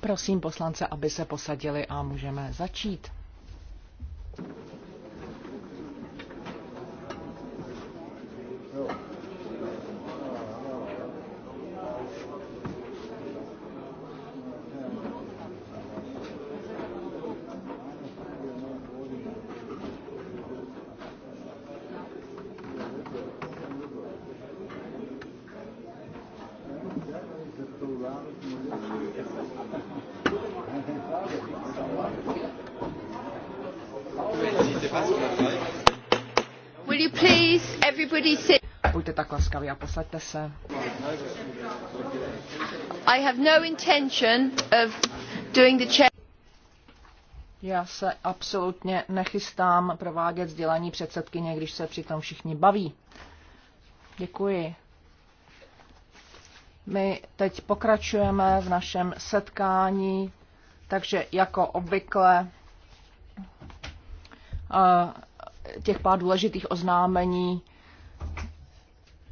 Prosím poslance, aby se posadili a můžeme začít. Sávy a posaďte se. I have no intention of doing the chair. Já se absolutně nechystám provádět sdělení předsedkyně, když se přitom všichni baví. Děkuji. My teď pokračujeme v našem setkání, takže jako obvykle eh, těch pár důležitých oznámení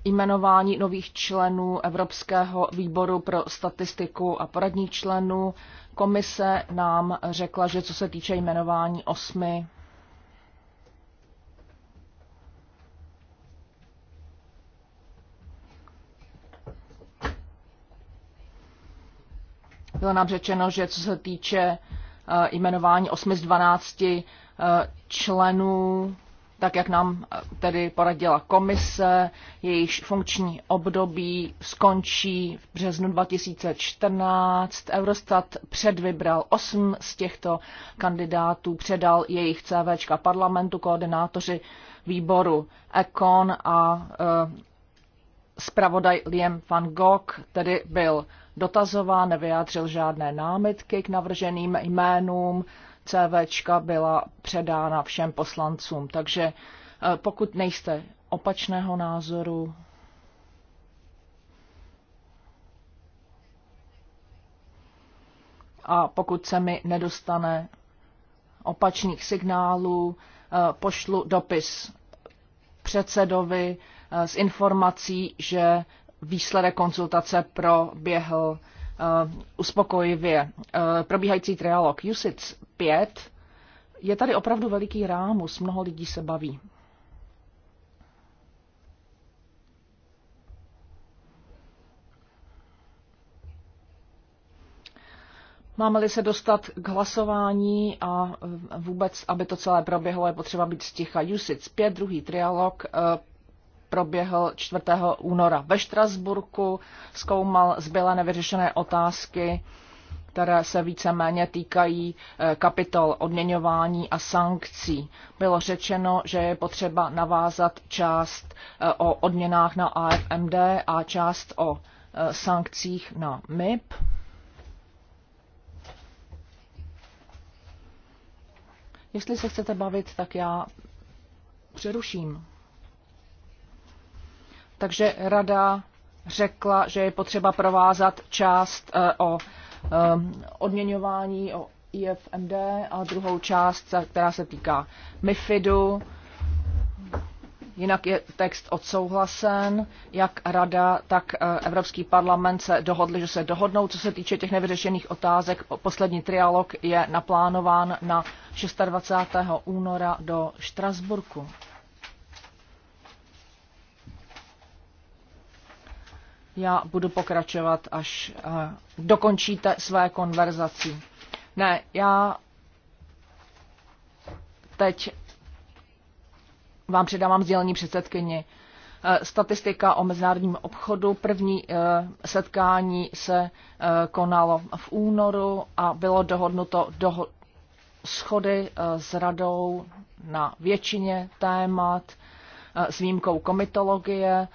jmenování nových členů Evropského výboru pro statistiku a poradní členů. Komise nám řekla, že co se týče jmenování osmi bylo nám řečeno, že co se týče eh, jmenování 8 z 12 eh, členů tak jak nám eh, tedy poradila komise, jejíž funkční období skončí v březnu 2014. Eurostat předvybral osm z těchto kandidátů, předal jejich CVčka parlamentu, koordinátoři výboru Econ a e, zpravodaj Liam van Gogh tedy byl dotazován, nevyjádřil žádné námitky k navrženým jménům CVčka byla předána všem poslancům. Takže eh, pokud nejste opačného názoru, a pokud se mi nedostane opačných signálů, eh, pošlu dopis předsedovi eh, s informací, že výsledek konzultace proběhl Eh, uspokojivě. Eh, probíhající trialog USIC 5 je tady opravdu veliký rámus, mnoho lidí se baví. Máme-li se dostat k hlasování a eh, vůbec, aby to celé proběhlo, je potřeba být sticha. Jusic 5, druhý trialog, proběhl 4. února ve Štrasburku, zkoumal zbylé nevyřešené otázky, které se víceméně týkají eh, kapitol odměňování a sankcí. Bylo řečeno, že je potřeba navázat část eh, o odměnách na AFMD a část o eh, sankcích na MIP. Jestli se chcete bavit, tak já přeruším. Takže rada řekla, že je potřeba provázat část eh, o eh, odměňování o IFMD a druhou část, která se týká MIFIDu. Jinak je text odsouhlasen, jak Rada, tak eh, Evropský parlament se dohodli, že se dohodnou. Co se týče těch nevyřešených otázek, poslední trialog je naplánován na 26. února do Štrasburku. Já budu pokračovat, až uh, eh, dokončíte své konverzaci. Ne, já teď vám předávám sdělení předsedkyni. Eh, statistika o mezinárodním obchodu. První eh, setkání se konalo v únoru a bylo dohodnuto doho- schody s radou na většině témat s výjimkou komitologie.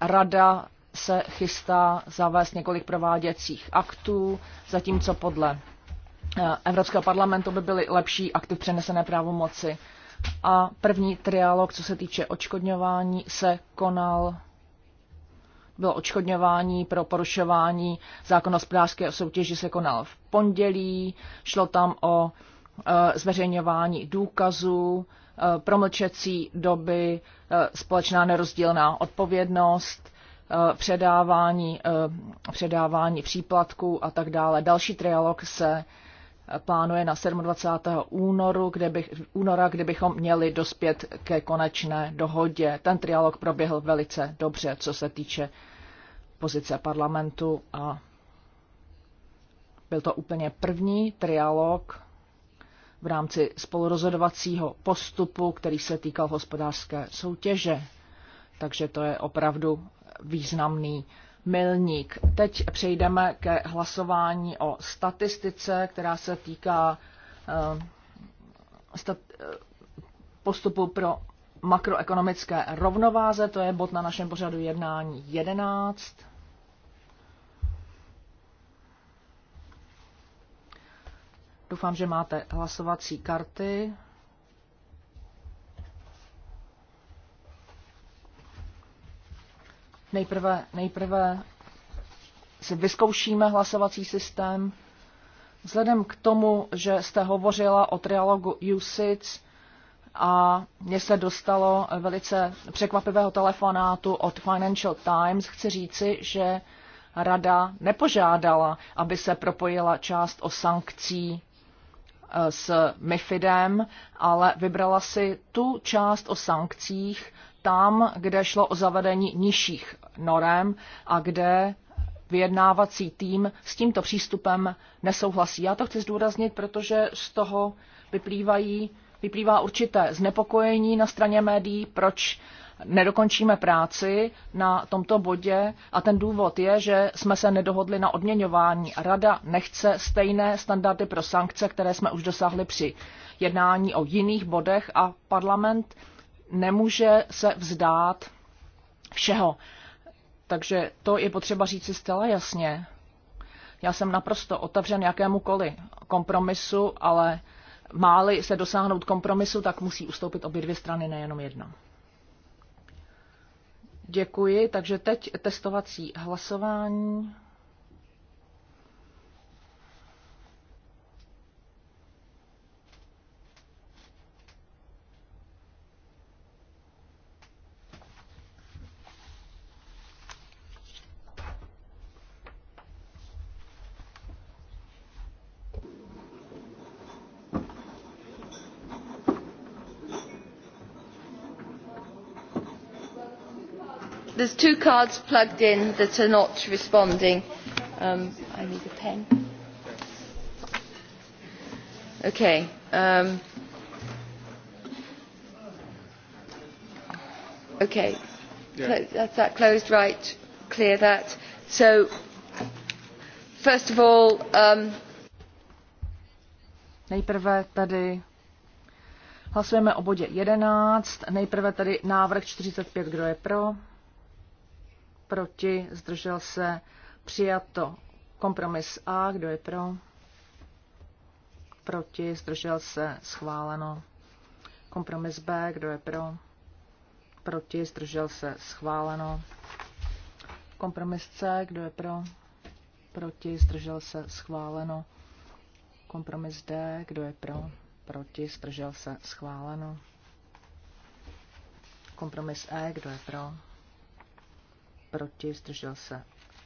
Rada se chystá zavést několik prováděcích aktů, zatímco podle eh, Evropského parlamentu by byly lepší akty přenesené právomoci. A první trialog, co se týče očkodňování, se konal bylo očkodňování pro porušování zákonospodářské soutěži se konal v pondělí. Šlo tam o eh, zveřejňování důkazů, eh, promlčecí doby, společná nerozdílná odpovědnost Eh, předávání, eh, předávání příplatků a tak dále. Další trialog se eh, plánuje na 27. únoru, kde bych, února, kde bychom měli dospět ke konečné dohodě. Ten trialog proběhl velice dobře, co se týče pozice parlamentu a byl to úplně první trialog v rámci spolurozhodovacího postupu, který se týkal hospodářské soutěže. Takže to je opravdu významný milník. Teď přejdeme ke hlasování o statistice, která se týká eh, eh, postupu pro makroekonomické rovnováze. To je bod na našem pořadu jednání 11. Doufám, že máte hlasovací karty. Nejprve, nejprve si vyzkoušíme hlasovací systém. Vzhledem k tomu, že jste hovořila o trialogu USIC a mně se dostalo velice překvapivého telefonátu od Financial Times, chci říci, že rada nepožádala, aby se propojila část o sankcí eh, s MIFIDem, ale vybrala si tu část o sankcích, tam, kde šlo o zavedení nižších norem a kde vyjednávací tým s tímto přístupem nesouhlasí. Já to chci zdůraznit, protože z toho vyplývají, vyplývá určité znepokojení na straně médií, proč nedokončíme práci na tomto bodě a ten důvod je, že jsme se nedohodli na odměňování. Rada nechce stejné standardy pro sankce, které jsme už dosáhli při jednání o jiných bodech a parlament nemůže se vzdát všeho. Takže to je potřeba říct si zcela jasně. Já jsem naprosto otevřen jakémukoliv kompromisu, ale máli se dosáhnout kompromisu, tak musí ustoupit obě dvě strany, nejenom jedna. Děkuji, takže teď testovací hlasování. there's two cards plugged in that are not responding. Um, I need a pen. Okay. Um, okay. Yeah. That's that closed, right? Clear that. So, first of all, um, Nejprve tady hlasujeme o bodě 11, nejprve tady návrh 45, kdo je pro proti, zdržel se, přijato. Kompromis A, kdo je pro, proti, zdržel se, schváleno. Kompromis B, kdo je pro, proti, zdržel se, schváleno. Kompromis C, kdo je pro, proti, zdržel se, schváleno. Kompromis D, kdo je pro, proti, zdržel se, schváleno. Kompromis E, kdo je pro, proti, zdržel se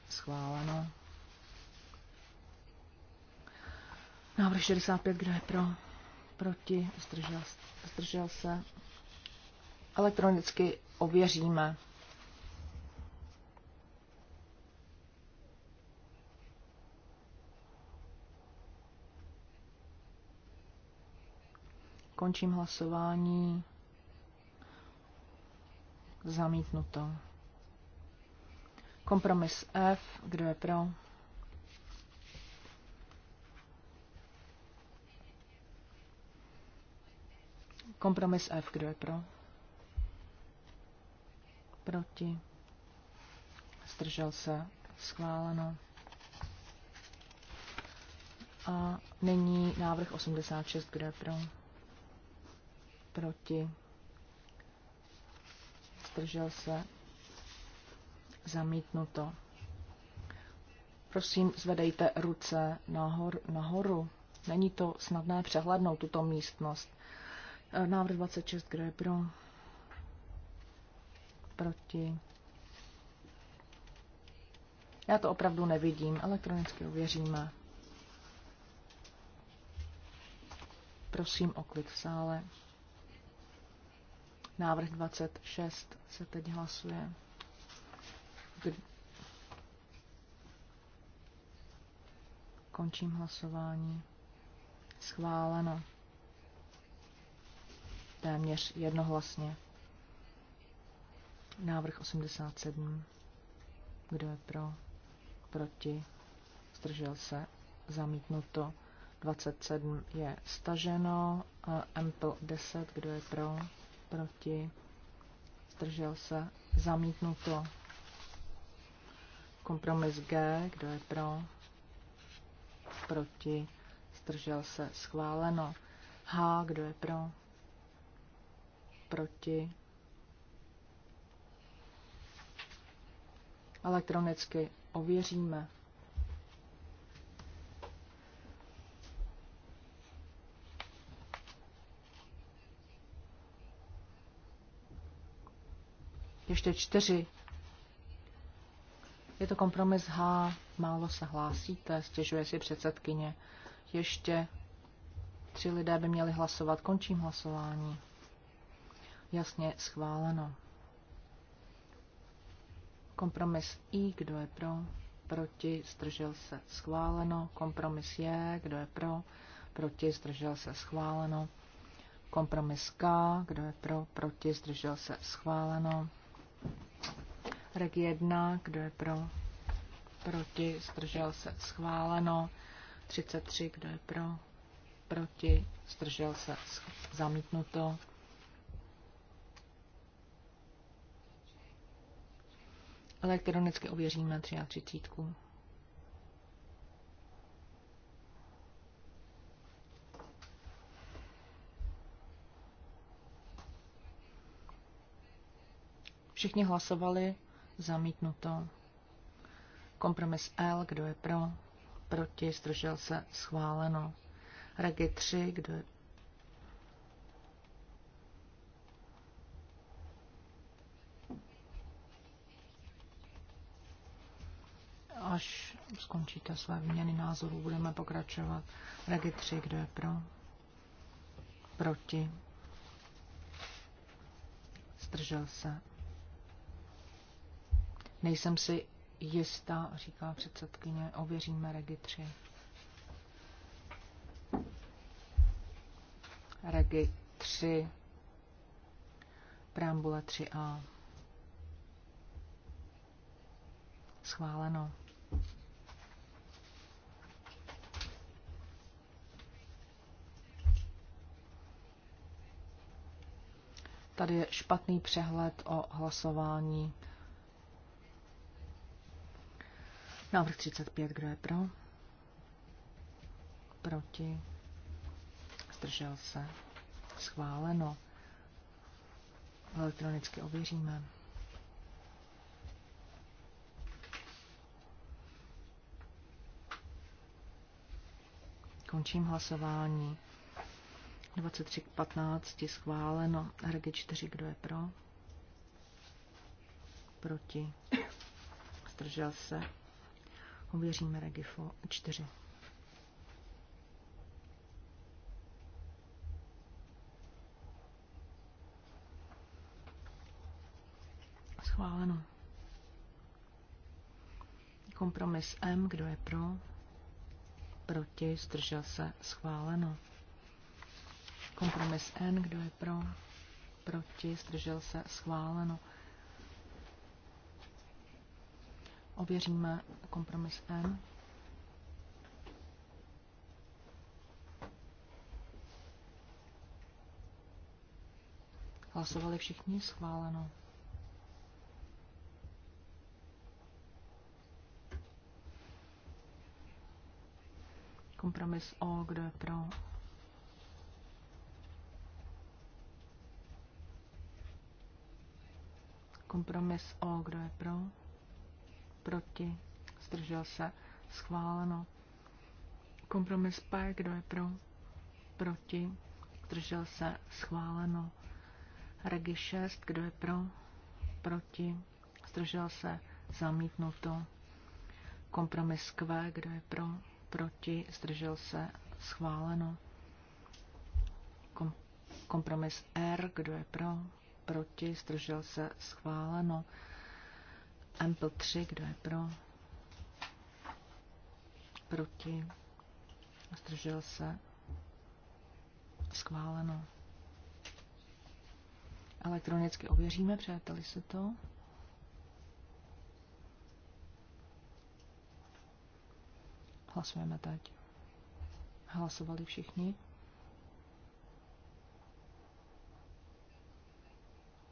schváleno. Návrh 65, kdo je pro, proti, zdržel, zdržel se. Elektronicky ověříme. Končím hlasování. Zamítnuto. Kompromis F, kdo je pro? Kompromis F, kdo je pro? Proti? Zdržel se? Schváleno. A nyní návrh 86, kdo je pro? Proti? Zdržel se? Zamítnuto. Prosím, zvedejte ruce nahor, nahoru. Není to snadné přehlednout tuto místnost. E, návrh 26, kdo je pro? Proti? Já to opravdu nevidím, elektronicky uvěříme. Prosím o klid v sále. Návrh 26 se teď hlasuje. Končím hlasování. Schváleno. Téměř jednohlasně. Návrh 87. Kdo je pro? Proti? Zdržel se? Zamítnuto. 27 je staženo. Ampl 10. Kdo je pro? Proti? Zdržel se? Zamítnuto. Kompromis G, kdo je pro, proti, zdržel se, schváleno. H, kdo je pro, proti, elektronicky ověříme. Ještě čtyři je to kompromis H, málo se hlásíte, stěžuje si předsedkyně. Ještě tři lidé by měli hlasovat, končím hlasování. Jasně, schváleno. Kompromis I, kdo je pro, proti, zdržel se, schváleno. Kompromis J, kdo je pro, proti, zdržel se, schváleno. Kompromis K, kdo je pro, proti, zdržel se, schváleno. Reg 1, kdo je pro? Proti, zdržel se, schváleno. 33, kdo je pro? Proti, zdržel se, zamítnuto. Elektronicky ověříme 33. Všichni hlasovali, zamítnuto. Kompromis L, kdo je pro, proti, zdržel se, schváleno. Regi 3, kdo je Až skončíte své výměny názorů, budeme pokračovat. Regi 3, kdo je pro? Proti. Zdržel se. Nejsem si jistá, říká předsedkyně, ověříme Regi 3. Regi 3, preambule 3a. Schváleno. Tady je špatný přehled o hlasování Návrh 35, kdo je pro? Proti? Zdržel se? Schváleno. Elektronicky ověříme. Končím hlasování. 23 k 15 schváleno. RG 4, kdo je pro? Proti? Zdržel se? Ověříme Regifo 4. Schváleno. Kompromis M, kdo je pro? Proti, zdržel se, schváleno. Kompromis N, kdo je pro? Proti, zdržel se, schváleno. Ověříme kompromis M. Hlasovali všichni schváleno. Kompromis O, kdo je pro? Kompromis O, kdo je pro? proti, zdržel se, schváleno. Kompromis P, kdo je pro, proti, zdržel se, schváleno. Regi 6, kdo je pro, proti, zdržel se, zamítnuto. Kompromis Q, kdo je pro, proti, zdržel se, schváleno. Kom- kompromis R, kdo je pro, proti, zdržel se, schváleno. Ample 3, kdo je pro? Proti? Zdržel se? Schváleno. Elektronicky ověříme, přáteli se to. Hlasujeme teď. Hlasovali všichni.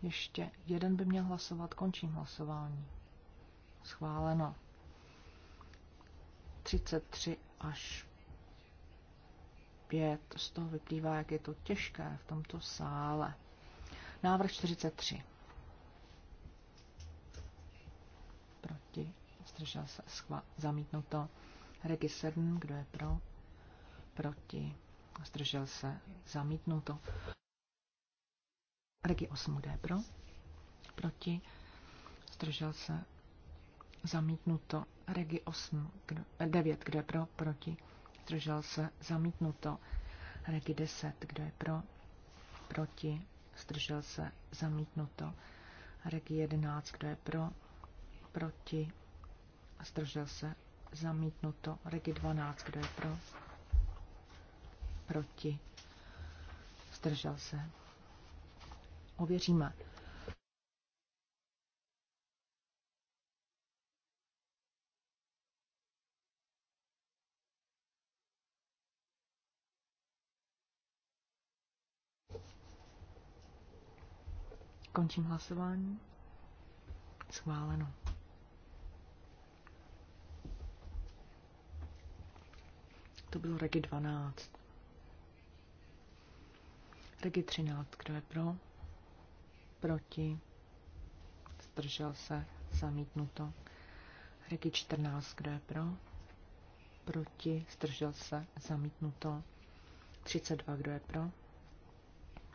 Ještě jeden by měl hlasovat. Končím hlasování. Schváleno. 33 až 5. Z toho vyplývá, jak je to těžké v tomto sále. Návrh 43. Proti. Zdržel se schva- zamítnuto. Regi 7. Kdo je pro? Proti. Zdržel se zamítnuto. Regi 8. Kdo je pro? Proti. Zdržel se zamítnuto. Regi 8, kdo, 9, eh, kdo je pro, proti, zdržel se, zamítnuto. Regi 10, kdo je pro, proti, zdržel se, zamítnuto. Regi 11, kdo je pro, proti, zdržel se, zamítnuto. Regi 12, kdo je pro, proti, zdržel se. Ověříme. Končím hlasování. Schváleno. To bylo regi 12. Regi 13. Kdo je pro? Proti? Zdržel se? Zamítnuto. Regi 14. Kdo je pro? Proti? Zdržel se? Zamítnuto. 32. Kdo je pro?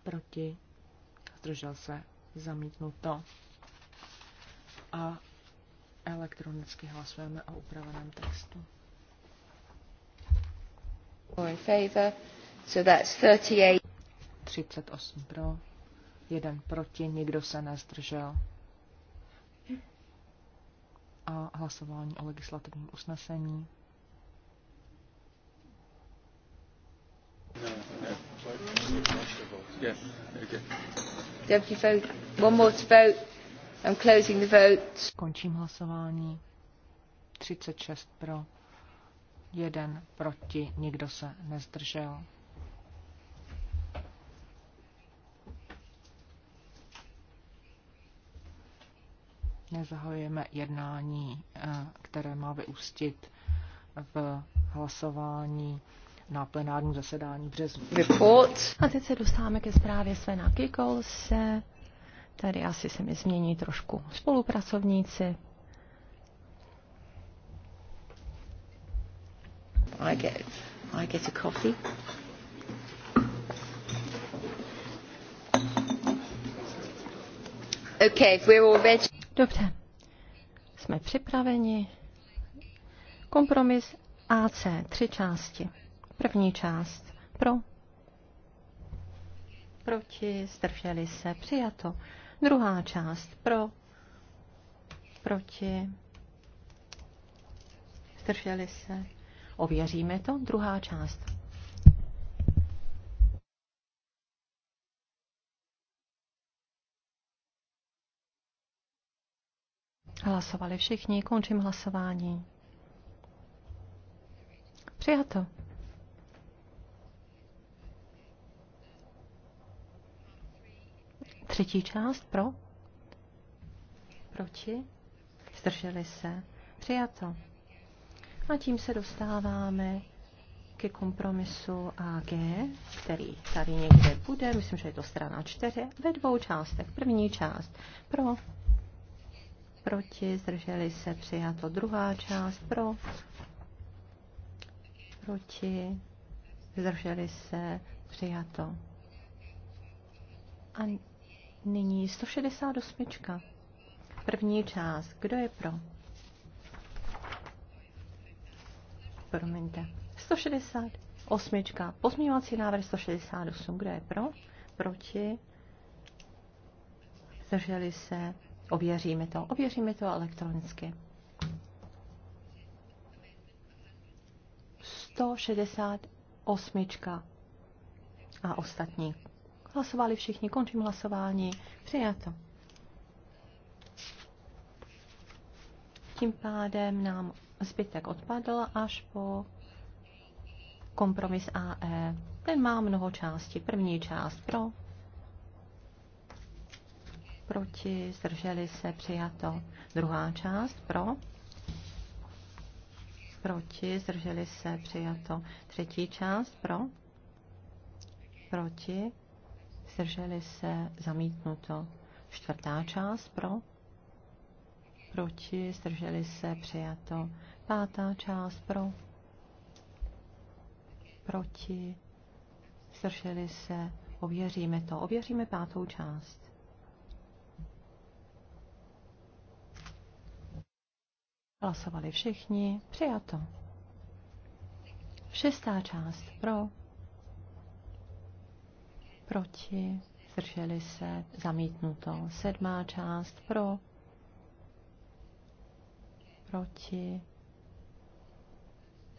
Proti? Zdržel se? zamítnuto. A elektronicky hlasujeme o upraveném textu. In favor. So that's 38. 38 pro, 1 proti, nikdo se nezdržel. A hlasování o legislativním usnesení. No, no. Yeah, okay. Končím hlasování. 36 pro, 1 proti, nikdo se nezdržel. Nezahajujeme jednání, eh, které má vyústit v hlasování na plenárním zasedání v březnu. Report. A teď se dostáváme ke zprávě Svena Kikolse. Tady asi se mi změní trošku spolupracovníci. I get, I get a coffee. Okay, if we're all ready. Dobře. Jsme připraveni. Kompromis AC, tři části. První část pro, proti, zdrželi se, přijato. Druhá část pro, proti, zdrželi se. Ověříme to. Druhá část. Hlasovali všichni, končím hlasování. Přijato. Třetí část pro? Proti? Zdrželi se? Přijato. A tím se dostáváme ke kompromisu AG, který tady někde bude, myslím, že je to strana 4, ve dvou částech. První část pro, proti, zdrželi se, přijato. Druhá část pro, proti, zdrželi se, přijato. A Nyní 168. První část. Kdo je pro? Promiňte. 168. Pozměňovací návrh 168. Kdo je pro? Proti? Zdrželi se? Ověříme to. Ověříme to elektronicky. 168 a ostatní. Hlasovali všichni, končím hlasování. Přijato. Tím pádem nám zbytek odpadl až po kompromis AE. Ten má mnoho částí. První část pro, proti, zdrželi se, přijato. Druhá část pro, proti, zdrželi se, přijato. Třetí část pro, proti, zdrželi se, zamítnuto. Čtvrtá část pro, proti, zdrželi se, přijato. Pátá část pro, proti, zdrželi se, ověříme to. Ověříme pátou část. Hlasovali všichni, přijato. Šestá část pro, proti, zdrželi se, zamítnuto. Sedmá část pro, proti,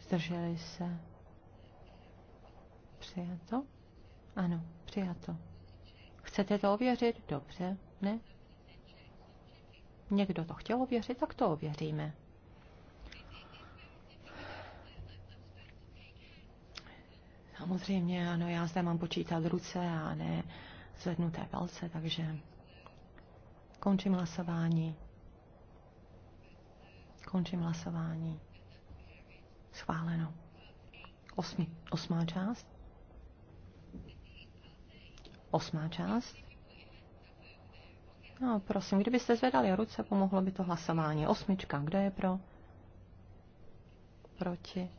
zdrželi se, přijato. Ano, přijato. Chcete to ověřit? Dobře, ne? Někdo to chtěl ověřit, tak to ověříme. Samozřejmě, ano, já zde mám počítat ruce a ne zvednuté palce, takže končím hlasování. Končím hlasování. Schváleno. Osmi, osmá část. Osmá část. No, prosím, kdybyste zvedali ruce, pomohlo by to hlasování. Osmička, kdo je pro? Proti?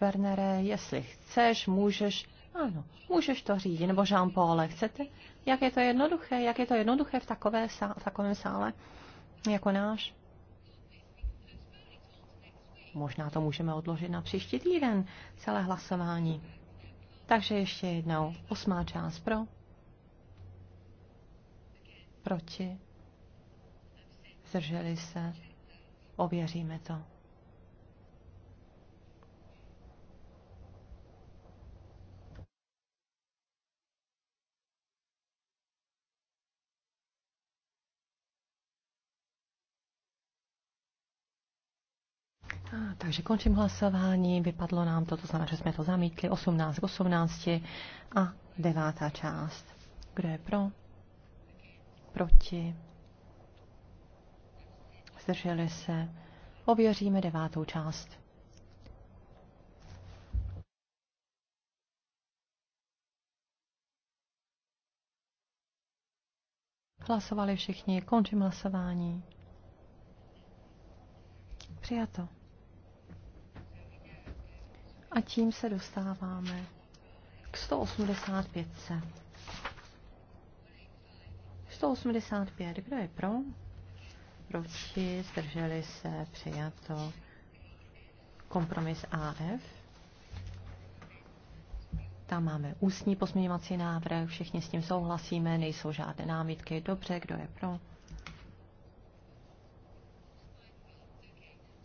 Bernere, jestli chceš, můžeš, ano, můžeš to řídit, nebo Jean Paul, chcete? Jak je to jednoduché, jak je to jednoduché v, takové, v takovém sále jako náš? Možná to můžeme odložit na příští týden, celé hlasování. Takže ještě jednou, osmá část pro, proti, zdrželi se, ověříme to. takže končím hlasování, vypadlo nám to, to znamená, že jsme to zamítli, 18 k 18 a devátá část. Kdo je pro? Proti? Zdrželi se? Ověříme devátou část. Hlasovali všichni, končím hlasování. Přijato. A tím se dostáváme k 185. 185. Kdo je pro? Proti? Zdrželi se? Přijato? Kompromis AF? Tam máme ústní pozměňovací návrh, všichni s tím souhlasíme, nejsou žádné námitky. Dobře, kdo je pro?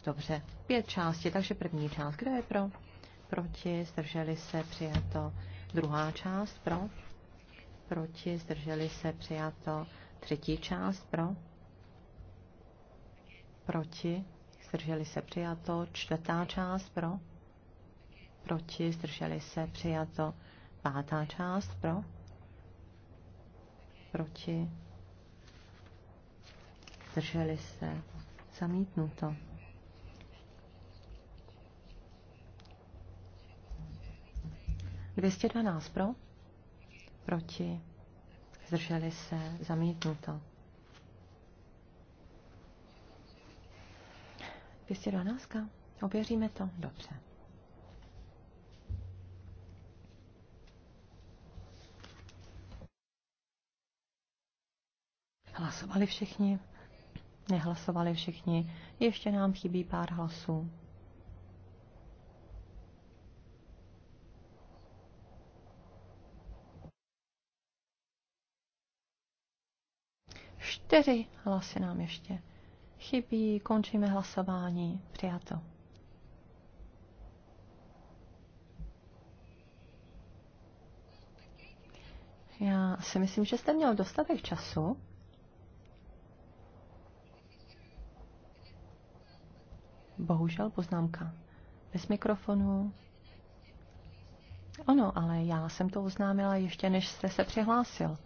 Dobře, pět části, takže první část, kdo je pro? proti, zdrželi se, přijato. Druhá část pro, proti, zdrželi se, přijato. Třetí část pro, proti, zdrželi se, přijato. Čtvrtá část pro, proti, zdrželi se, přijato. Pátá část pro, proti, zdrželi se, zamítnuto. 212 pro, proti, zdrželi se, zamítnuto. 212, ověříme to, dobře. Hlasovali všichni? Nehlasovali všichni? Ještě nám chybí pár hlasů. Čtyři hlasy nám ještě chybí, končíme hlasování, přijato. Já si myslím, že jste měl dostatek času. Bohužel poznámka. Bez mikrofonu. Ono, ale já jsem to oznámila ještě, než jste se přihlásil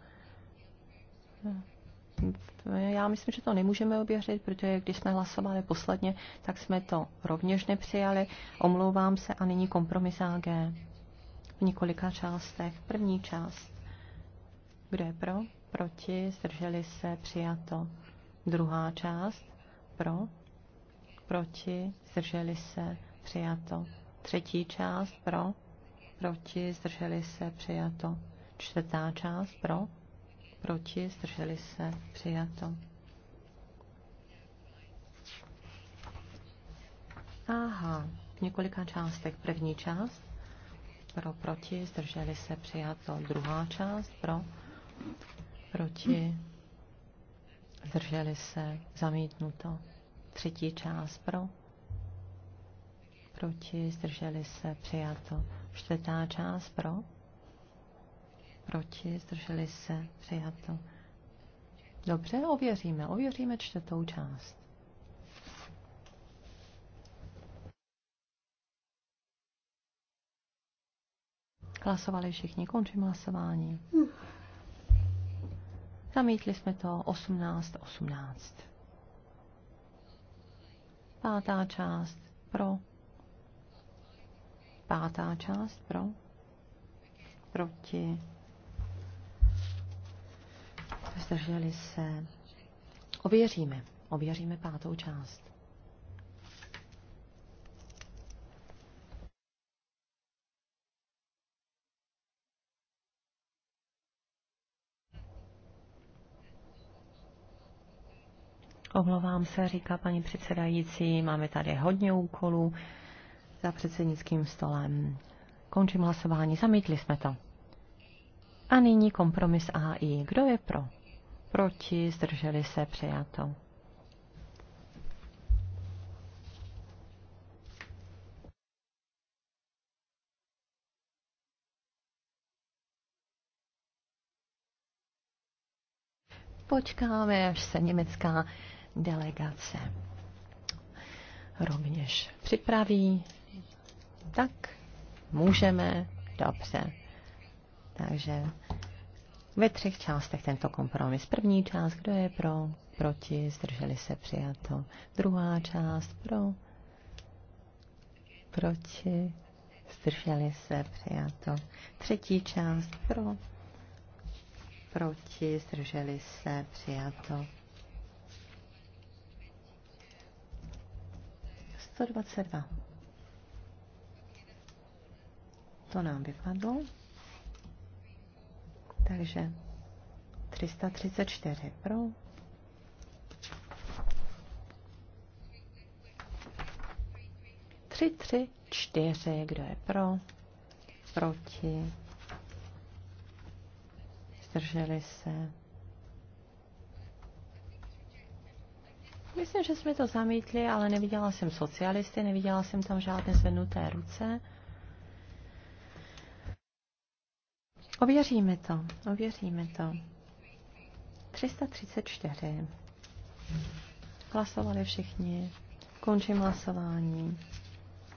já myslím, že to nemůžeme ověřit, protože když jsme hlasovali posledně, tak jsme to rovněž nepřijali. Omlouvám se a nyní kompromis AG v několika částech. První část. Kdo je pro? Proti? Zdrželi se? Přijato. Druhá část. Pro? Proti? Zdrželi se? Přijato. Třetí část. Pro? Proti? Zdrželi se? Přijato. Čtvrtá část. Pro? proti, zdrželi se, přijato. Aha, v několika částech. První část pro, proti, zdrželi se, přijato. Druhá část pro, proti, zdrželi se, zamítnuto. Třetí část pro, proti, zdrželi se, přijato. Čtvrtá část pro, proti, zdrželi se, přijato. Dobře, ověříme, ověříme čtvrtou část. Hlasovali všichni, končím hlasování. Zamítli jsme to 18, 18. Pátá část pro. Pátá část pro. Proti zdrželi se. Ověříme. Ověříme pátou část. Omlouvám se, říká paní předsedající, máme tady hodně úkolů za předsednickým stolem. Končím hlasování, zamítli jsme to. A nyní kompromis AI. Kdo je pro? proti, zdrželi se, přijato. Počkáme, až se německá delegace rovněž připraví. Tak můžeme, dobře. Takže ve třech částech tento kompromis. První část, kdo je pro, proti, zdrželi se přijato. Druhá část, pro, proti, zdrželi se přijato. Třetí část, pro, proti, zdrželi se přijato. 122. To nám vypadlo. Takže 334 pro. Tři, tři, čtyři. Kdo je pro? Proti? Zdrželi se? Myslím, že jsme to zamítli, ale neviděla jsem socialisty, neviděla jsem tam žádné zvednuté ruce. Ověříme to, ověříme to. 334. Hlasovali všichni. Končím hlasování.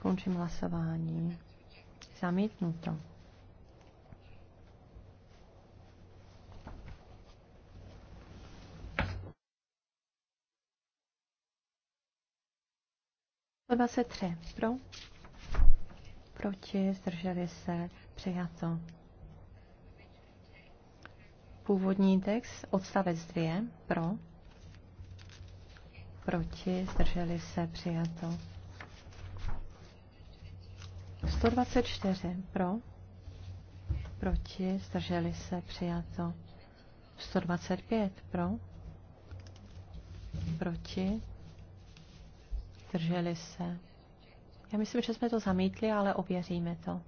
Končím hlasování. Zamítnuto. To Pro? Proti? Zdrželi se? Přijato. Původní text, odstavec 2, pro, proti, zdrželi se, přijato. 124, pro, proti, zdrželi se, přijato. 125, pro, proti, zdrželi se. Já myslím, že jsme to zamítli, ale ověříme to.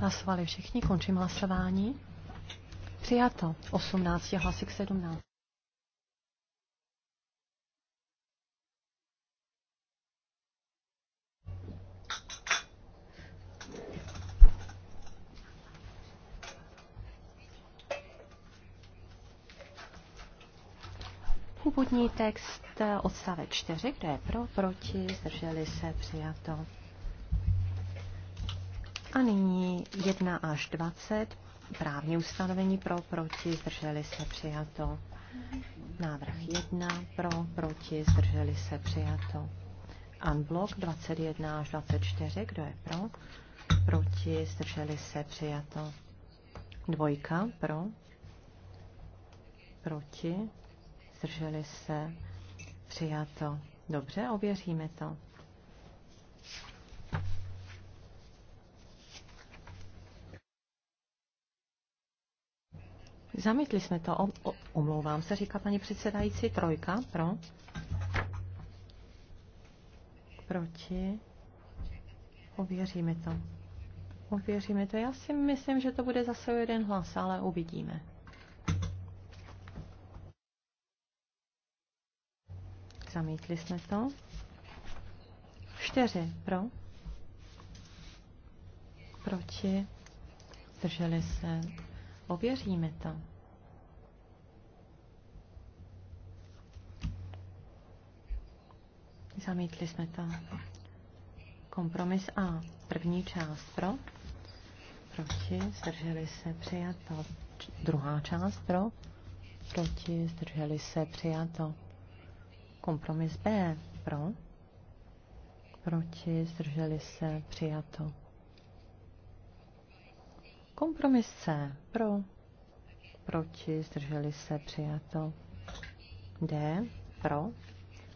Hlasovali všichni, končím hlasování. Přijato 18 hlasy k 17. Původní text eh, odstavec 4, kdo je pro, proti, zdrželi se, přijato. A nyní 1 až 20. Právní ustanovení pro, proti, zdrželi se, přijato. Návrh 1 pro, proti, zdrželi se, přijato. Unblock 21 až 24. Kdo je pro? Proti, zdrželi se, přijato. Dvojka pro, proti, zdrželi se, přijato. Dobře, ověříme to. Zamítli jsme to. O, o, omlouvám se, říká paní předsedající. Trojka pro. Proti. Ověříme to. Ověříme to. Já si myslím, že to bude zase jeden hlas, ale uvidíme. Zamítli jsme to. Čtyři pro. Proti. Zdrželi se Ověříme to. Zamítli jsme to. Kompromis A. První část pro. Proti. Zdrželi se. Přijato. Druhá část pro. Proti. Zdrželi se. Přijato. Kompromis B. Pro. Proti. Zdrželi se. Přijato. Kompromis C. Pro. Proti. Zdrželi se. Přijato. D. Pro.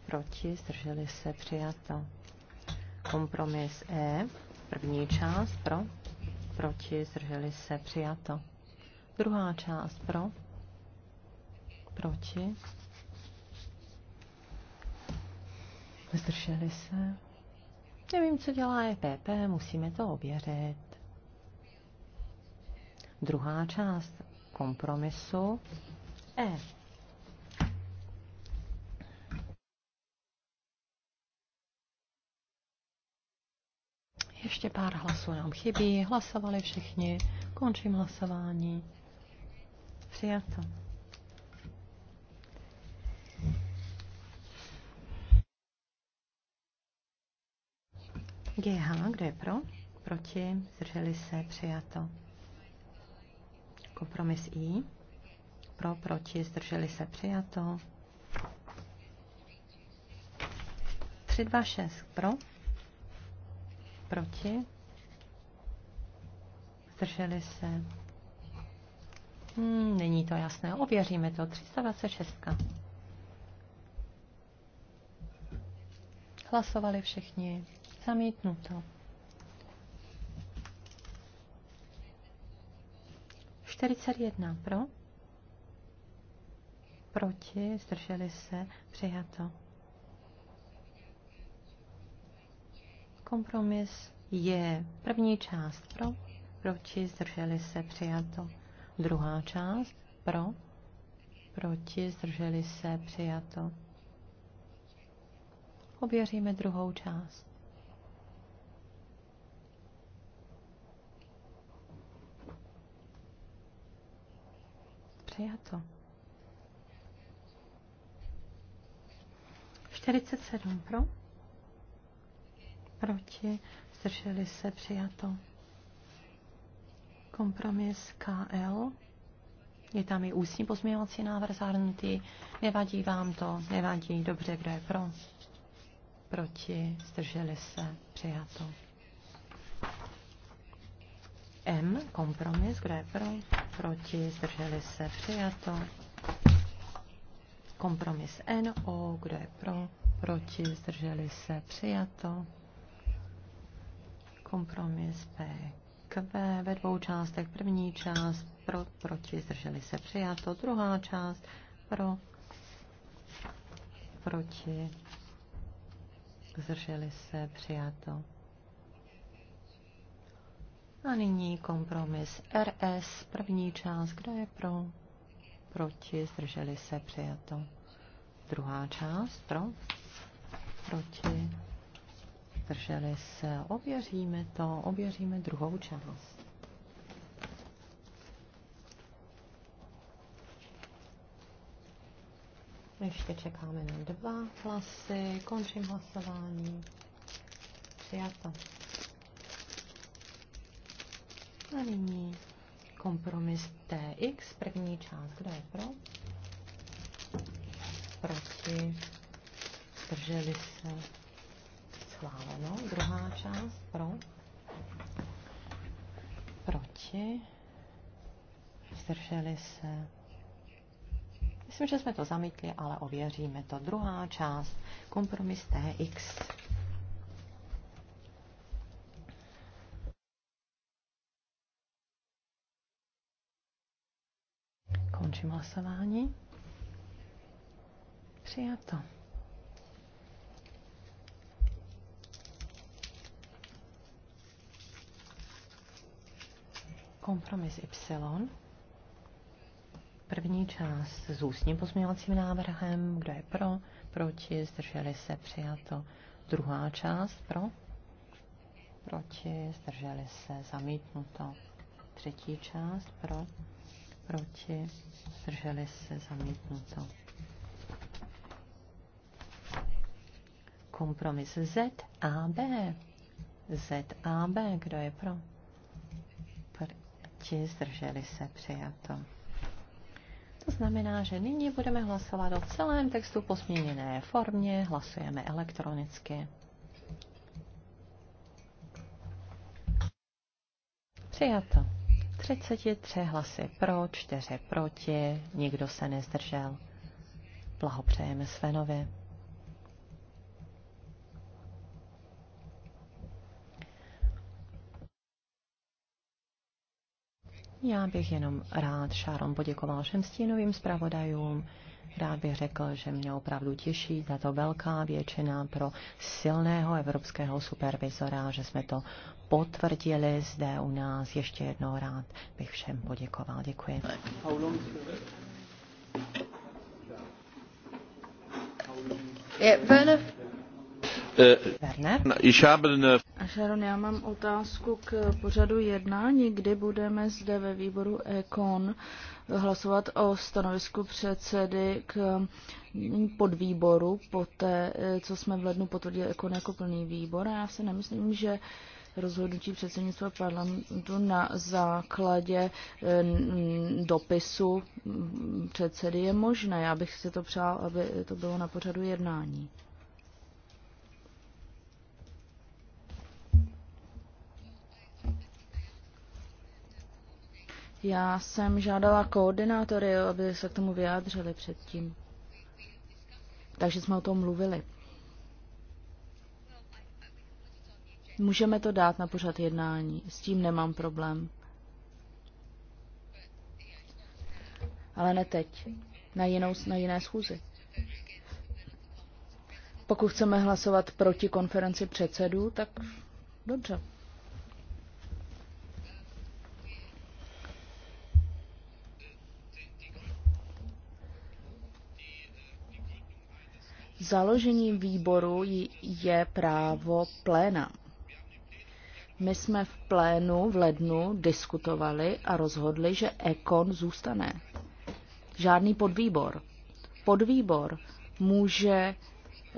Proti. Zdrželi se. Přijato. Kompromis E. První část. Pro. Proti. Zdrželi se. Přijato. Druhá část. Pro. Proti. Zdrželi se. Nevím, co dělá EPP, musíme to ověřit druhá část kompromisu E. Ještě pár hlasů nám chybí. Hlasovali všichni. Končím hlasování. Přijato. GH, kdo je pro? Proti? Zdrželi se? Přijato. Kompromis I. Pro, proti, zdrželi se přijato. 3, 2, 6, pro, proti, zdrželi se. Hmm, není to jasné, ověříme to. 326. Hlasovali všichni. Zamítnuto. 41 pro, proti, zdrželi se, přijato. Kompromis je první část pro, proti, zdrželi se, přijato. Druhá část pro, proti, zdrželi se, přijato. Ověříme druhou část. Přijato. 47 pro. Proti. Zdrželi se. Přijato. Kompromis KL. Je tam i ústní pozměňovací návrh zahrnutý. Nevadí vám to? Nevadí. Dobře, kdo je pro? Proti. Zdrželi se. Přijato. M. Kompromis. Kdo je pro? proti, zdrželi se, přijato. Kompromis NO, kdo je pro, proti, zdrželi se, přijato. Kompromis PQ ve dvou částech. První část pro, proti, zdrželi se, přijato. Druhá část pro, proti, zdrželi se, přijato. A nyní kompromis RS, první část, kdo je pro, proti, zdrželi se, přijato. Druhá část, pro, proti, zdrželi se, ověříme to, ověříme druhou část. Ještě čekáme na dva hlasy, končím hlasování. Přijato. A nyní kompromis TX, první část, kdo je pro? Proti, zdrželi se, schváleno. Druhá část, pro? Proti, zdrželi se. Myslím, že jsme to zamítli, ale ověříme to. Druhá část, kompromis TX. dalším hlasování. Přijato. Kompromis Y. První část s ústním pozměňovacím návrhem. Kdo je pro? Proti? Zdrželi se? Přijato. Druhá část pro? Proti? Zdrželi se? Zamítnuto. Třetí část pro? proti, zdrželi se zamítnuto. Kompromis ZAB. ZAB, kdo je pro? Proti, zdrželi se přijato. To znamená, že nyní budeme hlasovat o celém textu po změněné formě, hlasujeme elektronicky. Přijato. 33 hlasy pro, 4 proti, nikdo se nezdržel. Blahopřejeme Svenovi. Já bych jenom rád Šáron poděkoval všem stínovým zpravodajům, Rád bych řekl, že mě opravdu těší tato to velká většina pro silného evropského supervizora, že jsme to potvrdili zde u nás. Ještě jednou rád bych všem poděkoval. Děkuji. Werner? Eh, ich habe eine Sharon, já mám otázku k pořadu jednání, kdy budeme zde ve výboru ECON hlasovat o stanovisku předsedy k mm, podvýboru, po té, e, co jsme v lednu potvrdili ECON jako plný výbor. A já si nemyslím, že rozhodnutí předsednictva parlamentu na základě e, dopisu předsedy je možné. Já bych si to přál, aby to bylo na pořadu jednání. Já jsem žádala koordinátory, aby se k tomu vyjádřili předtím. Takže jsme o tom mluvili. Můžeme to dát na pořad jednání, s tím nemám problém. Ale ne teď, na, jinou, na jiné schůzi. Pokud chceme hlasovat proti konferenci předsedů, tak dobře. Založením výboru je právo pléna. My jsme v plénu v lednu diskutovali a rozhodli, že ekon zůstane. Žádný podvýbor. Podvýbor může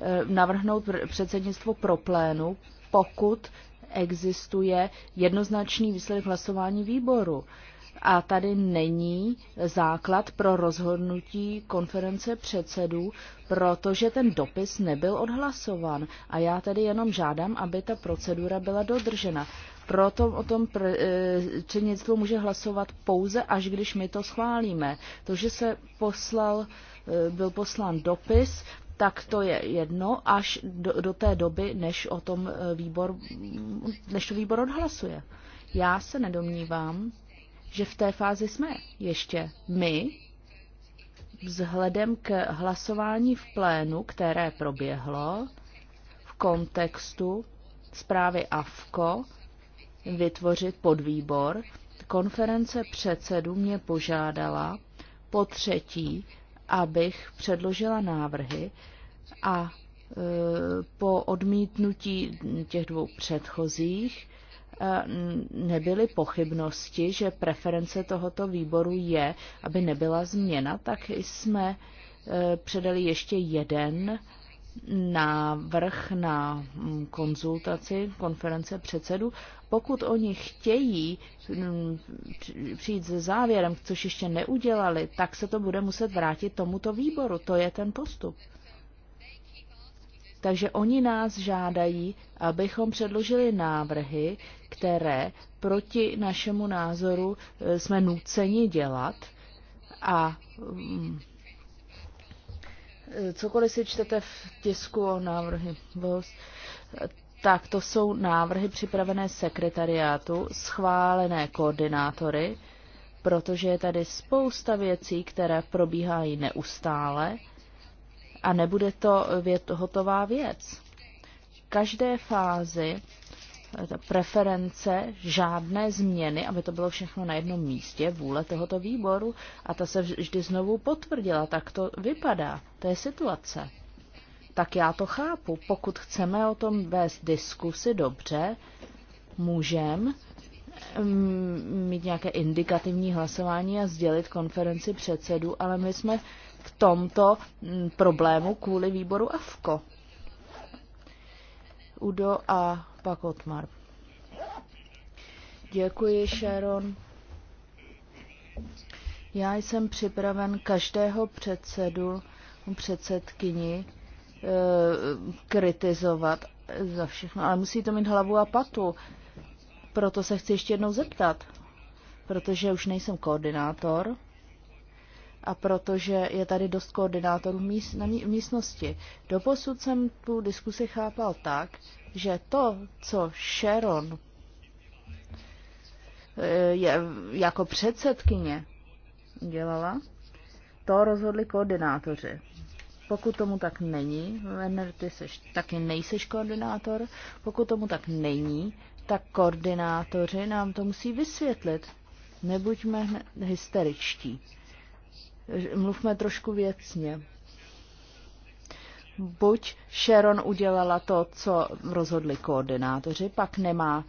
eh, navrhnout předsednictvo pro plénu, pokud existuje jednoznačný výsledek hlasování výboru a tady není základ pro rozhodnutí konference předsedů, protože ten dopis nebyl odhlasovan. A já tedy jenom žádám, aby ta procedura byla dodržena. Proto o tom předsednictvo může hlasovat pouze, až když my to schválíme. To, že se poslal, byl poslán dopis, tak to je jedno až do, do té doby, než o tom eh, výbor, než to výbor odhlasuje. Já se nedomnívám, že v té fázi jsme ještě my, vzhledem k hlasování v plénu, které proběhlo v kontextu zprávy AFKO, vytvořit podvýbor. Konference předsedů mě požádala po třetí, abych předložila návrhy a e, po odmítnutí těch dvou předchozích nebyly pochybnosti, že preference tohoto výboru je, aby nebyla změna, tak jsme e, předali ještě jeden návrh na mm, konzultaci konference předsedů. Pokud oni chtějí přijít se závěrem, což ještě neudělali, tak se to bude muset vrátit tomuto výboru. To je ten postup. Takže oni nás žádají, abychom předložili návrhy, které proti našemu názoru eh, jsme nuceni dělat a mm, eh, cokoliv si čtete v tisku o návrhy, tak to jsou návrhy připravené sekretariátu, schválené koordinátory, protože je tady spousta věcí, které probíhají neustále a nebude to hotová věc. V každé fázi Eh, preference, žádné změny, aby to bylo všechno na jednom místě, vůle tohoto výboru a ta se vždy znovu potvrdila. Tak to vypadá, to je situace. Tak já to chápu. Pokud chceme o tom vést diskusy dobře, můžeme mm, mít nějaké indikativní hlasování a sdělit konferenci předsedů, ale my jsme k tomto mm, problému kvůli výboru AFKO. Udo a pak Otmar. Děkuji, Sharon. Já jsem připraven každého předsedu, předsedkyni eh, kritizovat za všechno, ale musí to mít hlavu a patu. Proto se chci ještě jednou zeptat, protože už nejsem koordinátor a protože je tady dost koordinátorů v místnosti. Doposud jsem tu diskusi chápal tak, že to, co Sharon eh, je, jako předsedkyně dělala, to rozhodli koordinátoři. Pokud tomu tak není, Werner, ty seš, taky nejseš koordinátor, pokud tomu tak není, tak koordinátoři nám to musí vysvětlit. Nebuďme hysteričtí mluvme trošku věcně. Buď Sharon udělala to, co rozhodli koordinátoři, pak nemá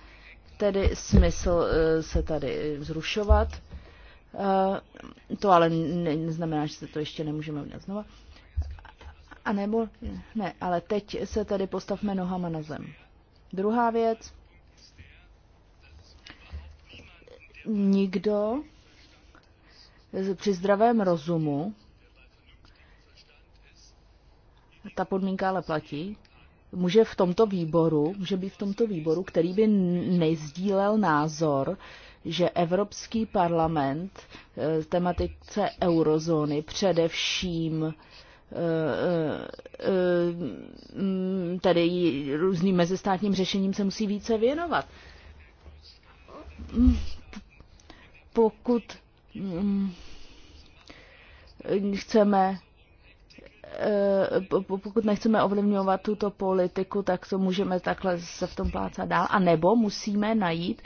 tedy smysl eh, se tady zrušovat. Eh, to ale neznamená, že se to ještě nemůžeme udělat znova. A nebo ne, ale teď se tady postavme nohama na zem. Druhá věc. Nikdo při zdravém rozumu, ta podmínka ale platí, může v tomto výboru, může být v tomto výboru, který by nezdílel názor, že Evropský parlament v e, tematice eurozóny především e, e, tedy různým mezistátním řešením se musí více věnovat. Pokud Mm, chceme, eh, pokud nechceme ovlivňovat tuto politiku, tak to můžeme takhle se v tom plácat dál. A nebo musíme najít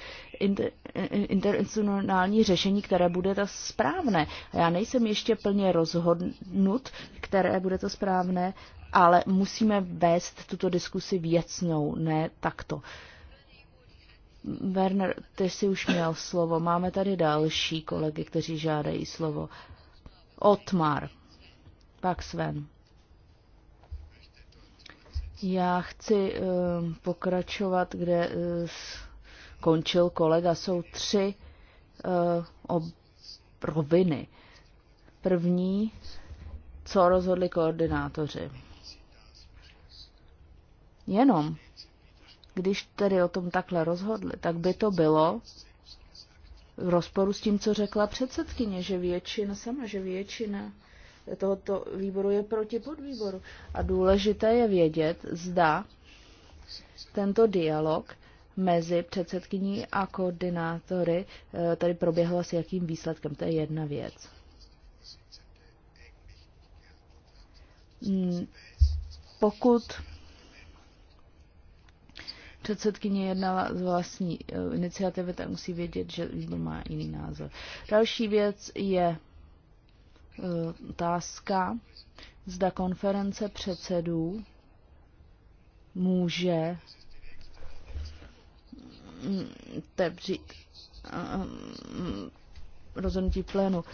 internacionální eh, řešení, které bude to správné. Já nejsem ještě plně rozhodnut, které bude to správné, ale musíme vést tuto diskusi věcnou, ne takto. Uh, Werner, ty jsi už měl slovo. Máme tady další kolegy, kteří žádají slovo. Otmar, pak Sven. Já chci uh, pokračovat, kde uh, končil kolega. Jsou tři uh, ob- roviny. První, co rozhodli koordinátoři. Jenom když tedy o tom takhle rozhodli, tak by to bylo v rozporu s tím, co řekla předsedkyně, že většina sama, že většina tohoto výboru je proti podvýboru. A důležité je vědět, zda tento dialog mezi předsedkyní a koordinátory eh, tady proběhl s jakým výsledkem. To je jedna věc. Hmm. Pokud předsedkyně jednala z vlastní eh, iniciativy, tak musí vědět, že výbor má jiný názor. Další věc je eh, otázka, zda konference předsedů může mm, tebřít eh, rozhodnutí plénu.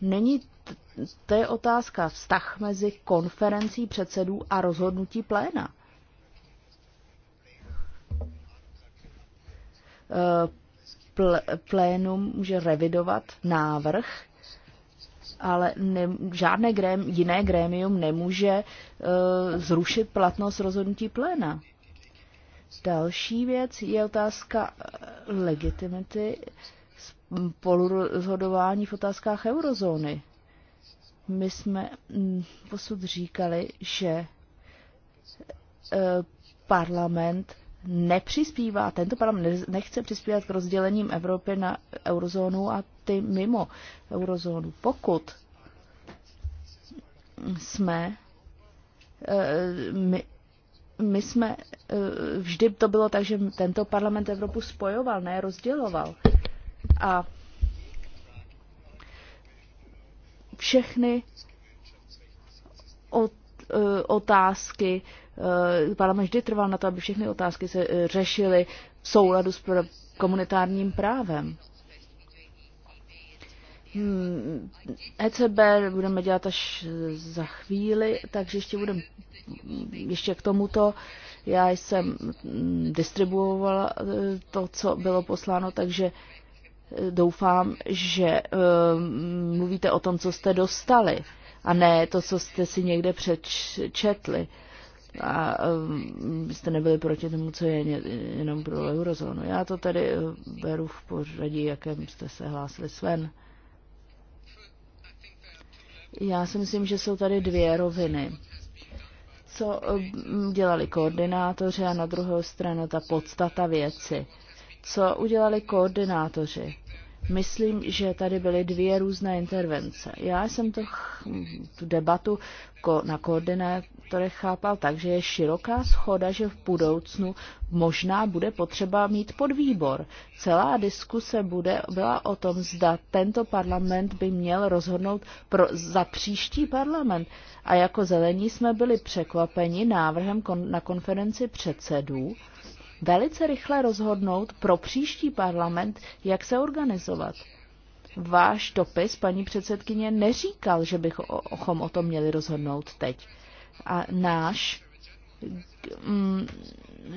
Není to je otázka vztah mezi konferencí předsedů a rozhodnutí pléna. Eh, plénum může revidovat návrh, ale ne, žádné grém, jiné grémium nemůže uh, zrušit platnost rozhodnutí pléna. Další věc je otázka eh, legitimity spolurozhodování v otázkách eurozóny. My jsme hm, posud říkali, že parlament nepřispívá, tento parlament nechce přispívat k rozdělením Evropy na eurozónu a ty mimo eurozónu. Pokud jsme eh, my, my jsme, eh, vždy to bylo tak, že tento parlament Evropu spojoval, ne rozděloval. A všechny eh, otázky Eh, parlament vždy trval na to, aby všechny otázky se eh, řešily v souladu s komunitárním právem. Hmm, ECB budeme dělat až eh, za chvíli, takže ještě budem hm, ještě k tomuto. Já jsem hm, distribuovala to, co bylo posláno, takže doufám, že uh, mluvíte o tom, co jste dostali a ne to, co jste si někde přečetli a um, byste nebyli proti tomu, co je jenom pro eurozónu. Já to tady eh, beru v pořadí, jakém jste se hlásili Sven. Já si myslím, že jsou tady dvě roviny. Co eh, dělali koordinátoři a na druhou stranu ta podstata věci. Co udělali koordinátoři? Myslím, že tady byly dvě různé intervence. Já jsem to, tu debatu ko, na koordinátorech chápal tak, že je široká schoda, že v budoucnu možná bude potřeba mít podvýbor. Celá diskuse bude, byla o tom, zda tento parlament by měl rozhodnout pro, za příští parlament. A jako zelení jsme byli překvapeni návrhem kon, na konferenci předsedů, velice rychle rozhodnout pro příští parlament, jak se organizovat. Váš dopis, paní předsedkyně, neříkal, že bychom o tom měli rozhodnout teď. A náš mm,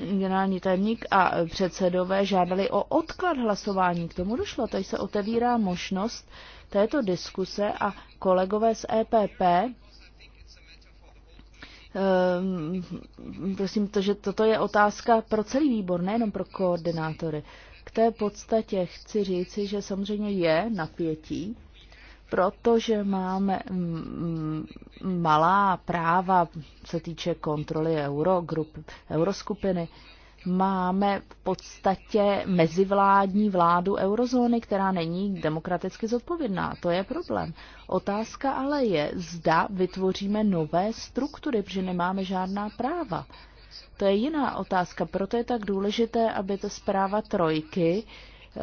generální tajemník a předsedové žádali o odklad hlasování. K tomu došlo, teď se otevírá možnost této diskuse a kolegové z EPP Ehm, prosím, to, že toto je otázka pro celý výbor, nejenom pro koordinátory. K té podstatě chci říci, že samozřejmě je napětí, protože máme mm, mm, malá práva, co se týče kontroly euro, grup, euroskupiny máme v podstatě mezivládní vládu eurozóny, která není demokraticky zodpovědná. To je problém. Otázka ale je, zda vytvoříme nové struktury, protože nemáme žádná práva. To je jiná otázka. Proto je tak důležité, aby ta zpráva trojky eh,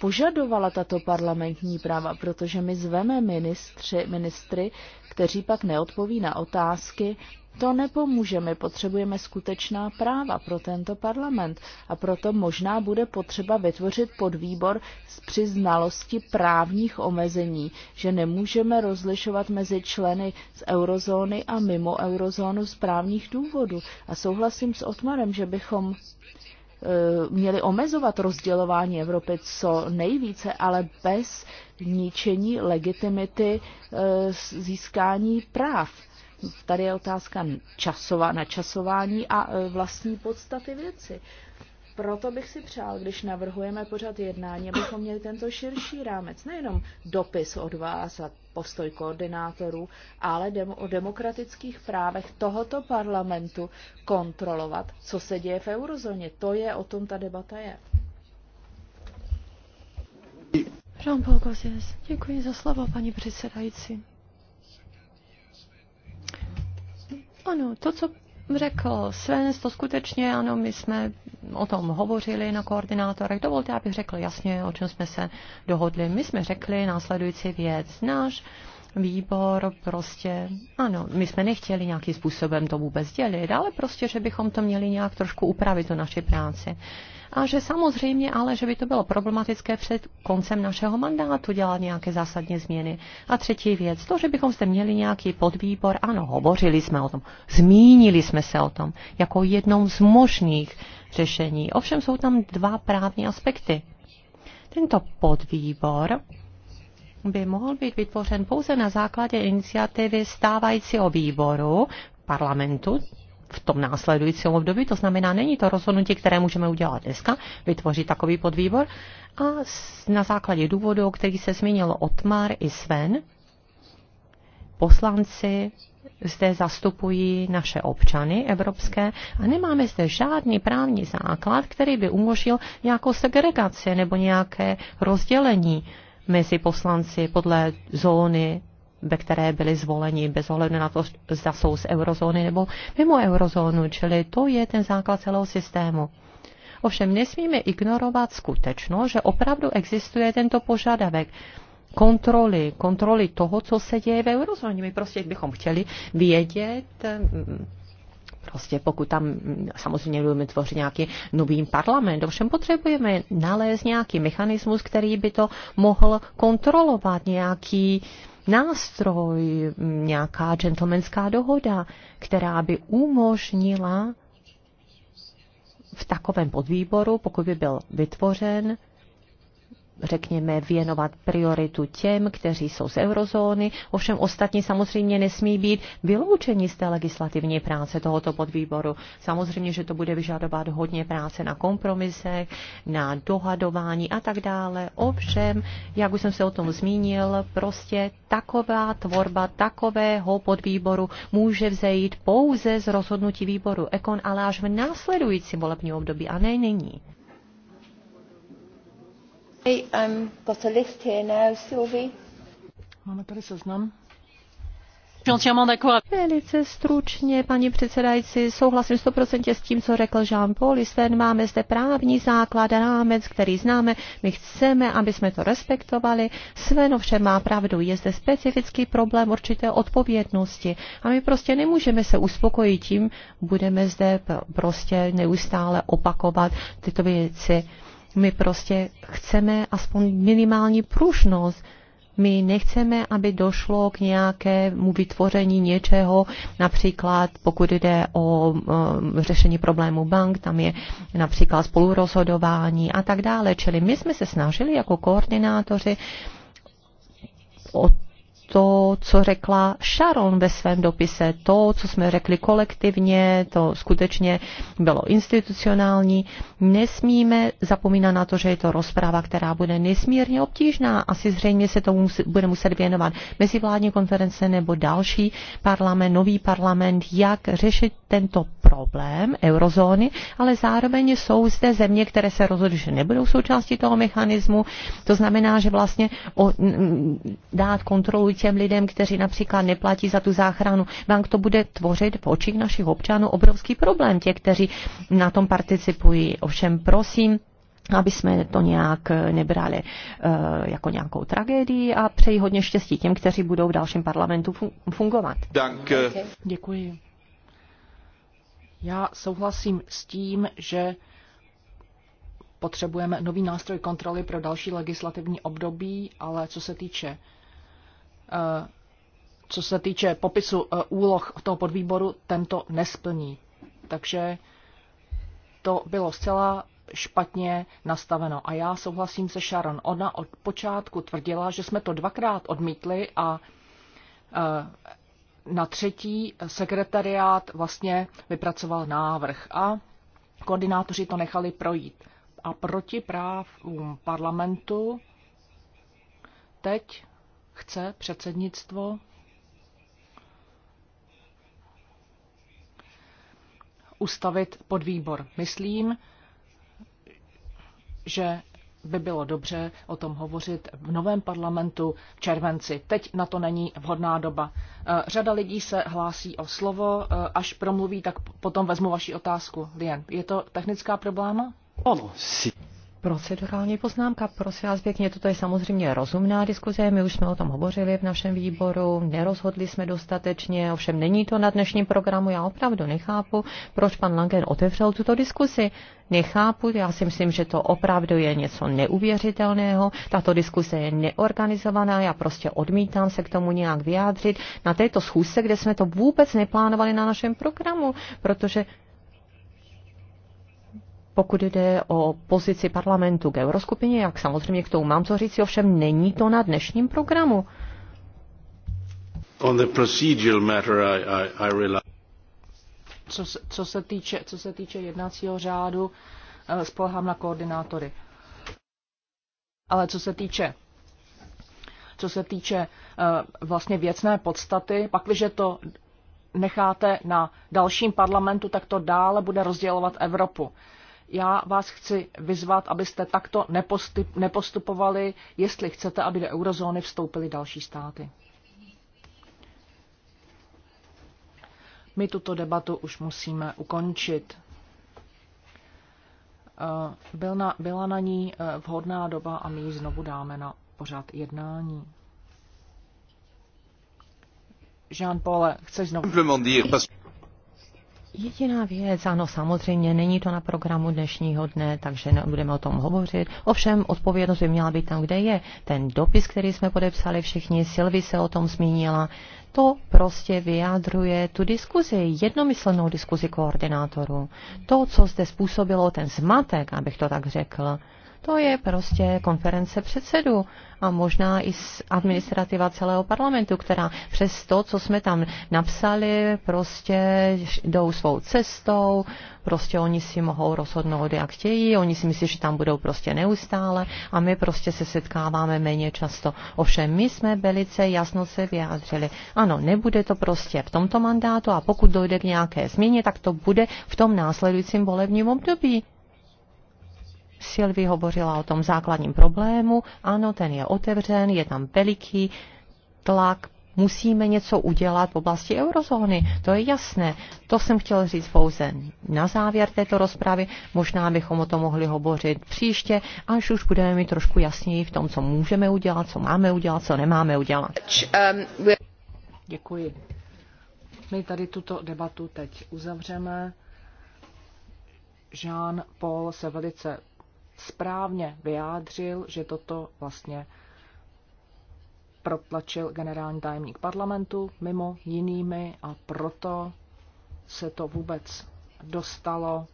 požadovala tato parlamentní práva, protože my zveme ministři, ministry, kteří pak neodpoví na otázky, to nepomůže, my potřebujeme skutečná práva pro tento parlament a proto možná bude potřeba vytvořit podvýbor s přiznalosti právních omezení, že nemůžeme rozlišovat mezi členy z eurozóny a mimo eurozónu z právních důvodů. A souhlasím s Otmarem, že bychom e, měli omezovat rozdělování Evropy co nejvíce, ale bez ničení legitimity e, získání práv Tady je otázka časova, na časování a e, vlastní podstaty věci. Proto bych si přál, když navrhujeme pořad jednání, abychom měli tento širší rámec, nejenom dopis od vás a postoj koordinátorů, ale dem- o demokratických právech tohoto parlamentu kontrolovat, co se děje v eurozóně. To je, o tom ta debata je. Jean-Paul děkuji za slovo, paní předsedající. Ano, to, co řekl Sven, to skutečně ano, my jsme o tom hovořili na koordinátorech. Dovolte, abych řekl jasně, o čem jsme se dohodli. My jsme řekli následující věc. Náš výbor prostě, ano, my jsme nechtěli nějakým způsobem to vůbec dělit, ale prostě, že bychom to měli nějak trošku upravit, tu naši práci a že samozřejmě ale, že by to bylo problematické před koncem našeho mandátu dělat nějaké zásadní změny. A třetí věc, to, že bychom zde měli nějaký podvýbor, ano, hovořili jsme o tom, zmínili jsme se o tom jako jednou z možných řešení. Ovšem jsou tam dva právní aspekty. Tento podvýbor by mohl být vytvořen pouze na základě iniciativy stávajícího výboru parlamentu, v tom následujícím období. To znamená, není to rozhodnutí, které můžeme udělat dneska, vytvořit takový podvýbor. A na základě důvodu, o který se zmínilo Otmar i Sven, poslanci zde zastupují naše občany evropské a nemáme zde žádný právní základ, který by umožnil nějakou segregaci nebo nějaké rozdělení mezi poslanci podle zóny ve které byli zvoleni, bez ohledu na to, zda jsou z eurozóny nebo mimo eurozónu, čili to je ten základ celého systému. Ovšem nesmíme ignorovat skutečnost, že opravdu existuje tento požadavek kontroly, kontroly toho, co se děje v eurozóně. My prostě bychom chtěli vědět, mm, Prostě pokud tam mm, samozřejmě budeme tvořit nějaký nový parlament, ovšem potřebujeme nalézt nějaký mechanismus, který by to mohl kontrolovat, nějaký nástroj, nějaká gentlemanská dohoda, která by umožnila v takovém podvýboru, pokud by byl vytvořen, řekněme, věnovat prioritu těm, kteří jsou z eurozóny, ovšem ostatní samozřejmě nesmí být vyloučeni z té legislativní práce tohoto podvýboru. Samozřejmě, že to bude vyžadovat hodně práce na kompromisech, na dohadování a tak dále. Ovšem, jak už jsem se o tom zmínil, prostě taková tvorba takového podvýboru může vzejít pouze z rozhodnutí výboru Ekon, ale až v následujícím volebním období a ne nyní. Um, Máme tady seznam. Velice stručně, paní předsedající, souhlasím 100% s tím, co řekl Jean-Paul Listen. Máme zde právní základ, rámec, který známe. My chceme, aby jsme to respektovali. Sven ovšem má pravdu. Je zde specifický problém určité odpovědnosti. A my prostě nemůžeme se uspokojit tím, budeme zde prostě neustále opakovat tyto věci my prostě chceme aspoň minimální pružnost. My nechceme, aby došlo k nějakému vytvoření něčeho, například pokud jde o uh, řešení problému bank, tam je například spolurozhodování a tak dále. Čili my jsme se snažili jako koordinátoři o to, co řekla Sharon ve svém dopise, to, co jsme řekli kolektivně, to skutečně bylo institucionální. Nesmíme zapomínat na to, že je to rozprava, která bude nesmírně obtížná. Asi zřejmě se tomu bude muset věnovat mezivládní konference nebo další parlament, nový parlament, jak řešit tento problém eurozóny, ale zároveň jsou zde země, které se rozhodly, že nebudou součástí toho mechanismu. To znamená, že vlastně o, dát kontrolující těm lidem, kteří například neplatí za tu záchranu bank, to bude tvořit v očích našich občanů obrovský problém, těch, kteří na tom participují. Ovšem prosím, aby jsme to nějak eh, nebrali eh, jako nějakou tragédii a přeji hodně štěstí těm, kteří budou v dalším parlamentu fungovat. Eh. Danke. Děkuji. Já souhlasím s tím, že potřebujeme nový nástroj kontroly pro další legislativní období, ale co se týče Eh, co se týče popisu eh, úloh toho podvýboru, tento nesplní. Takže to bylo zcela špatně nastaveno. A já souhlasím se Sharon. Ona od počátku tvrdila, že jsme to dvakrát odmítli a eh, na třetí sekretariát vlastně vypracoval návrh a koordinátoři to nechali projít. A proti právům parlamentu teď chce předsednictvo ustavit podvýbor. Myslím, že by bylo dobře o tom hovořit v novém parlamentu v červenci. Teď na to není vhodná doba. Eh, řada lidí se hlásí o slovo, eh, až promluví, tak potom vezmu vaši otázku. Lien, je to technická probléma? Ano, si. Procedurální poznámka, prosím vás pěkně, toto je samozřejmě rozumná diskuze, my už jsme o tom hovořili v našem výboru, nerozhodli jsme dostatečně, ovšem není to na dnešním programu, já opravdu nechápu, proč pan Langen otevřel tuto diskusi. Nechápu, já si myslím, že to opravdu je něco neuvěřitelného, tato diskuse je neorganizovaná, já prostě odmítám se k tomu nějak vyjádřit na této schůzce, kde jsme to vůbec neplánovali na našem programu, protože pokud jde o pozici parlamentu k euroskupině, jak samozřejmě k tomu mám co říct, ovšem není to na dnešním programu. On the procedural matter, I, I, I rely... co, se, co, se týče, co se týče jednacího řádu, eh, spolehám na koordinátory. Ale co se týče co se týče eh, vlastně věcné podstaty, pak, když to necháte na dalším parlamentu, tak to dále bude rozdělovat Evropu já vás chci vyzvat, abyste takto nepostupovali, jestli chcete, aby do eurozóny vstoupily další státy. My tuto debatu už musíme ukončit. Eh, byl na, byla na ní eh, vhodná doba a my ji znovu dáme na pořád jednání. Jean-Paul, chceš znovu... Jediná věc, ano, samozřejmě není to na programu dnešního dne, takže nebudeme o tom hovořit. Ovšem, odpovědnost by měla být tam, kde je. Ten dopis, který jsme podepsali všichni, Silvi se o tom zmínila, to prostě vyjádřuje tu diskuzi, jednomyslnou diskuzi koordinátorů. To, co zde způsobilo ten zmatek, abych to tak řekl, to je prostě konference předsedů a možná i administrativa celého parlamentu, která přes to, co jsme tam napsali, prostě jdou svou cestou, prostě oni si mohou rozhodnout, jak chtějí, oni si myslí, že tam budou prostě neustále a my prostě se setkáváme méně často. Ovšem my jsme velice jasno se vyjádřili, ano, nebude to prostě v tomto mandátu a pokud dojde k nějaké změně, tak to bude v tom následujícím volebním období. Silvi hovořila o tom základním problému. Ano, ten je otevřen, je tam veliký tlak, musíme něco udělat v oblasti eurozóny. To je jasné. To jsem chtěl říct pouze na závěr této rozpravy. Možná bychom o tom mohli hovořit příště, až už budeme mít trošku jasněji v tom, co můžeme udělat, co máme udělat, co nemáme udělat. Děkuji. My tady tuto debatu teď uzavřeme. Jean Paul se velice správně vyjádřil, že toto vlastně protlačil generální tajemník parlamentu mimo jinými a proto se to vůbec dostalo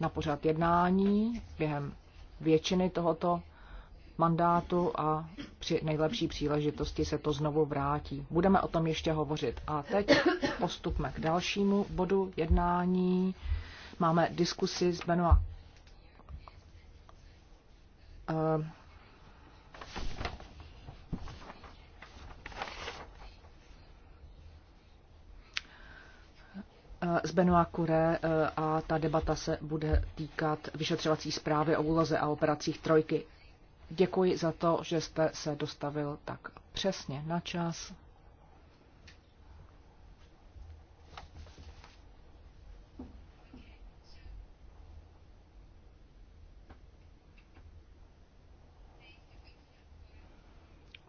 na pořád jednání během většiny tohoto mandátu a při nejlepší příležitosti se to znovu vrátí. Budeme o tom ještě hovořit. A teď postupme k dalšímu bodu jednání. Máme diskusi s Benoa z Benoit Kure eh, a ta debata se bude týkat vyšetřovací zprávy o úloze a operacích Trojky. Děkuji za to, že jste se dostavil tak přesně na čas.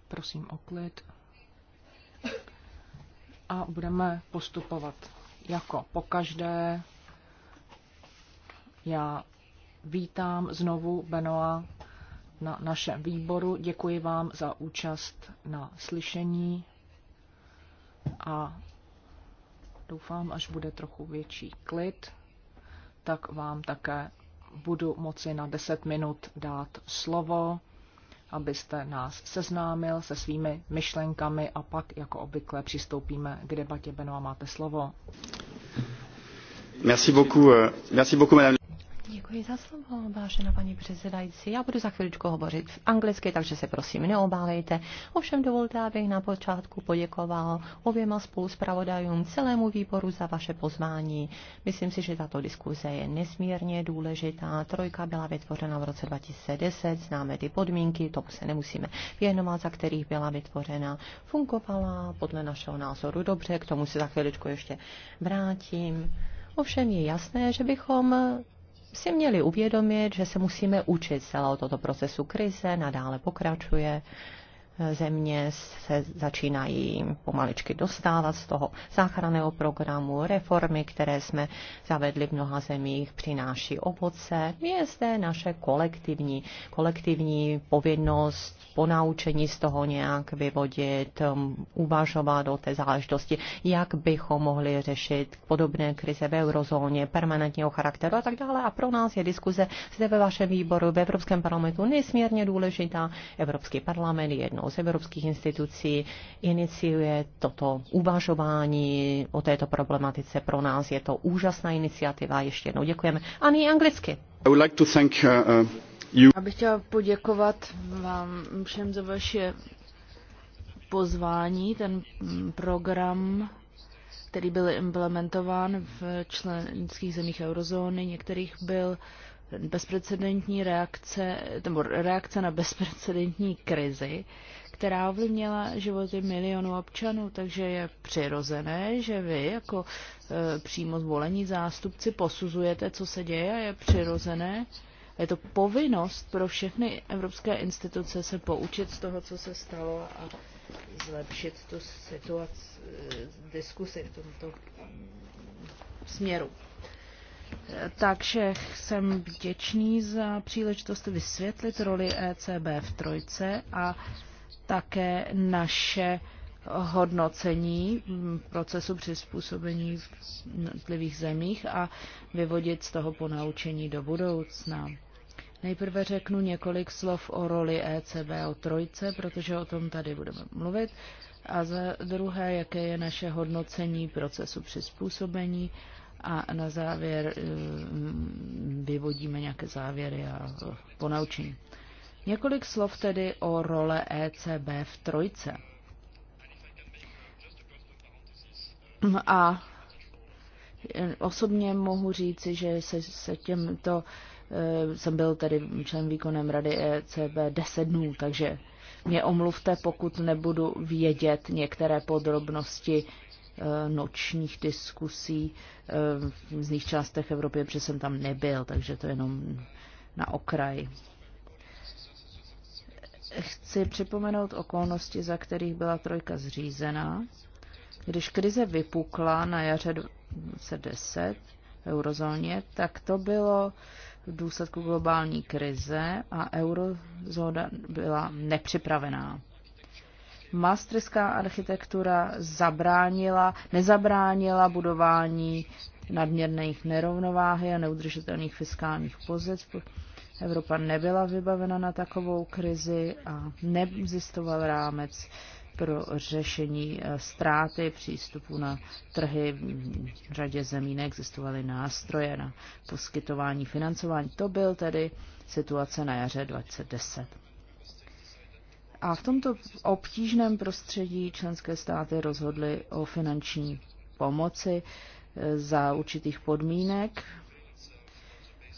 Prosím o klid. A budeme postupovat jako pokaždé. Já vítám znovu Benoa na našem výboru. Děkuji vám za účast na slyšení a doufám, až bude trochu větší klid, tak vám také budu moci na 10 minut dát slovo abyste nás seznámil se svými myšlenkami a pak, jako obvykle, přistoupíme k debatě. Beno, máte slovo. Merci beaucoup, euh, merci beaucoup, madame. Děkuji za slovo, vážená paní předsedající. Já budu za chvíličku hovořit v anglicky, takže se prosím neobálejte. Ovšem dovolte, abych na počátku poděkoval oběma spoluzpravodajům celému výboru za vaše pozvání. Myslím si, že tato diskuze je nesmírně důležitá. Trojka byla vytvořena v roce 2010, známe ty podmínky, tomu se nemusíme věnovat, za kterých byla vytvořena. Fungovala podle našeho názoru dobře, k tomu se za chvíličku ještě vrátím. Ovšem je jasné, že bychom si měli uvědomit, že se musíme učit celého toto procesu krize, nadále pokračuje země se začínají pomaličky dostávat z toho záchranného programu. Reformy, které jsme zavedli v mnoha zemích, přináší ovoce. Je zde naše kolektivní, kolektivní povinnost ponaučení z toho nějak vyvodit, um, uvažovat o té záležitosti, jak bychom mohli řešit podobné krize v eurozóně, permanentního charakteru a tak dále. A pro nás je diskuze zde ve vašem výboru, v Evropském parlamentu nesmírně důležitá. Evropský parlament je jednou z evropských institucí iniciuje toto uvažování o této problematice. Pro nás je to úžasná iniciativa. Ještě jednou děkujeme. A nyní anglicky. I would like to thank, uh, uh you. Já bych chtěla poděkovat vám všem za vaše pozvání. Ten mm, program který byl implementován v členských zemích eurozóny, některých byl bezprecedentní reakce, nebo reakce na bezprecedentní krizi která ovlivnila životy milionů občanů, takže je přirozené, že vy jako e, přímo zvolení zástupci posuzujete, co se děje a je přirozené, je to povinnost pro všechny evropské instituce se poučit z toho, co se stalo a zlepšit tu situaci, e, diskusy v tomto mm, směru. Takže jsem vděčný za příležitost vysvětlit roli ECB v trojce a také naše hodnocení procesu přizpůsobení v jednotlivých zemích a vyvodit z toho ponaučení do budoucna. Nejprve řeknu několik slov o roli ECB, o trojce, protože o tom tady budeme mluvit. A za druhé, jaké je naše hodnocení procesu přizpůsobení. A na závěr mm, vyvodíme nějaké závěry a ponaučení. Několik slov tedy o role ECB v trojce. A osobně mohu říci, že se, se těmto eh, jsem byl tedy člen výkonem rady ECB 10 dnů, takže mě omluvte, pokud nebudu vědět některé podrobnosti eh, nočních diskusí eh, v různých částech Evropy, protože jsem tam nebyl, takže to jenom na okraji. Chci připomenout okolnosti, za kterých byla trojka zřízená. Když krize vypukla na jaře 2010 v eurozóně, tak to bylo v důsledku globální krize a eurozóna byla nepřipravená. Maastrichtská architektura zabránila, nezabránila budování nadměrných nerovnováhy a neudržitelných fiskálních pozic Evropa nebyla vybavena na takovou krizi a neexistoval rámec pro řešení eh, ztráty přístupu na trhy. V řadě zemí neexistovaly nástroje na poskytování financování. To byl tedy situace na jaře 2010. A v tomto obtížném prostředí členské státy rozhodly o finanční pomoci eh, za určitých podmínek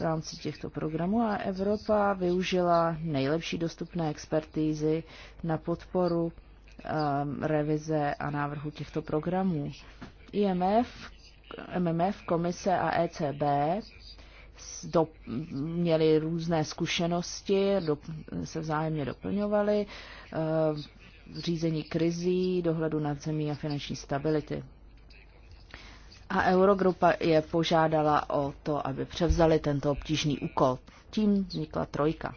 v rámci těchto programů a Evropa využila nejlepší dostupné expertízy na podporu um, revize a návrhu těchto programů. IMF, MMF, komise a ECB do, měli různé zkušenosti, do, se vzájemně doplňovali, uh, řízení krizí, dohledu nad zemí a finanční stability. A Eurogrupa je požádala o to, aby převzali tento obtížný úkol. Tím vznikla trojka.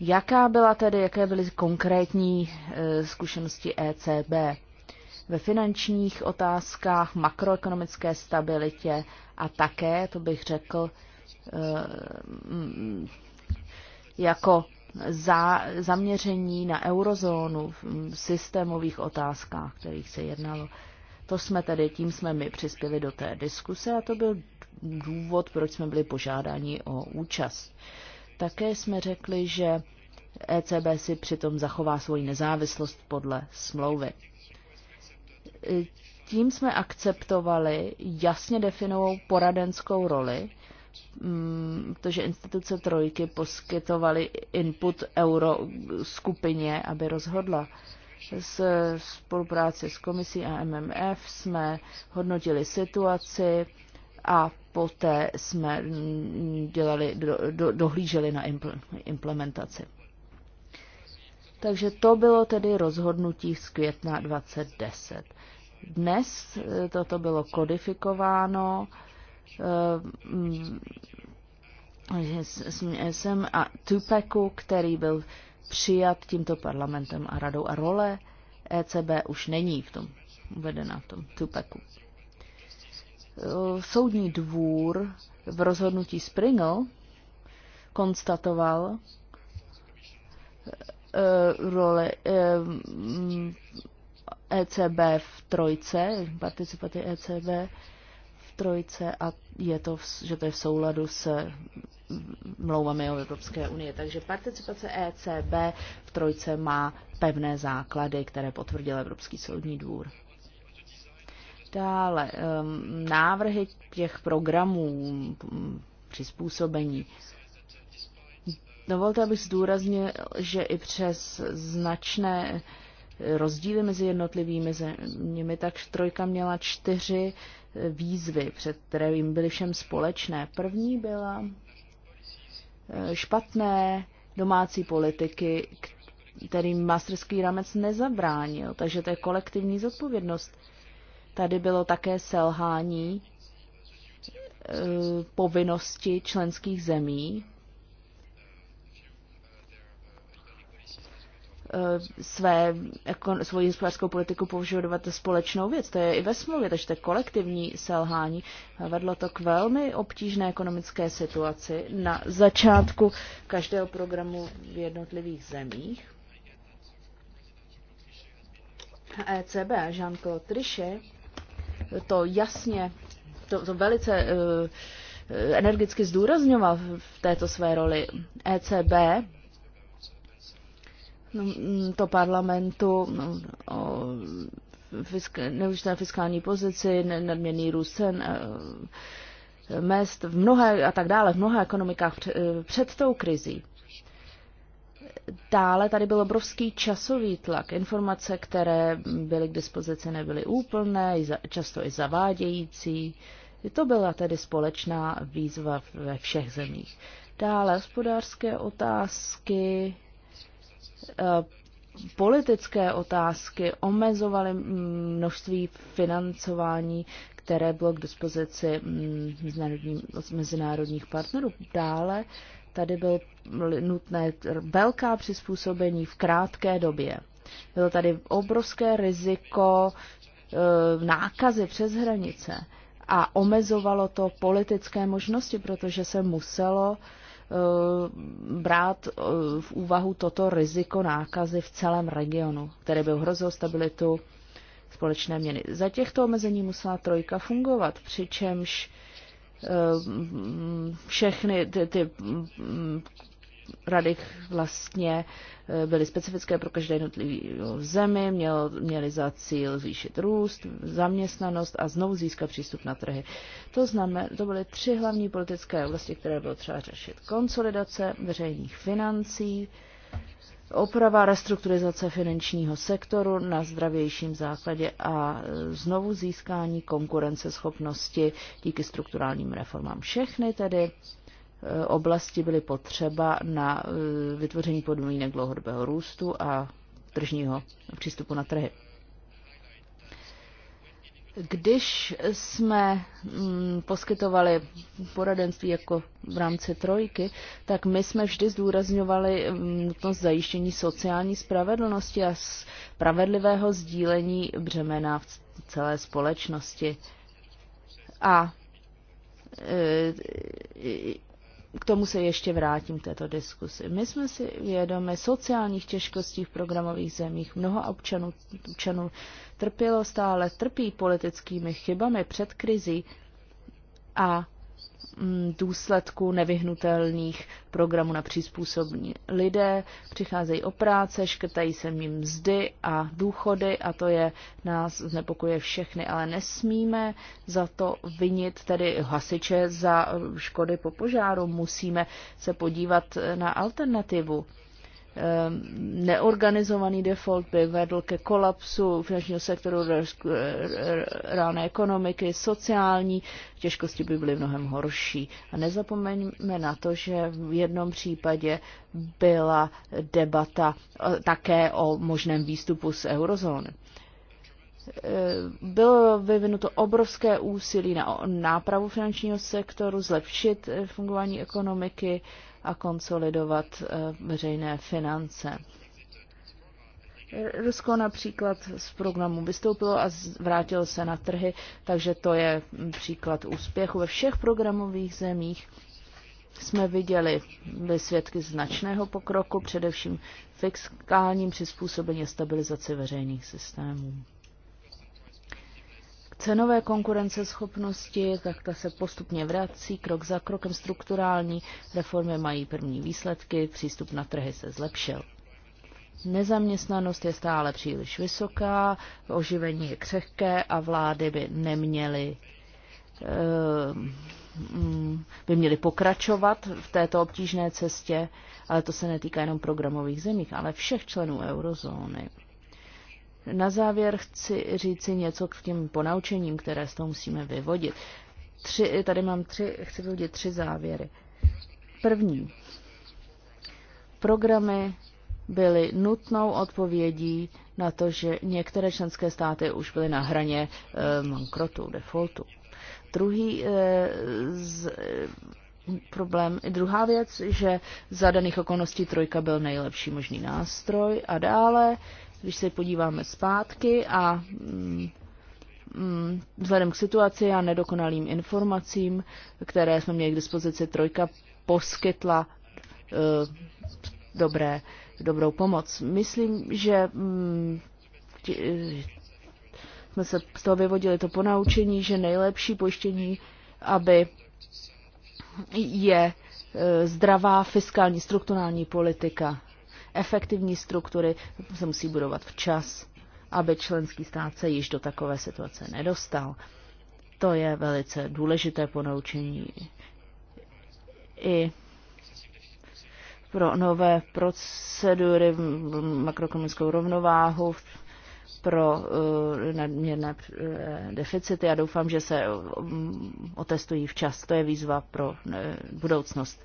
Jaká byla tedy, jaké byly konkrétní e, zkušenosti ECB ve finančních otázkách, makroekonomické stabilitě a také, to bych řekl, e, mm, jako za, zaměření na eurozónu v systémových otázkách, kterých se jednalo. To jsme tedy, tím jsme my přispěli do té diskuse a to byl důvod, proč jsme byli požádáni o účast. Také jsme řekli, že ECB si přitom zachová svoji nezávislost podle smlouvy. Tím jsme akceptovali jasně definovou poradenskou roli, mm, protože instituce trojky poskytovaly input euro skupině, aby rozhodla s spolupráci s komisí a MMF jsme hodnotili situaci a poté jsme dělali, do, do, dohlíželi na implementaci. Takže to bylo tedy rozhodnutí z května 2010. Dnes eh, toto bylo kodifikováno eh, mm, jsem a Tupeku, který byl přijat tímto parlamentem a radou a role ECB už není v tom uvedena v tom tupeku. Eh, soudní dvůr v rozhodnutí Springel konstatoval eh, role ECB eh, e v trojce, participaty ECB v trojce a je to, že to je v souladu s mlouvami o Evropské unie. Takže participace ECB v trojce má pevné základy, které potvrdil Evropský soudní dvůr. Dále um, návrhy těch programů um, přizpůsobení. Dovolte, abych zdůraznil, že i přes značné rozdíly mezi jednotlivými zeměmi, tak trojka měla čtyři výzvy, před kterými byly všem společné. První byla Eh, špatné domácí politiky, kterým masterský rámec nezabránil. Takže to je kolektivní zodpovědnost. Tady bylo také selhání eh, povinnosti členských zemí Eh, své, jako, svoji hospodářskou politiku používat za společnou věc. To je i ve smlouvě, takže to je kolektivní selhání. Vedlo to k velmi obtížné ekonomické situaci na začátku každého programu v jednotlivých zemích. ECB, Jean-Claude Trichet, to jasně, to, to velice uh, energicky zdůrazňoval v této své roli. ECB No, mm, to parlamentu no, o neúčinné fiskální pozici, nadměrný růst cen, e, e, mest v mnoha a tak dále, v mnoha ekonomikách před, e, před tou krizí. Dále tady byl obrovský časový tlak. Informace, které byly k dispozici, nebyly úplné, často i zavádějící. To byla tedy společná výzva ve všech zemích. Dále hospodářské otázky, Eh, politické otázky omezovaly množství financování, které bylo k dispozici mm, z mezinárodních partnerů. Dále tady byl nutné velká přizpůsobení v krátké době. Bylo tady obrovské riziko eh, nákazy přes hranice a omezovalo to politické možnosti, protože se muselo Eh, brát eh, v úvahu toto riziko nákazy v celém regionu, které by ohrozilo stabilitu společné měny. Za těchto omezení musela trojka fungovat, přičemž eh, všechny ty, ty rady vlastně eh, byly specifické pro každé jednotlivé zemi, měl, měly za cíl zvýšit růst, zaměstnanost a znovu získat přístup na trhy. To, znamen, to byly tři hlavní politické oblasti, které bylo třeba řešit. Konsolidace veřejných financí, oprava restrukturizace finančního sektoru na zdravějším základě a eh, znovu získání konkurenceschopnosti díky strukturálním reformám. Všechny tedy Eh, oblasti byly potřeba na eh, vytvoření podmínek dlouhodobého růstu a tržního přístupu na trhy. Když jsme mm, poskytovali poradenství jako v rámci trojky, tak my jsme vždy zdůrazňovali nutnost mm, zajištění sociální spravedlnosti a spravedlivého sdílení břemena v celé společnosti. A eh, k tomu se ještě vrátím této diskusi. My jsme si vědomi sociálních těžkostí v programových zemích. Mnoho občanů, občanů trpělo, stále trpí politickými chybami před krizí a Mm, důsledku nevyhnutelných programů na přizpůsobní Lidé přicházejí o práce, škrtají se jim mzdy a důchody a to je nás znepokuje všechny, ale nesmíme za to vinit tedy hasiče za škody po požáru. Musíme se podívat na alternativu. Ehm, neorganizovaný default by vedl ke kolapsu finančního sektoru, reálné ekonomiky, sociální těžkosti by byly mnohem horší. A nezapomeňme na to, že v jednom případě byla debata e, také o možném výstupu z eurozóny. Ehm, bylo vyvinuto obrovské úsilí na nápravu finančního sektoru, zlepšit e, fungování ekonomiky a konsolidovat eh, veřejné finance. Rusko například z programu vystoupilo a vrátilo se na trhy, takže to je příklad úspěchu. Ve všech programových zemích jsme viděli svědky značného pokroku, především fiskálním přizpůsobení a stabilizaci veřejných systémů cenové konkurenceschopnosti, tak ta se postupně vrací, krok za krokem strukturální reformy mají první výsledky, přístup na trhy se zlepšil. Nezaměstnanost je stále příliš vysoká, oživení je křehké a vlády by neměly eh, by měly pokračovat v této obtížné cestě, ale to se netýká jenom programových zemích, ale všech členů eurozóny. Na závěr chci říci něco k těm ponaučením, které z toho musíme vyvodit. Tři, tady mám tři, chci vyvodit tři závěry. První. Programy byly nutnou odpovědí na to, že některé členské státy už byly na hraně eh, bankrotu, defaultu. Druhý eh, z, eh, problém. Druhá věc, že za daných okolností trojka byl nejlepší možný nástroj a dále když se podíváme zpátky a mm, mm, vzhledem k situaci a nedokonalým informacím, které jsme měli k dispozici, Trojka poskytla e, dobré, dobrou pomoc. Myslím, že mm, jsme se z toho vyvodili to ponaučení, že nejlepší pojištění, aby je e, zdravá fiskální strukturální politika efektivní struktury se musí budovat včas, aby členský stát se již do takové situace nedostal. To je velice důležité ponaučení i pro nové procedury, makroekonomickou rovnováhu, pro uh, nadměrné uh, deficity a doufám, že se um, otestují včas. To je výzva pro uh, budoucnost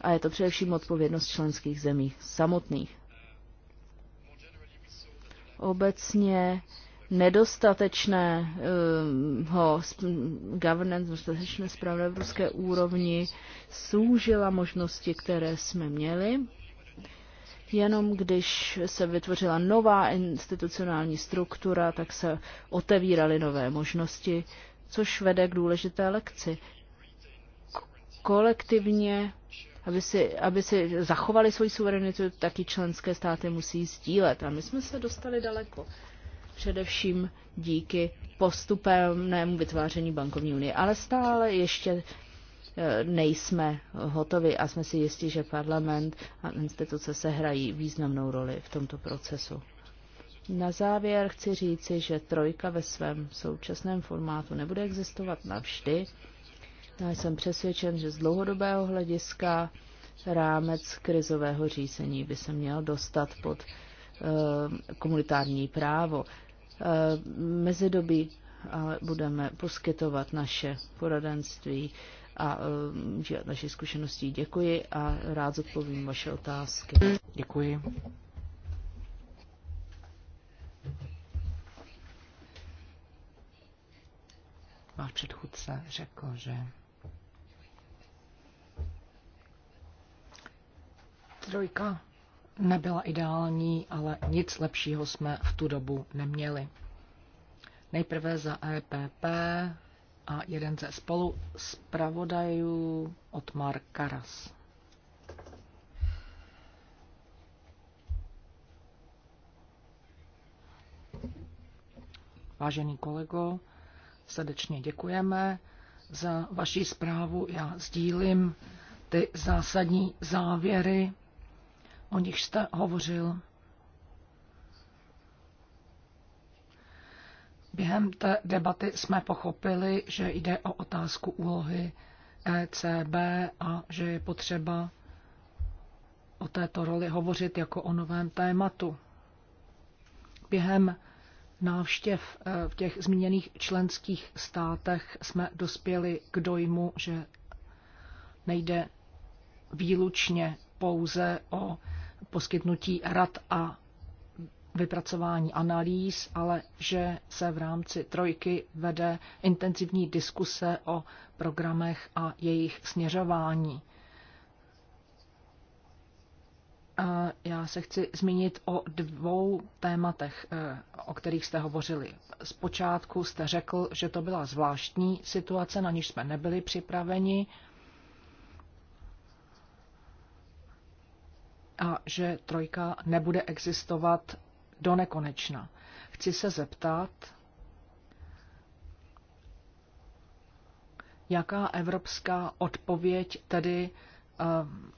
a je to především odpovědnost členských zemí samotných. Obecně nedostatečného governance, dostatečné ruské úrovni soužila možnosti, které jsme měli. Jenom když se vytvořila nová institucionální struktura, tak se otevíraly nové možnosti, což vede k důležité lekci. Kolektivně aby si, aby si zachovali svoji suverenitu, taky členské státy musí sdílet. A my jsme se dostali daleko. Především díky postupnému vytváření bankovní unie. Ale stále ještě eh, nejsme hotovi a jsme si jistí, že parlament a instituce se hrají významnou roli v tomto procesu. Na závěr chci říci, že trojka ve svém současném formátu nebude existovat navždy. Já jsem přesvědčen, že z dlouhodobého hlediska rámec krizového řízení by se měl dostat pod eh, komunitární právo. Eh, mezidobí ale budeme poskytovat naše poradenství a eh, naše zkušenosti. Děkuji a rád zodpovím vaše otázky. Děkuji. Váš předchůdce řekl, že Dvojka nebyla ideální, ale nic lepšího jsme v tu dobu neměli. Nejprve za EPP a jeden ze spolu zpravodajů Otmar Karas. Vážený kolego, srdečně děkujeme za vaši zprávu. Já sdílím ty zásadní závěry o nich jste hovořil. Během té debaty jsme pochopili, že jde o otázku úlohy ECB a že je potřeba o této roli hovořit jako o novém tématu. Během návštěv eh, v těch zmíněných členských státech jsme dospěli k dojmu, že nejde výlučně pouze o poskytnutí rad a vypracování analýz, ale že se v rámci trojky vede intenzivní diskuse o programech a jejich směřování. Já se chci zmínit o dvou tématech, eh, o kterých jste hovořili. Zpočátku jste řekl, že to byla zvláštní situace, na níž jsme nebyli připraveni a že trojka nebude existovat do nekonečna. Chci se zeptat, jaká evropská odpověď tedy ehm,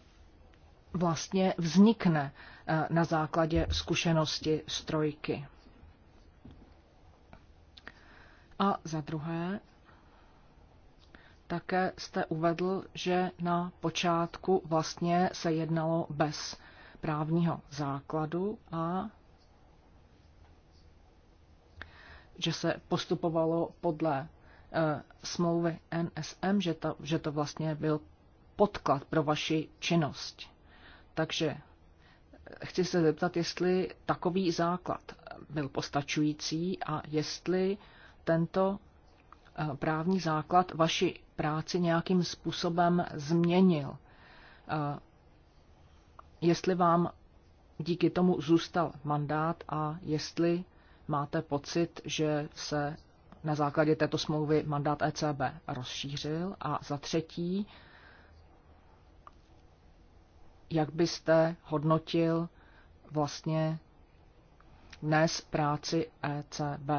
vlastně vznikne eh, na základě zkušenosti z trojky. A za druhé, také jste uvedl, že na počátku vlastně se jednalo bez právního základu a že se postupovalo podle e, smlouvy NSM, že to, že to vlastně byl podklad pro vaši činnost. Takže eh, chci se zeptat, jestli takový základ eh, byl postačující a jestli tento právní základ vaši práci nějakým způsobem změnil jestli vám díky tomu zůstal mandát a jestli máte pocit, že se na základě této smlouvy mandát ECB rozšířil a za třetí, jak byste hodnotil vlastně dnes práci ECB.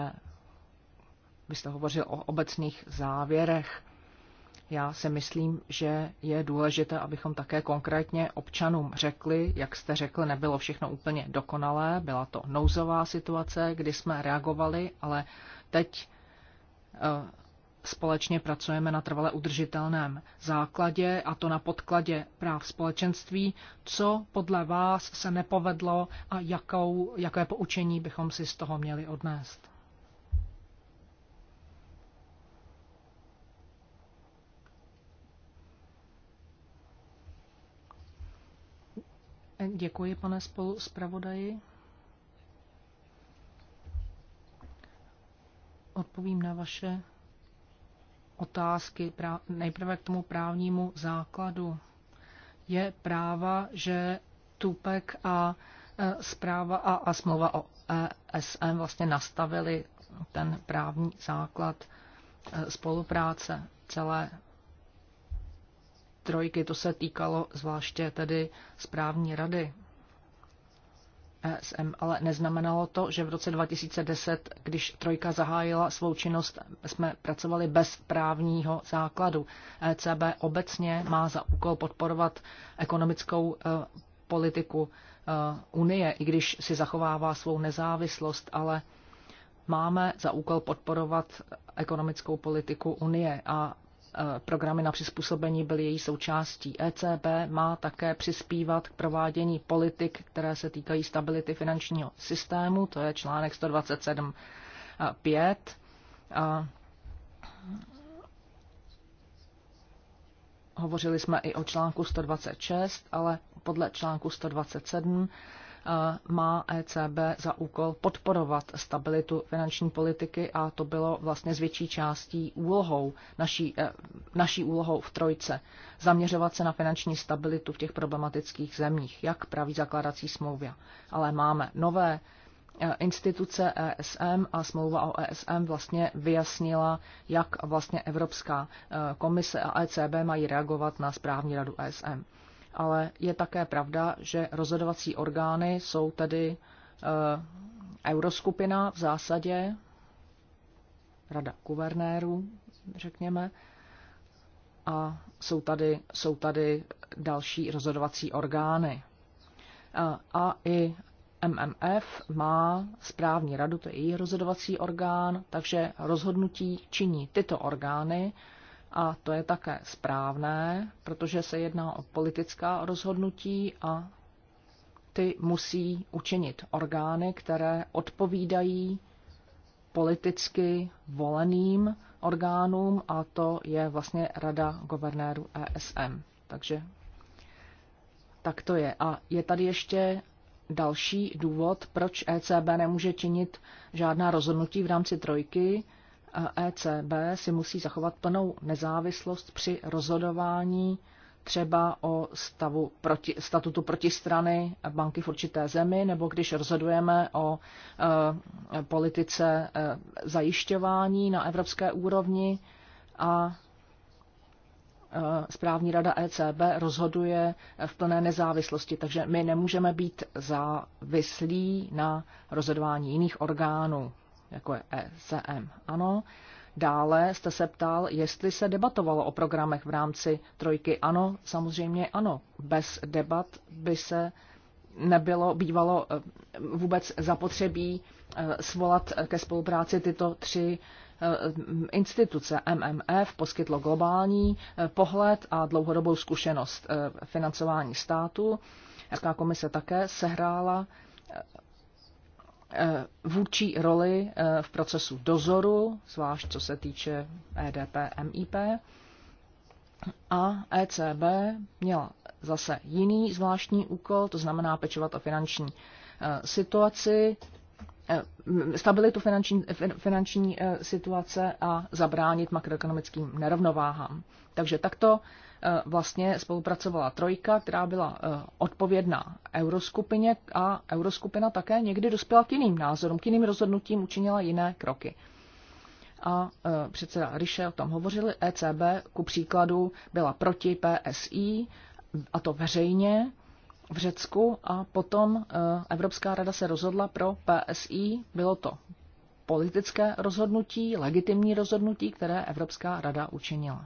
Vy jste hovořil o obecných závěrech já si myslím, že je důležité, abychom také konkrétně občanům řekli, jak jste řekl, nebylo všechno úplně dokonalé, byla to nouzová situace, kdy jsme reagovali, ale teď eh, společně pracujeme na trvale udržitelném základě a to na podkladě práv společenství, co podle vás se nepovedlo a jakou, jaké poučení bychom si z toho měli odnést. Děkuji, pane spolu zpravodaji. Odpovím na vaše otázky. Nejprve k tomu právnímu základu. Je práva, že Tupek a e, zpráva a, a smlouva o ESM vlastně nastavili ten právní základ e, spolupráce celé trojky, to se týkalo zvláště tedy správní rady ESM, ale neznamenalo to, že v roce 2010, když Trojka zahájila svou činnost, jsme pracovali bez právního základu. ECB obecně má za úkol podporovat ekonomickou e, politiku e, Unie, i když si zachovává svou nezávislost, ale máme za úkol podporovat ekonomickou politiku Unie a Eh, programy na přizpůsobení byly její součástí. ECB má také přispívat k provádění politik, které se týkají stability finančního systému, to je článek 127.5. Hovořili jsme i o článku 126, ale podle článku 127 Eh, má ECB za úkol podporovat stabilitu finanční politiky a to bylo vlastně z větší částí úlohou, naší, eh, naší úlohou v trojce, zaměřovat se na finanční stabilitu v těch problematických zemích, jak praví zakládací smlouvě. Ale máme nové eh, instituce ESM a smlouva o ESM vlastně vyjasnila, jak vlastně Evropská komise a ECB mají reagovat na správní radu ESM ale je také pravda, že rozhodovací orgány jsou tedy e, euroskupina v zásadě, rada guvernérů, řekněme, a jsou tady, jsou tady další rozhodovací orgány. A, eh, a i MMF má správní radu, to je její rozhodovací orgán, takže rozhodnutí činí tyto orgány a to je také správné, protože se jedná o politická rozhodnutí a ty musí učinit orgány, které odpovídají politicky voleným orgánům a to je vlastně Rada guvernéru ESM. Takže tak to je. A je tady ještě další důvod, proč ECB nemůže činit žádná rozhodnutí v rámci trojky, ECB si musí zachovat plnou nezávislost při rozhodování třeba o stavu proti, statutu protistrany banky v určité zemi, nebo když rozhodujeme o e, politice e, zajišťování na evropské úrovni a e, správní rada ECB rozhoduje v plné nezávislosti. Takže my nemůžeme být závislí na rozhodování jiných orgánů jako je ECM. Ano. Dále jste se ptal, jestli se debatovalo o programech v rámci trojky. Ano, samozřejmě ano. Bez debat by se nebylo bývalo eh, vůbec zapotřebí eh, svolat ke spolupráci tyto tři eh, instituce MMF poskytlo globální pohled a dlouhodobou zkušenost financování státu. Evropská komise také sehrála Eh, vůči roli eh, v procesu dozoru, zvlášť co se týče EDP, MIP. A ECB měla zase jiný zvláštní úkol, to znamená pečovat o finanční eh, situaci, stabilitu finanční, finanční situace a zabránit makroekonomickým nerovnováhám. Takže takto Eh, vlastně spolupracovala trojka, která byla eh, odpovědná euroskupině a euroskupina také někdy dospěla k jiným názorům, k jiným rozhodnutím, učinila jiné kroky. A eh, předseda Ryše o tom hovořili, ECB ku příkladu byla proti PSI, a to veřejně, v Řecku a potom Evropská rada se rozhodla pro PSI. Bylo to politické rozhodnutí, legitimní rozhodnutí, které Evropská rada učinila.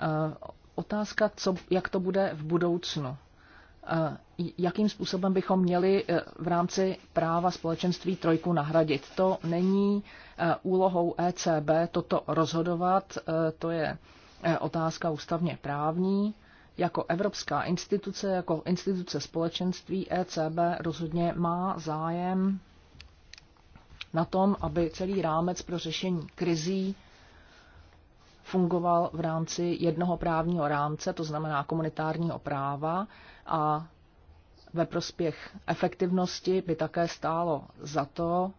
Eh, otázka, co, jak to bude v budoucnu. Eh, jakým způsobem bychom měli eh, v rámci práva společenství trojku nahradit? To není úlohou ECB toto rozhodovat, to je otázka ústavně právní. Jako evropská instituce, jako instituce společenství ECB rozhodně má zájem na tom, aby celý rámec pro řešení krizí fungoval v rámci jednoho právního rámce, to znamená komunitárního práva a ve prospěch efektivnosti by také stálo za to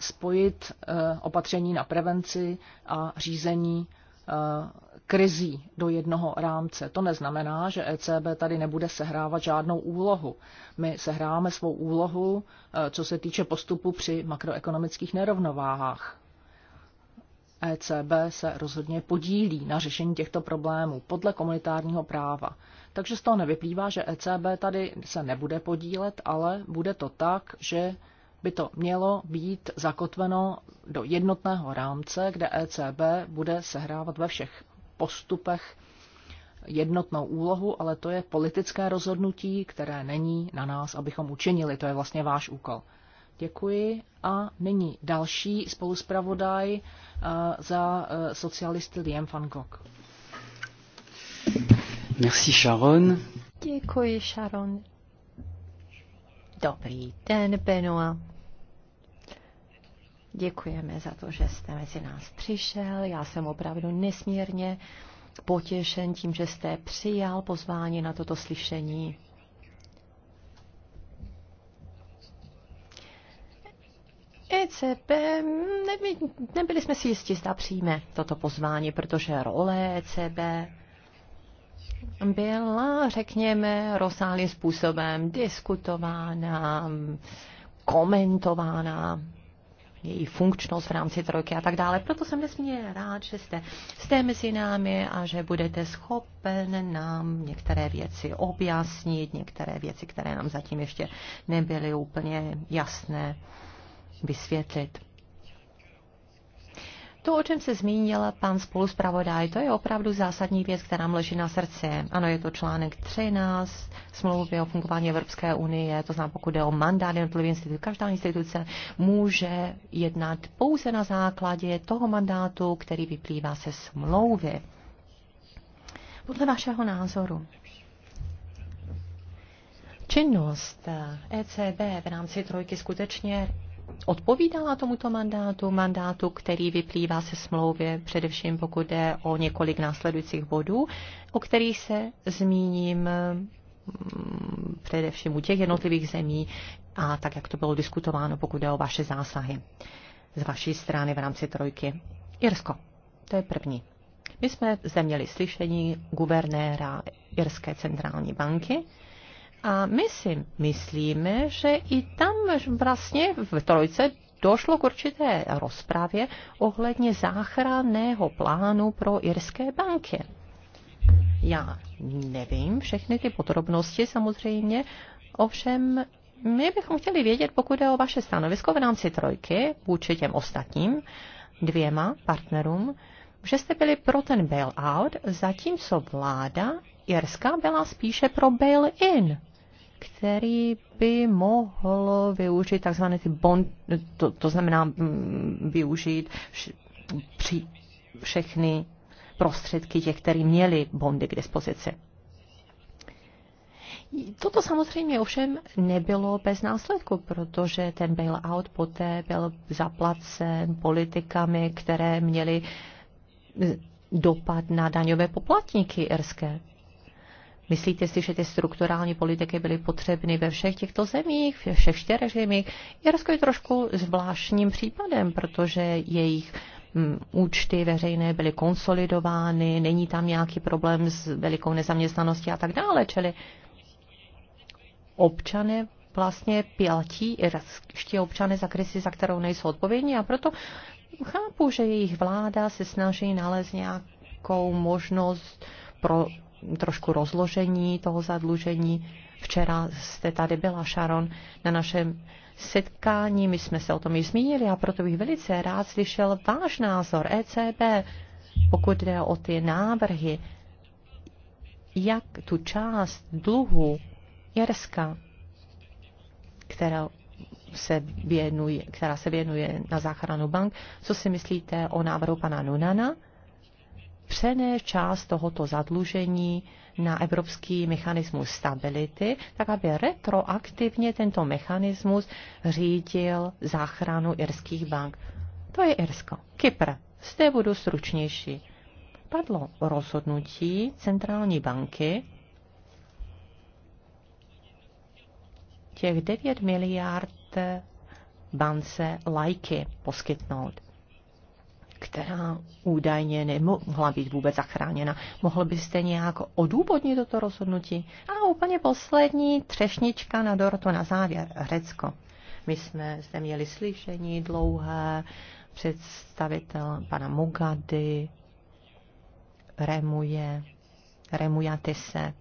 spojit e, opatření na prevenci a řízení e, krizí do jednoho rámce. To neznamená, že ECB tady nebude sehrávat žádnou úlohu. My sehráme svou úlohu, e, co se týče postupu při makroekonomických nerovnováhách. ECB se rozhodně podílí na řešení těchto problémů podle komunitárního práva. Takže z toho nevyplývá, že ECB tady se nebude podílet, ale bude to tak, že by to mělo být zakotveno do jednotného rámce, kde ECB bude sehrávat ve všech postupech jednotnou úlohu, ale to je politické rozhodnutí, které není na nás, abychom učinili. To je vlastně váš úkol. Děkuji. A nyní další spoluspravodaj eh, za eh, socialisty Liam van Gogh. Merci Sharon. Děkuji Sharon. Dobrý den, Benoit. Děkujeme za to, že jste mezi nás přišel. Já jsem opravdu nesmírně potěšen tím, že jste přijal pozvání na toto slyšení. ECB, mm, neby, nebyli jsme si jistí, zda přijme toto pozvání, protože role ECB byla, řekněme, rozsáhlým způsobem diskutována, komentována, její funkčnost v rámci trojky a tak dále. Proto jsem nesmírně rád, že jste, jste mezi námi a že budete schopen nám některé věci objasnit, některé věci, které nám zatím ještě nebyly úplně jasné vysvětlit. To, o čem se zmínil pan spoluspravodaj, to je opravdu zásadní věc, která mu leží na srdci. Ano, je to článek 13 smlouvy o fungování Evropské unie, to znamená, pokud jde o mandát jednotlivých institucí, každá instituce může jednat pouze na základě toho mandátu, který vyplývá se smlouvy. Podle vašeho názoru, činnost ECB v rámci trojky skutečně odpovídala tomuto mandátu, mandátu, který vyplývá se smlouvě, především pokud jde o několik následujících bodů, o kterých se zmíním mm, především u těch jednotlivých zemí a tak, jak to bylo diskutováno, pokud jde o vaše zásahy z vaší strany v rámci trojky. Irsko, to je první. My jsme zde měli slyšení guvernéra Irské centrální banky, a my si myslíme, že i tam vlastně v Trojce došlo k určité rozpravě ohledně záchranného plánu pro irské banky. Já nevím všechny ty podrobnosti samozřejmě, ovšem my bychom chtěli vědět, pokud je o vaše stanovisko v rámci trojky vůči těm ostatním dvěma partnerům, že jste byli pro ten bailout, zatímco vláda Jirska byla spíše pro bail-in který by mohl využít takzvané ty bond, to, to znamená mm, využít vš, při, všechny prostředky těch, kteří měli bondy k dispozici. Toto samozřejmě ovšem nebylo bez následku, protože ten bailout poté byl zaplacen politikami, které měly dopad na daňové poplatníky irské. Myslíte si, že ty strukturální politiky byly potřebny ve všech těchto zemích, ve všech čtyřech zemích? Irsko je trošku zvláštním případem, protože jejich mm, účty veřejné byly konsolidovány, není tam nějaký problém s velikou nezaměstnaností a tak dále, čili občané vlastně platí irští občany za krizi, za kterou nejsou odpovědní a proto chápu, že jejich vláda se snaží nalézt nějakou možnost pro trošku rozložení toho zadlužení. Včera jste tady byla, Sharon, na našem setkání, my jsme se o tom i zmínili a proto bych velice rád slyšel váš názor ECB, pokud jde o ty návrhy, jak tu část dluhu Jerska, která se věnuje, která se věnuje na záchranu bank, co si myslíte o návrhu pana Nunana, přené část tohoto zadlužení na evropský mechanismus stability, tak aby retroaktivně tento mechanismus řídil záchranu irských bank. To je Irsko. Kypr. Zde budu stručnější. Padlo rozhodnutí centrální banky těch 9 miliard bance lajky poskytnout která údajně nemohla být vůbec zachráněna. Mohl byste nějak odůvodnit toto rozhodnutí? A úplně poslední třešnička na dortu na závěr. Řecko. My jsme zde měli slyšení dlouhé, představitel pana Mugady, Remuje, Remujatise.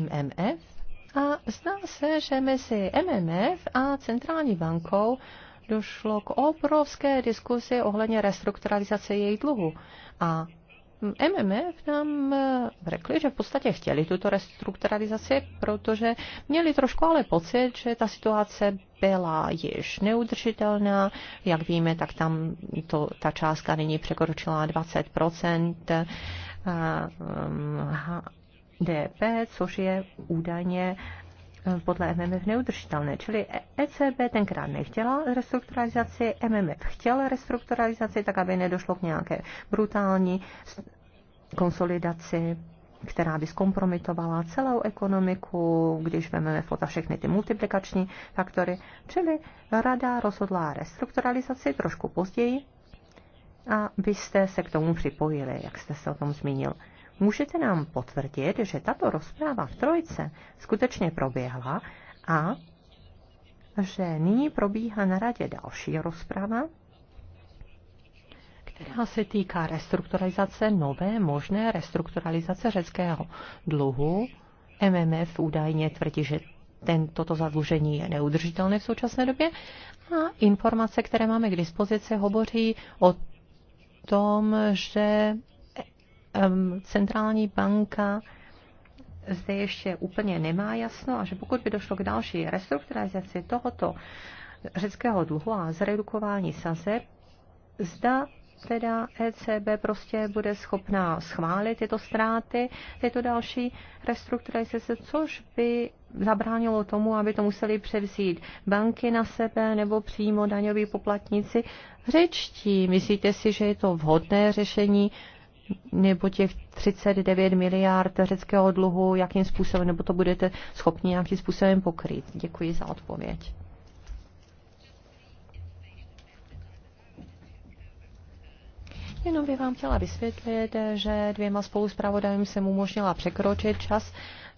MMF a zdá se, že mezi MMF a centrální bankou došlo k obrovské diskusi ohledně restrukturalizace její dluhu. A MMF nám eh, řekli, že v podstatě chtěli tuto restrukturalizaci, protože měli trošku ale pocit, že ta situace byla již neudržitelná. Jak víme, tak tam to, ta částka nyní překročila 20 DP, což je údajně eh, podle MMF neudržitelné. Čili ECB tenkrát nechtěla restrukturalizaci, MMF chtěl restrukturalizaci, tak aby nedošlo k nějaké brutální konsolidaci která by zkompromitovala celou ekonomiku, když vezmeme fota všechny ty multiplikační faktory. Čili rada rozhodla restrukturalizaci trošku později a vy jste se k tomu připojili, jak jste se o tom zmínil. Můžete nám potvrdit, že tato rozpráva v Trojce skutečně proběhla a že nyní probíhá na radě další rozprava, která se týká restrukturalizace, nové možné restrukturalizace řeckého dluhu. MMF údajně tvrdí, že ten, toto zadlužení je neudržitelné v současné době a informace, které máme k dispozici, hovoří o tom, že centrální banka zde ještě úplně nemá jasno a že pokud by došlo k další restrukturalizaci tohoto řeckého dluhu a zredukování sazeb, zda teda ECB prostě bude schopná schválit tyto ztráty, tyto další restrukturalizace, což by zabránilo tomu, aby to museli převzít banky na sebe nebo přímo daňoví poplatníci řečtí. Myslíte si, že je to vhodné řešení nebo těch 39 miliard řeckého dluhu, jakým způsobem, nebo to budete schopni nějakým způsobem pokryt. Děkuji za odpověď. Jenom bych vám chtěla vysvětlit, že dvěma spoluzpravodajům jsem umožnila překročit čas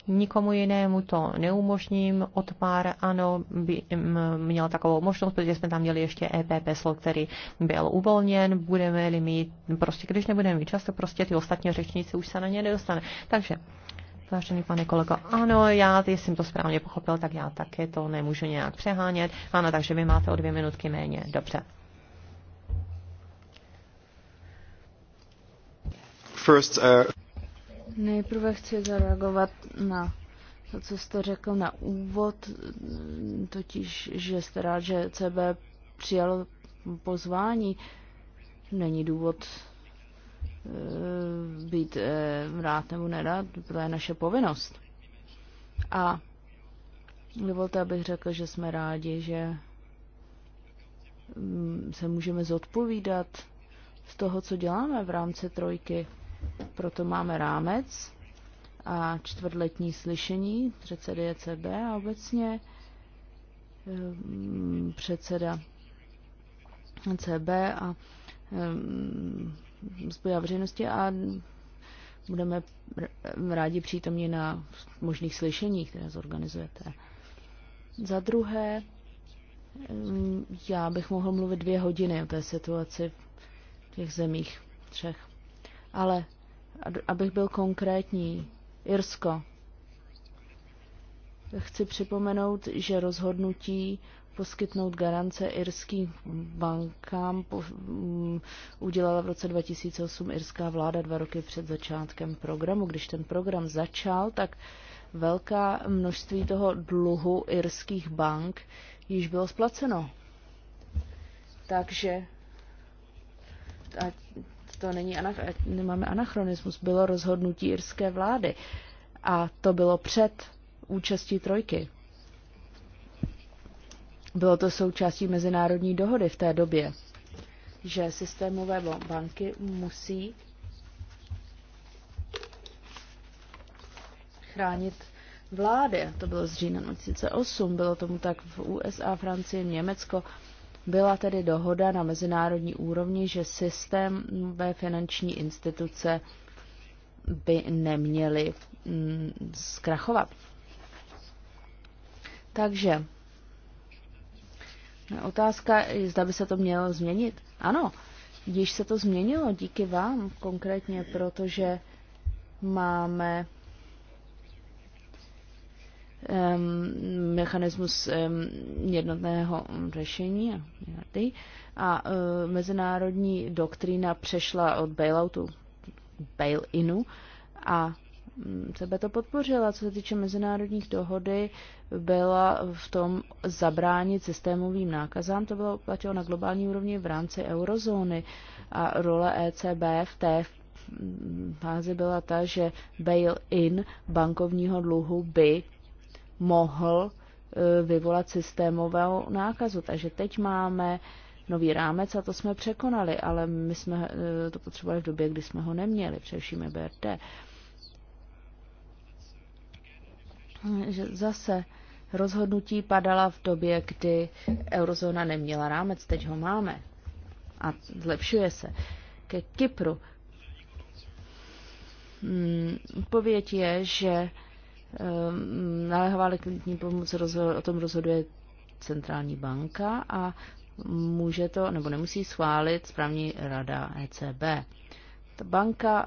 nikomu jinému to neumožním. Otmar, ano, by mm, měl takovou možnost, protože jsme tam měli ještě EPP slot, který byl uvolněn. Budeme-li mít, prostě když nebudeme mít často, prostě ty ostatní řečníci už se na ně nedostane. Takže Vážený pane kolego, ano, já jsem to správně pochopil, tak já také to nemůžu nějak přehánět. Ano, takže vy máte o dvě minutky méně. Dobře. First, uh... Nejprve chci zareagovat na to, co jste řekl na úvod, totiž, že jste rád, že CB přijalo pozvání. Není důvod e, být e, rád nebo nerad, to je naše povinnost. A dovolte, abych řekl, že jsme rádi, že mm, se můžeme zodpovídat z toho, co děláme v rámci trojky proto máme rámec a čtvrtletní slyšení předsedy ECB a obecně ehm, předseda ECB a ehm, zboja veřejnosti a budeme rádi přítomni na možných slyšeních, které zorganizujete. Za druhé, ehm, já bych mohl mluvit dvě hodiny o té situaci v těch zemích třech. Ale abych byl konkrétní, Irsko. Chci připomenout, že rozhodnutí poskytnout garance irským bankám mm, udělala v roce 2008 irská vláda dva roky před začátkem programu. Když ten program začal, tak velká množství toho dluhu irských bank již bylo splaceno. Takže to není anach- nemáme anachronismus, bylo rozhodnutí irské vlády a to bylo před účastí trojky. Bylo to součástí mezinárodní dohody v té době, že systémové banky musí chránit vlády. To bylo z října 2008, bylo tomu tak v USA, Francii, Německo, byla tedy dohoda na mezinárodní úrovni, že systém ve finanční instituce by neměly mm, zkrachovat. Takže otázka, zda by se to mělo změnit. Ano, již se to změnilo díky vám konkrétně, protože máme um, mechanismus um, jednotného řešení a uh, mezinárodní doktrína přešla od bailoutu bail-inu a mm, sebe to podpořila. Co se týče mezinárodních dohody, byla v tom zabránit systémovým nákazám. To bylo platilo na globální úrovni v rámci eurozóny a role ECB v té fázi byla ta, že bail-in bankovního dluhu by mohl e, vyvolat systémového nákazu. Takže teď máme nový rámec a to jsme překonali, ale my jsme e, to potřebovali v době, kdy jsme ho neměli, především EBRD. Že zase rozhodnutí padala v době, kdy eurozóna neměla rámec, teď ho máme a zlepšuje se. Ke Kypru. Hmm, odpověď je, že Ehm, naléhavá likviditní pomoc o tom rozhoduje centrální banka a může to nebo nemusí schválit správní rada ECB. Ta banka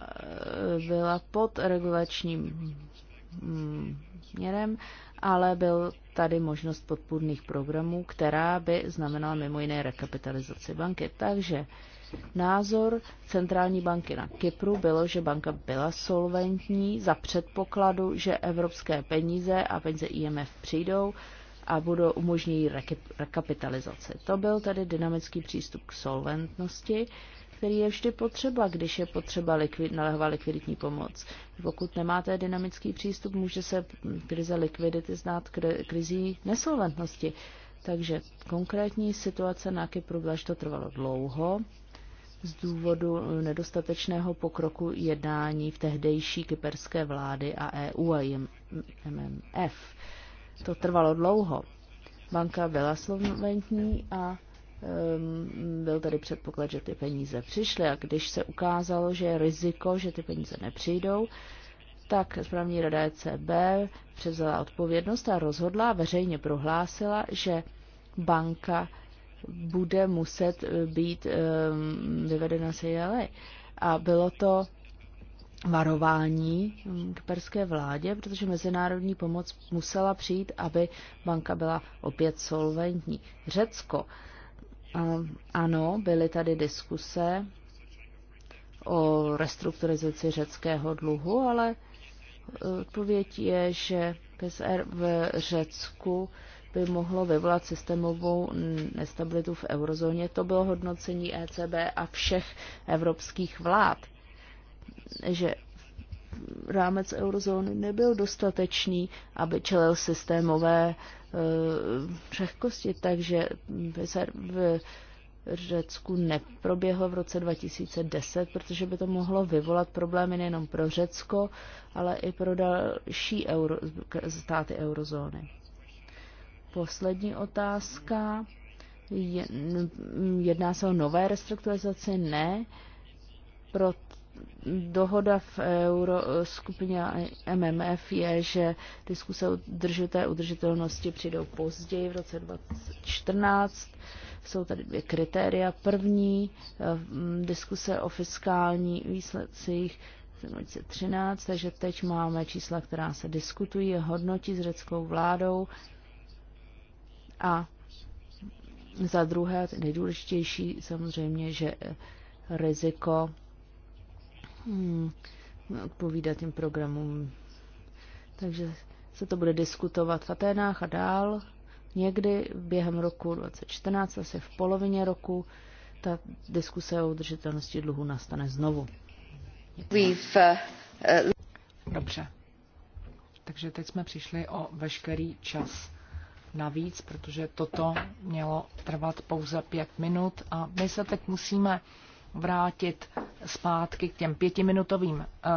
eh, byla pod regulačním mm, měrem, ale byl tady možnost podpůrných programů, která by znamenala mimo jiné rekapitalizaci banky. Takže názor centrální banky na Kypru bylo, že banka byla solventní za předpokladu, že evropské peníze a peníze IMF přijdou a budou umožnit rekapitalizaci. To byl tedy dynamický přístup k solventnosti který je vždy potřeba, když je potřeba likvid, nalehová likviditní pomoc. Pokud nemáte dynamický přístup, může se krize likvidity znát krizí nesolventnosti. Takže konkrétní situace na Kypru byla, to trvalo dlouho z důvodu nedostatečného pokroku jednání v tehdejší kyperské vlády a EU a MMF. To trvalo dlouho. Banka byla solventní a Ehm, byl tady předpoklad, že ty peníze přišly a když se ukázalo, že je riziko, že ty peníze nepřijdou, tak správní rada ECB převzala odpovědnost a rozhodla a veřejně prohlásila, že banka bude muset eh, být um, vyvedena z JLA. A bylo to varování hm, k perské vládě, protože mezinárodní pomoc musela přijít, aby banka byla opět solventní. Řecko Ehm, ano, byly tady diskuse o restrukturizaci řeckého dluhu, ale eh, odpověď je, že PSR v Řecku by mohlo vyvolat systémovou nestabilitu v eurozóně. To bylo hodnocení ECB a všech evropských vlád, že rámec eurozóny nebyl dostatečný, aby čelil systémové Eh, křehkosti, takže v Řecku neproběhlo v roce 2010, protože by to mohlo vyvolat problémy nejenom pro Řecko, ale i pro další euro, státy eurozóny. Poslední otázka. Jedná se o nové restrukturalizaci? Ne. Pro dohoda v euro skupině MMF je, že diskuse o držité udržitelnosti přijdou později v roce 2014. Jsou tady dvě kritéria. První eh, diskuse o fiskální výsledcích 2013, takže teď máme čísla, která se diskutují, hodnotí s řeckou vládou a za druhé, nejdůležitější samozřejmě, že eh, riziko hmm, odpovídá těm programům. Takže se to bude diskutovat v Aténách a dál. Někdy během roku 2014, asi v polovině roku, ta diskuse o udržitelnosti dluhu nastane znovu. Uh, uh, Dobře. Takže teď jsme přišli o veškerý čas navíc, protože toto mělo trvat pouze pět minut a my se teď musíme vrátit zpátky k těm pětiminutovým eh,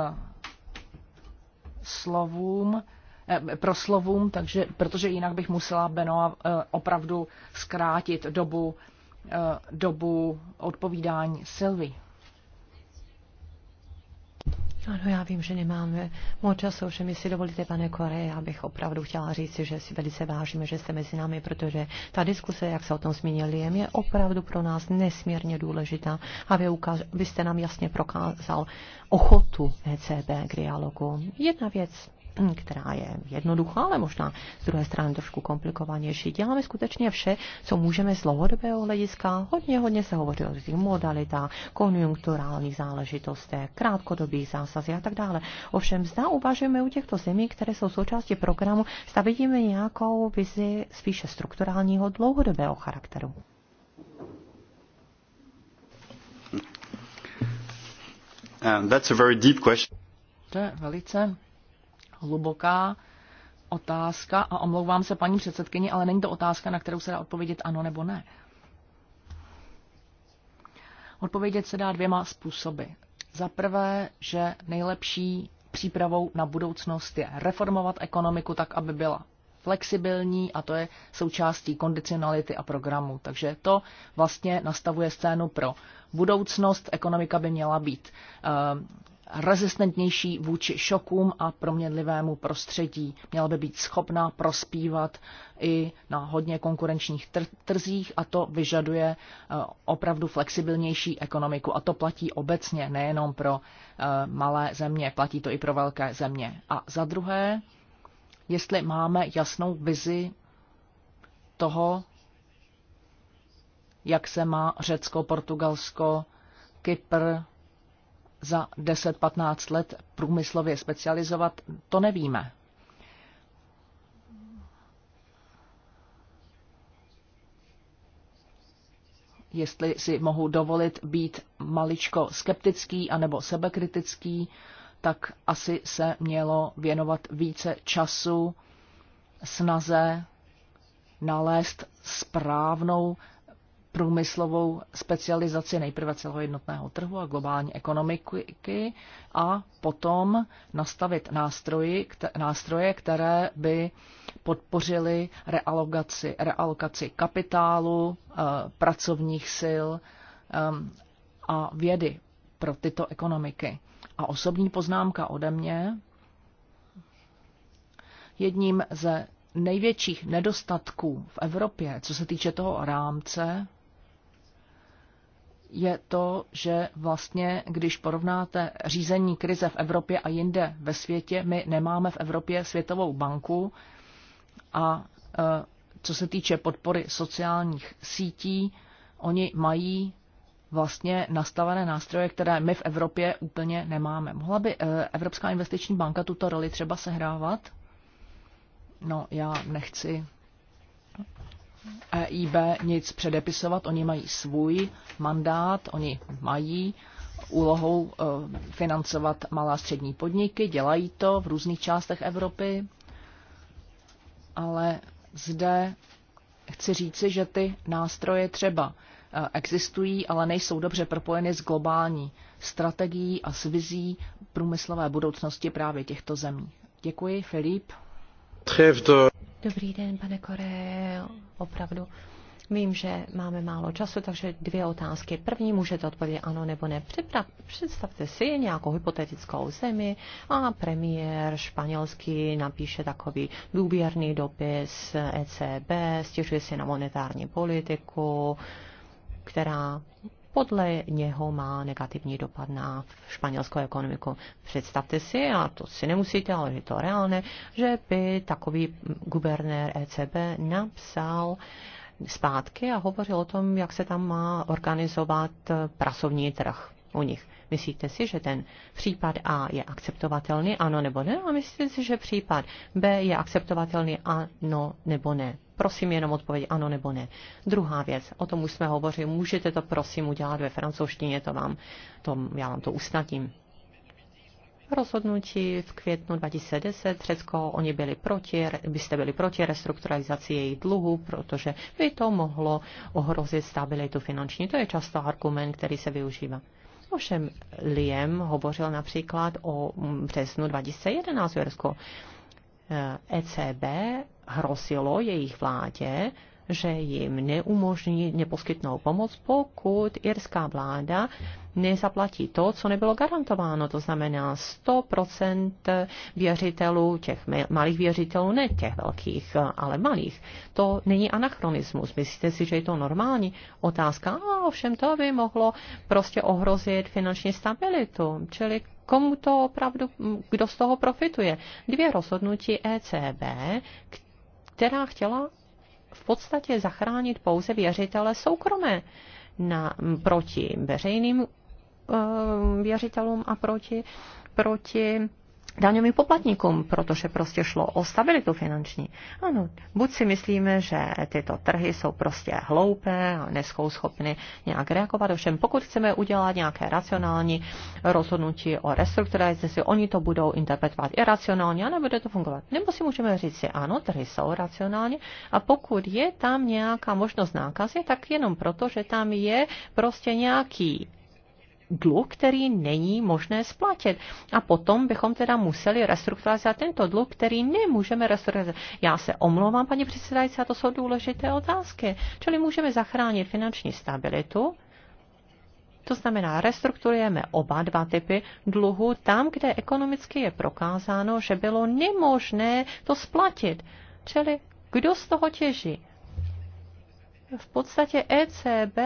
slovům, eh, proslovům, takže, protože jinak bych musela Benoa eh, opravdu zkrátit dobu, dobu odpovídání Sylvie. Ano, já vím, že nemáme moc času, mi si dovolíte, pane Kore, já bych opravdu chtěla říct, že si velice vážíme, že jste mezi námi, protože ta diskuse, jak se o tom zmínili, je opravdu pro nás nesmírně důležitá a vy, byste vy jste nám jasně prokázal ochotu ECB k dialogu. Jedna věc, Mm, která je jednoduchá, ale možná z druhé strany trošku komplikovanější. Děláme skutečně vše, co můžeme z dlouhodobého hlediska. Hodně, hodně se hovoří o těch modalitách, konjunkturálních záležitostech, krátkodobých zásazí a tak dále. Ovšem zda uvažujeme u těchto zemí, které jsou součástí programu, zda vidíme nějakou vizi spíše strukturálního dlouhodobého charakteru. Um, that's a very deep question. To je velice hluboká otázka a omlouvám se paní předsedkyni, ale není to otázka, na kterou se dá odpovědět ano nebo ne. Odpovědět se dá dvěma způsoby. Za prvé, že nejlepší přípravou na budoucnost je reformovat ekonomiku tak, aby byla flexibilní a to je součástí kondicionality a programu. Takže to vlastně nastavuje scénu pro budoucnost. Ekonomika by měla být eh, rezistentnější vůči šokům a proměnlivému prostředí. Měla by být schopná prospívat i na hodně konkurenčních trzích a to vyžaduje eh, opravdu flexibilnější ekonomiku. A to platí obecně, nejenom pro eh, malé země, platí to i pro velké země. A za druhé, jestli máme jasnou vizi toho, jak se má Řecko, Portugalsko, Kypr, za 10-15 let průmyslově specializovat, to nevíme. Jestli si mohu dovolit být maličko skeptický anebo sebekritický, tak asi se mělo věnovat více času snaze nalézt správnou průmyslovou specializaci nejprve celého jednotného trhu a globální ekonomiky a potom nastavit nástroji, nástroje, které by podpořily realokaci, realokaci kapitálu, eh, pracovních sil eh, a vědy pro tyto ekonomiky. A osobní poznámka ode mě. Jedním ze největších nedostatků v Evropě, co se týče toho rámce, je to, že vlastně, když porovnáte řízení krize v Evropě a jinde ve světě, my nemáme v Evropě Světovou banku a e, co se týče podpory sociálních sítí, oni mají vlastně nastavené nástroje, které my v Evropě úplně nemáme. Mohla by e, Evropská investiční banka tuto roli třeba sehrávat? No, já nechci EIB nic předepisovat, oni mají svůj mandát, oni mají úlohou e, financovat malá střední podniky, dělají to v různých částech Evropy, ale zde chci říci, že ty nástroje třeba e, existují, ale nejsou dobře propojeny s globální strategií a s vizí průmyslové budoucnosti právě těchto zemí. Děkuji, Filip. Trève de Dobrý den, pane Kore, opravdu. Vím, že máme málo času, takže dvě otázky. První můžete odpovědět ano nebo ne. Představte si nějakou hypotetickou zemi a premiér španělský napíše takový důvěrný dopis ECB, stěžuje si na monetární politiku, která podle něho má negativní dopad na španělskou ekonomiku. Představte si, a to si nemusíte, ale je to reálné, že by takový guvernér ECB napsal zpátky a hovořil o tom, jak se tam má organizovat pracovní trh u nich. Myslíte si, že ten případ A je akceptovatelný, ano nebo ne? A myslíte si, že případ B je akceptovatelný, ano nebo ne? Prosím jenom odpověď ano nebo ne. Druhá věc, o tom už jsme hovořili, můžete to prosím udělat ve francouzštině, to vám, to, já vám to usnadím rozhodnutí v květnu 2010 Řecko, oni byli proti, byste byli proti restrukturalizaci jejich dluhu, protože by to mohlo ohrozit stabilitu finanční. To je často argument, který se využívá. Ovšem Liem hovořil například o mm, březnu 2011 v Jirsku. ECB eh, e hrozilo jejich vládě že jim neumožní, neposkytnou pomoc, pokud irská vláda nezaplatí to, co nebylo garantováno. To znamená 100% věřitelů, těch malých věřitelů, ne těch velkých, ale malých. To není anachronismus. Myslíte si, že je to normální otázka? A ovšem to by mohlo prostě ohrozit finanční stabilitu. Čili komu to opravdu, kdo z toho profituje. Dvě rozhodnutí ECB, která chtěla v podstatě zachránit pouze věřitele soukromé na, proti veřejným eh, věřitelům a proti, proti daňovým poplatníkům, protože prostě šlo o stabilitu finanční. Ano, buď si myslíme, že tyto trhy jsou prostě hloupé a neskou schopny nějak reagovat, ovšem pokud chceme udělat nějaké racionální rozhodnutí o restrukturalizaci, oni to budou interpretovat iracionálně a nebude to fungovat. Nebo si můžeme říct si, ano, trhy jsou racionální a pokud je tam nějaká možnost nákazy, tak jenom proto, že tam je prostě nějaký dluh, který není možné splatit. A potom bychom teda museli restrukturalizovat tento dluh, který nemůžeme restrukturalizovat. Já se omlouvám, paní předsedající, a to jsou důležité otázky. Čili můžeme zachránit finanční stabilitu, to znamená, restrukturujeme oba dva typy dluhu tam, kde ekonomicky je prokázáno, že bylo nemožné to splatit. Čili kdo z toho těží? V podstatě ECB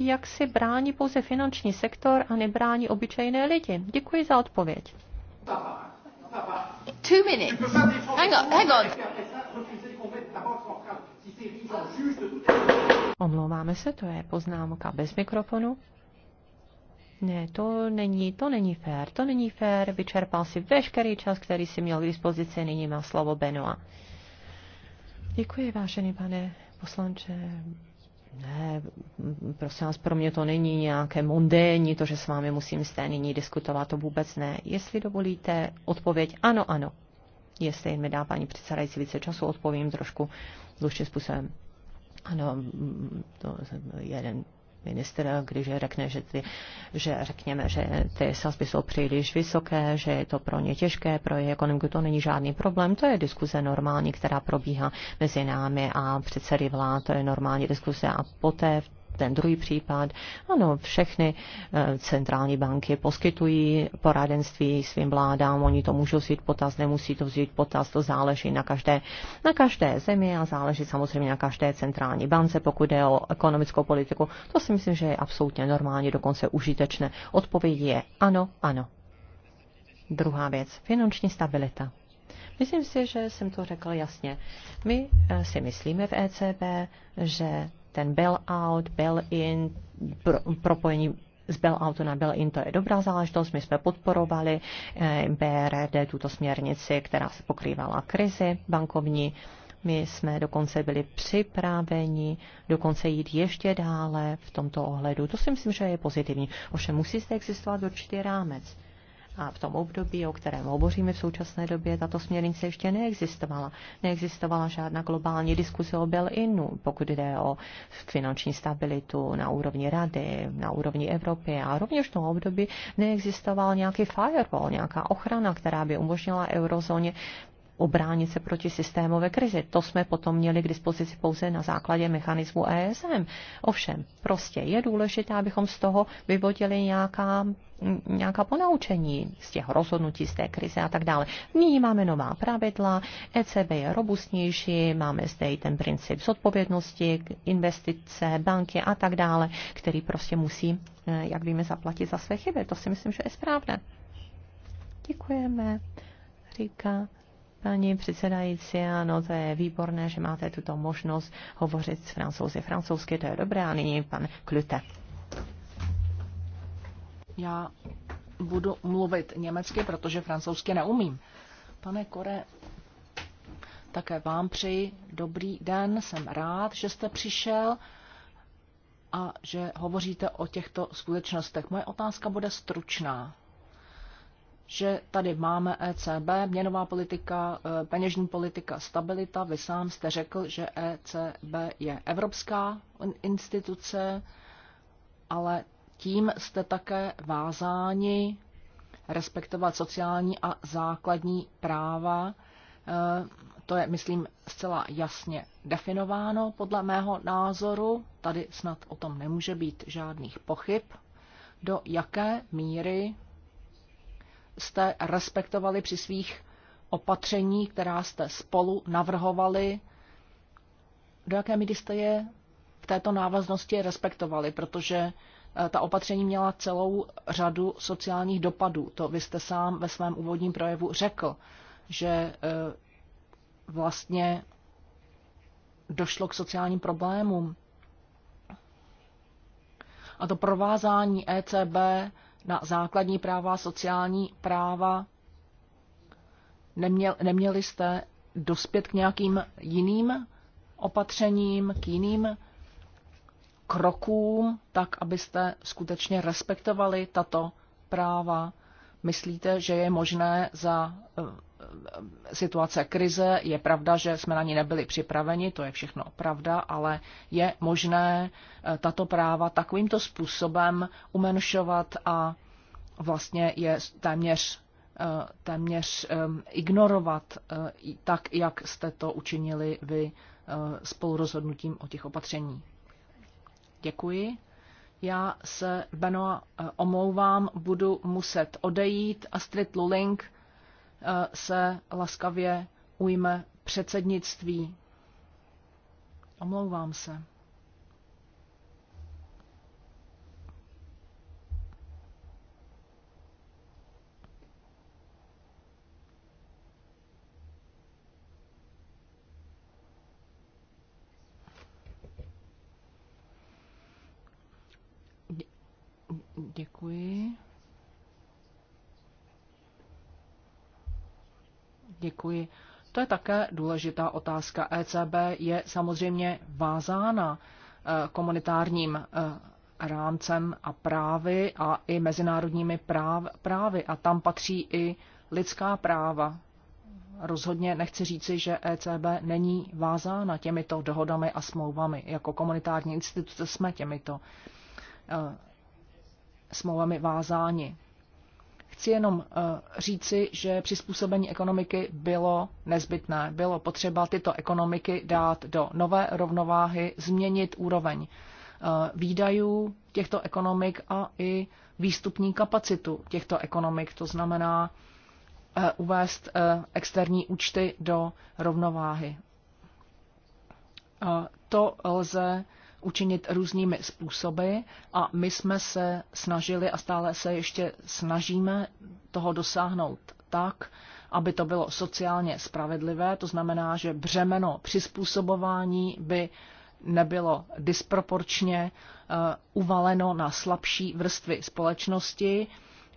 jak si brání pouze finanční sektor a nebrání obyčejné lidi. Děkuji za odpověď. Two minutes. Hang on, hang on. Omlouváme se, to je poznámka bez mikrofonu. Ne, to není, to není fér, to není fér. Vyčerpal si veškerý čas, který si měl k dispozici, nyní má slovo Benoa. Děkuji, vážený pane poslanče ne, prosím vás, pro mě to není nějaké mondéní, to, že s vámi musím z té nyní diskutovat, to vůbec ne. Jestli dovolíte odpověď, ano, ano. Jestli mi dá paní předsedající více času, odpovím trošku dlouhším způsobem. Ano, mm, to je jeden minister, když řekne, že, ty, že řekněme, že ty sazby jsou příliš vysoké, že je to pro ně těžké, pro jejich ekonomiku to není žádný problém. To je diskuze normální, která probíhá mezi námi a předsedy vlád, to je normální diskuze a poté v ten druhý případ. Ano, všechny eh, centrální banky poskytují poradenství svým vládám, oni to můžou vzít potaz, nemusí to vzít potaz, to záleží na každé, na každé zemi a záleží samozřejmě na každé centrální bance, pokud je o ekonomickou politiku. To si myslím, že je absolutně normální, dokonce užitečné. Odpověď je ano, ano. Druhá věc, finanční stabilita. Myslím si, že jsem to řekl jasně. My eh, si myslíme v ECB, že ten bail-out, bail-in, pro, propojení z bailoutu na bail-in, to je dobrá záležitost. My jsme podporovali eh, BRD, tuto směrnici, která se pokrývala krizi bankovní. My jsme dokonce byli připraveni dokonce jít ještě dále v tomto ohledu. To si myslím, že je pozitivní. Ovšem musí zde existovat určitý rámec a v tom období, o kterém hovoříme v současné době, tato směrnice ještě neexistovala. Neexistovala žádná globální diskuse o Bel-Inu, pokud jde o finanční stabilitu na úrovni Rady, na úrovni Evropy a rovněž v tom období neexistoval nějaký firewall, nějaká ochrana, která by umožnila eurozóně obránit se proti systémové krizi. To jsme potom měli k dispozici pouze na základě mechanismu ESM. Ovšem, prostě je důležité, abychom z toho vyvodili nějaká, nějaká ponaučení z těch rozhodnutí, z té krize a tak dále. Nyní máme nová pravidla, ECB je robustnější, máme zde i ten princip zodpovědnosti, investice, banky a tak dále, který prostě musí, eh, jak víme, zaplatit za své chyby. To si myslím, že je správné. Děkujeme, říká Paní předsedající, ano, to je výborné, že máte tuto možnost hovořit s francouzi francouzsky, to je dobré. A nyní pan Klute. Já budu mluvit německy, protože francouzsky neumím. Pane Kore, také vám přeji dobrý den, jsem rád, že jste přišel a že hovoříte o těchto skutečnostech. Moje otázka bude stručná že tady máme ECB, měnová politika, e, peněžní politika, stabilita. Vy sám jste řekl, že ECB je evropská instituce, ale tím jste také vázáni respektovat sociální a základní práva. E, to je, myslím, zcela jasně definováno podle mého názoru. Tady snad o tom nemůže být žádných pochyb. Do jaké míry jste respektovali při svých opatření, která jste spolu navrhovali, do jaké míry jste je v této návaznosti respektovali, protože eh, ta opatření měla celou řadu sociálních dopadů. To vy jste sám ve svém úvodním projevu řekl, že eh, vlastně došlo k sociálním problémům. A to provázání ECB na základní práva, sociální práva. Neměl, neměli jste dospět k nějakým jiným opatřením, k jiným krokům, tak abyste skutečně respektovali tato práva? Myslíte, že je možné za eh, situace krize. Je pravda, že jsme na ní nebyli připraveni, to je všechno pravda, ale je možné eh, tato práva takovýmto způsobem umenšovat a vlastně je téměř eh, téměř eh, ignorovat tak, jak jste to učinili vy spolurozhodnutím o těch opatření. Děkuji. Já se, Beno, omlouvám, budu muset odejít. Astrid Luling Eh, se laskavě ujme předsednictví. Omlouvám se. Děkuji. To je také důležitá otázka. ECB je samozřejmě vázána e, komunitárním e, rámcem a právy a i mezinárodními práv, právy. A tam patří i lidská práva. Rozhodně nechci říci, že ECB není vázána těmito dohodami a smlouvami. Jako komunitární instituce jsme těmito e, smlouvami vázáni. Chci jenom eh, říci, že přizpůsobení ekonomiky bylo nezbytné. Bylo potřeba tyto ekonomiky dát do nové rovnováhy, změnit úroveň eh, výdajů těchto ekonomik a i výstupní kapacitu těchto ekonomik. To znamená eh, uvést externí účty do rovnováhy. To lze učinit různými způsoby a my jsme se snažili a stále se ještě snažíme toho dosáhnout tak, aby to bylo sociálně spravedlivé, to znamená, že břemeno přizpůsobování by nebylo disproporčně eh, uvaleno na slabší vrstvy společnosti,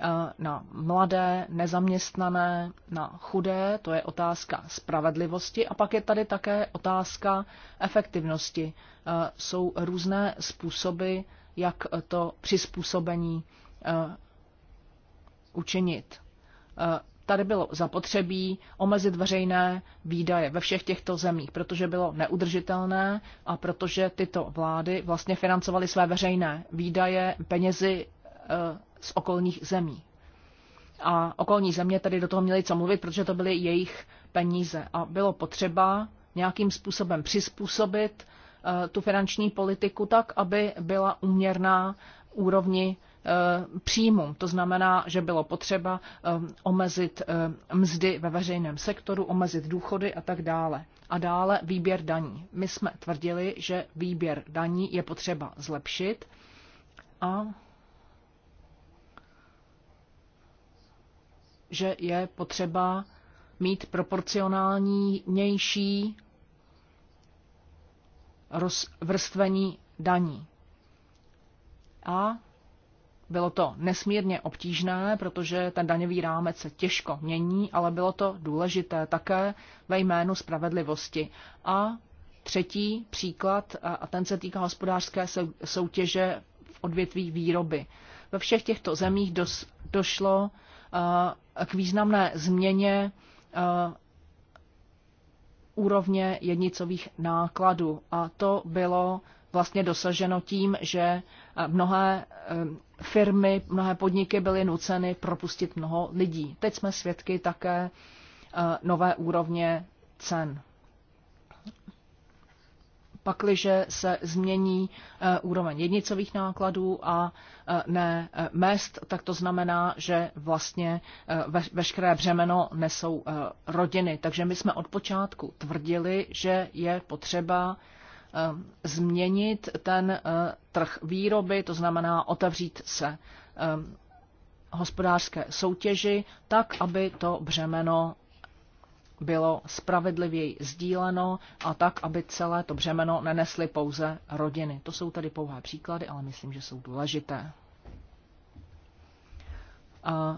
Eh, na mladé, nezaměstnané, na chudé, to je otázka spravedlivosti a pak je tady také otázka efektivnosti. Eh, jsou různé způsoby, jak to přizpůsobení eh, učinit. Tady bylo zapotřebí omezit veřejné výdaje ve všech těchto zemích, protože bylo neudržitelné a protože tyto vlády vlastně financovaly své veřejné výdaje penězi z okolních zemí. A okolní země tedy do toho měly co mluvit, protože to byly jejich peníze. A bylo potřeba nějakým způsobem přizpůsobit eh, tu finanční politiku tak, aby byla uměrná úrovni eh, příjmům. To znamená, že bylo potřeba eh, omezit mzdy ve veřejném sektoru, omezit důchody a tak dále. A dále výběr daní. My jsme tvrdili, že výběr daní je potřeba zlepšit a že je potřeba mít proporcionální nější rozvrstvení daní. A bylo to nesmírně obtížné, protože ten daňový rámec se těžko mění, ale bylo to důležité také ve jménu spravedlivosti. A třetí příklad, a ten se týká hospodářské soutěže v odvětví výroby. Ve všech těchto zemích dos, došlo k významné změně eh, úrovně jednicových nákladů. A to bylo vlastně dosaženo tím, že eh, mnohé eh, firmy, mnohé podniky byly nuceny propustit mnoho lidí. Teď jsme svědky také nové úrovně cen pakliže se změní eh, úroveň jednicových nákladů a ne eh, eh, mest, tak to znamená, že vlastně veškeré břemeno nesou rodiny. Takže my jsme od počátku tvrdili, že je potřeba změnit ten trh výroby, to znamená otevřít se hospodářské soutěži, tak, aby to břemeno bylo spravedlivěji sdíleno a tak, aby celé to břemeno nenesly pouze rodiny. To jsou tady pouhé příklady, ale myslím, že jsou důležité. A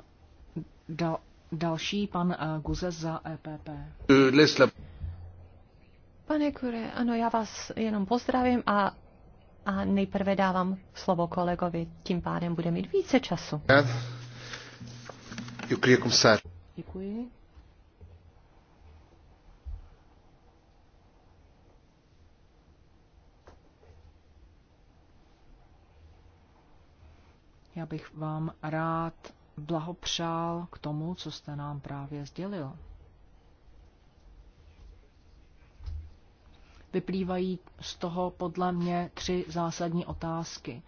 dal, další pan eh, Guzes za EPP. Pane Kure, ano, já vás jenom pozdravím a, a nejprve dávám slovo kolegovi, tím pádem bude mít více času. Děkuji. Já bych vám rád blahopřál k tomu, co jste nám právě sdělil. Vyplývají z toho podle mě tři zásadní otázky.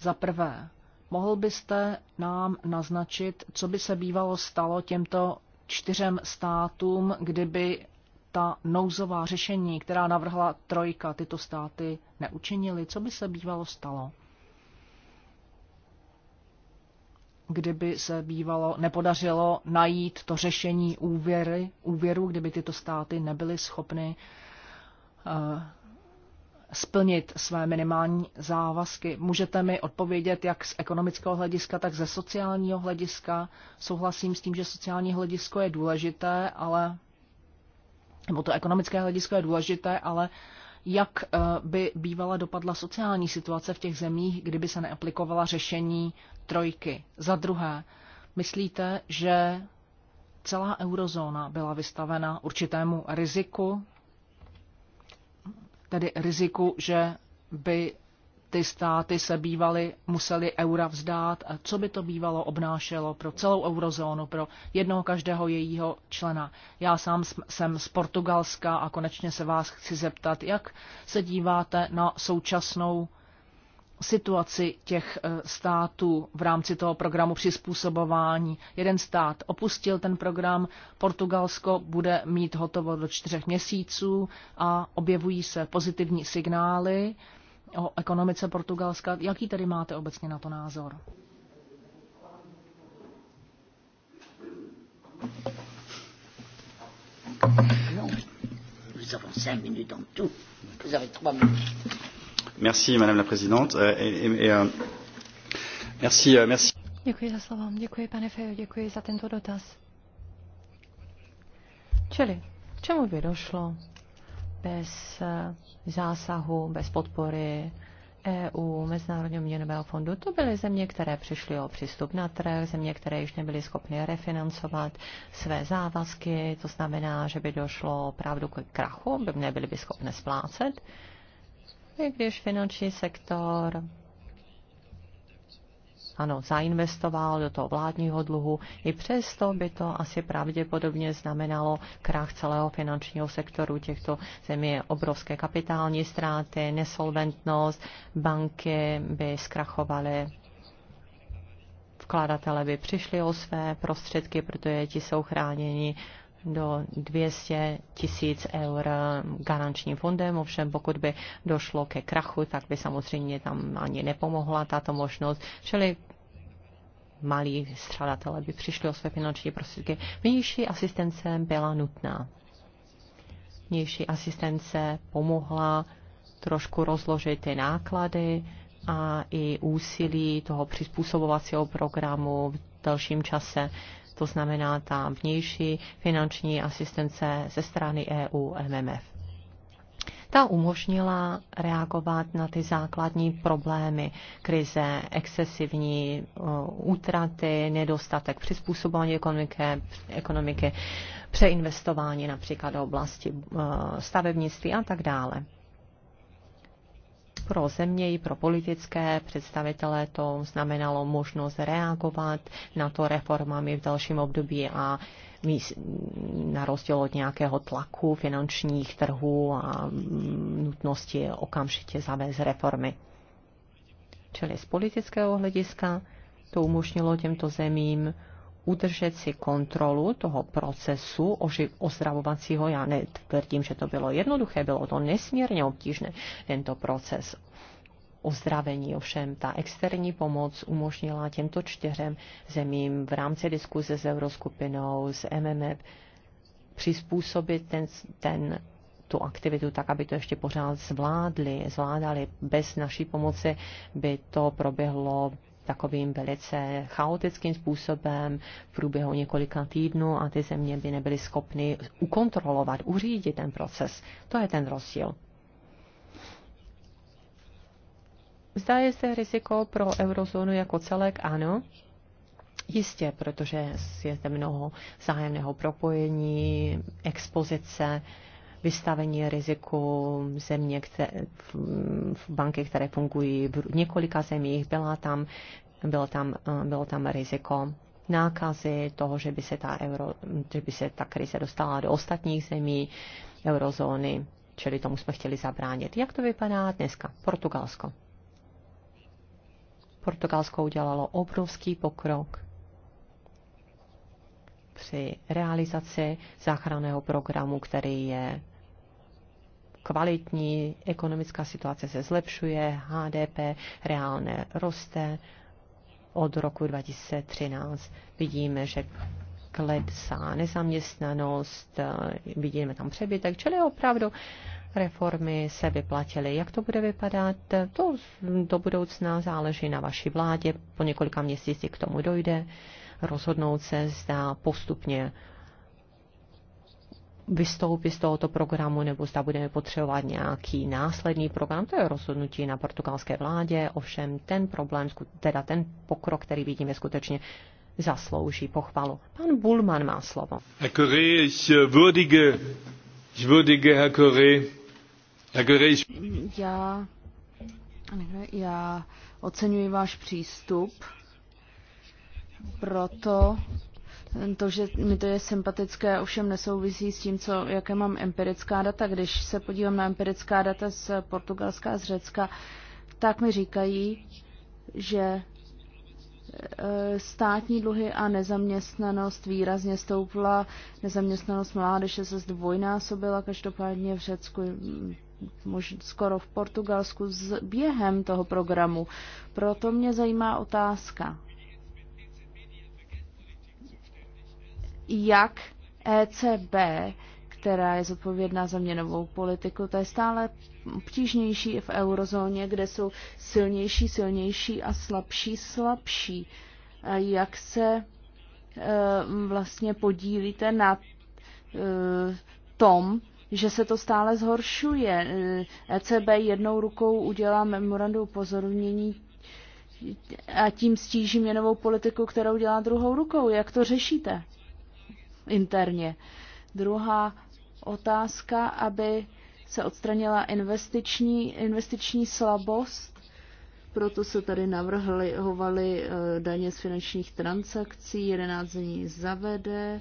Za prvé, mohl byste nám naznačit, co by se bývalo stalo těmto čtyřem státům, kdyby ta nouzová řešení, která navrhla trojka, tyto státy neučinily? Co by se bývalo stalo? kdyby se bývalo nepodařilo najít to řešení úvěry, úvěru, kdyby tyto státy nebyly schopny eh, splnit své minimální závazky. Můžete mi odpovědět jak z ekonomického hlediska, tak ze sociálního hlediska. Souhlasím s tím, že sociální hledisko je důležité, ale nebo to ekonomické hledisko je důležité, ale uh, jak eh, by bývala dopadla sociální situace v těch zemích, kdyby se neaplikovala řešení trojky. Za druhé, myslíte, že celá eurozóna byla vystavena určitému riziku, tedy riziku, že by ty státy se bývaly, museli eura vzdát, co by to bývalo obnášelo pro celou eurozónu, pro jednoho každého jejího člena. Já sám jsem z Portugalska a konečně se vás chci zeptat, jak se díváte na současnou situaci těch e, států v rámci toho programu přizpůsobování. Jeden stát opustil ten program, Portugalsko bude mít hotovo do čtyřech měsíců a objevují se pozitivní signály o ekonomice Portugalska. Jaký tedy máte obecně na to názor? Merci, Madame la Présidente. Euh, euh, merci, euh, merci. Děkuji za slovo. Děkuji, pane Fejo, děkuji za tento dotaz. Čili, k čemu by došlo, bez eh, zásahu, bez podpory EU, Mezinárodního měnového fondu, to byly země, které přišly o přístup na trh, země, které již nebyly schopny refinancovat své závazky, to znamená, že by došlo opravdu k krachu, by nebyly by schopné splácet. I když finanční sektor ano, zainvestoval do toho vládního dluhu. I přesto by to asi pravděpodobně znamenalo krach celého finančního sektoru těchto zemí, obrovské kapitální ztráty, nesolventnost, banky by zkrachovaly vkladatele by přišli o své prostředky, protože ti jsou chráněni do 200 tisíc eur garančním fondem, ovšem pokud by došlo ke krachu, tak by samozřejmě tam ani nepomohla tato možnost, čili malí střadatelé by přišli o své finanční prostředky. Vnější asistence byla nutná. Vnější asistence pomohla trošku rozložit ty náklady a i úsilí toho přizpůsobovacího programu v dalším čase to znamená ta vnější finanční asistence ze strany EU MMF. Ta umožnila reagovat na ty základní problémy krize, excesivní uh, útraty, nedostatek přizpůsobování ekonomiky, ekonomiky, přeinvestování například do oblasti uh, stavebnictví a tak dále pro země i pro politické představitele to znamenalo možnost reagovat na to reformami v dalším období a na rozdíl od nějakého tlaku finančních trhů a nutnosti okamžitě zavést reformy. Čili z politického hlediska to umožnilo těmto zemím udržet si kontrolu toho procesu oživ, ozdravovacího. Já netvrdím, že to bylo jednoduché, bylo to nesmírně obtížné, tento proces ozdravení. Ovšem ta externí pomoc umožnila těmto čtyřem zemím v rámci diskuze s Euroskupinou, s MMF přizpůsobit ten, ten tu aktivitu tak, aby to ještě pořád zvládli, zvládali. Bez naší pomoci by to proběhlo takovým velice chaotickým způsobem v průběhu několika týdnů a ty země by nebyly schopny ukontrolovat, uřídit ten proces. To je ten rozdíl. Zdá je se riziko pro eurozónu jako celek? Ano. Jistě, protože je zde mnoho zájemného propojení, expozice vystavení riziku země, které, v banky, které fungují v několika zemích, byla tam, bylo, tam, eh, bylo tam riziko nákazy, toho, že by se ta, euro, že by se ta krize dostala do ostatních zemí eurozóny, čili tomu jsme chtěli zabránit. Jak to vypadá dneska? Portugalsko. Portugalsko udělalo obrovský pokrok při realizaci záchranného programu, který je kvalitní, ekonomická situace se zlepšuje, HDP reálné roste. Od roku 2013 vidíme, že klesá nezaměstnanost, vidíme tam přebytek, čili opravdu reformy se vyplatily. Jak to bude vypadat, to do budoucna záleží na vaší vládě. Po několika měsících k tomu dojde rozhodnout se, zda postupně vystoupit z tohoto programu, nebo zda budeme potřebovat nějaký následný program. To je rozhodnutí na portugalské vládě, ovšem ten problém, teda ten pokrok, který vidíme skutečně, zaslouží pochvalu. Pan Bulman má slovo. Herr ich äh, würdige, ich würdige Herr Herr ich... Já, já oceňuji váš přístup, proto to, že mi to je sympatické, ovšem nesouvisí s tím, co, jaké mám empirická data. Když se podívám na empirická data z Portugalska a z Řecka, tak mi říkají, že e, státní dluhy a nezaměstnanost výrazně stoupla. Nezaměstnanost mládeže se zdvojnásobila, každopádně v Řecku mož, skoro v Portugalsku s během toho programu. Proto mě zajímá otázka. jak ECB, která je zodpovědná za měnovou politiku, to je stále obtížnější v eurozóně, kde jsou silnější, silnější a slabší, slabší. Jak se e, vlastně podílíte na e, tom, že se to stále zhoršuje. ECB e jednou rukou udělá memorandum upozornění a tím stíží měnovou politiku, kterou dělá druhou rukou. Jak to řešíte? interně. Druhá otázka, aby se odstranila investiční, investiční slabost, proto se tady navrhovaly hovali eh, daně z finančních transakcí, 11 dní zavede,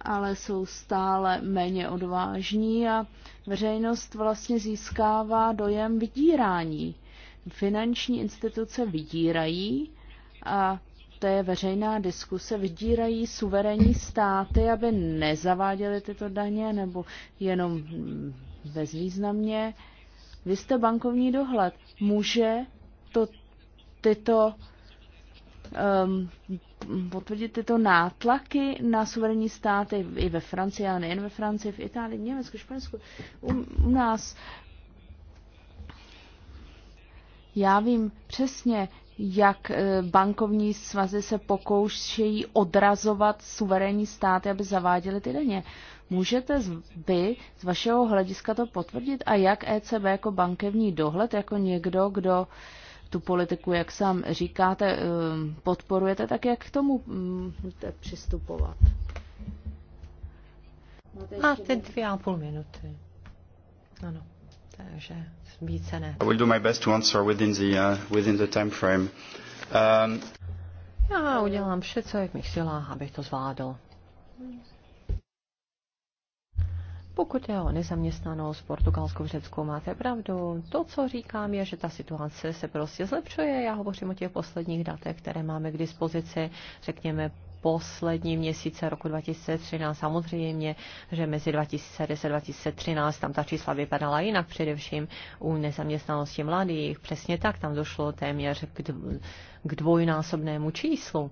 ale jsou stále méně odvážní a veřejnost vlastně získává dojem vydírání. Finanční instituce vydírají a té veřejná diskuse vydírají suverénní státy, aby nezaváděly tyto daně nebo jenom mm, bezvýznamně. Vy jste bankovní dohled. Může to tyto um, potvrdit tyto nátlaky na suverénní státy i ve Francii, ale nejen ve Francii, v Itálii, v Německu, Španělsku, u, u nás. Já vím přesně, jak eh, bankovní svazy se pokoušejí odrazovat suverénní státy, aby zaváděly ty daně. Můžete vy z vašeho hlediska to potvrdit? A jak ECB jako bankovní dohled, jako někdo, kdo tu politiku, jak sám říkáte, eh, podporujete, tak jak k tomu mm, můžete přistupovat? Máte dvě a půl minuty. Ano takže více ne. I will do my best to answer within the, uh, within the time frame. Um... Já udělám vše, co je v mých silách, abych to zvládl. Pokud je o nezaměstnanost v Portugalsku v Řecku, máte pravdu. To, co říkám, je, že ta situace se prostě zlepšuje. Já hovořím o těch posledních datech, které máme k dispozici, řekněme poslední měsíce roku 2013. Samozřejmě, že mezi 2010 a 2013 tam ta čísla vypadala jinak, především u nezaměstnanosti mladých. Přesně tak, tam došlo téměř k dvojnásobnému číslu.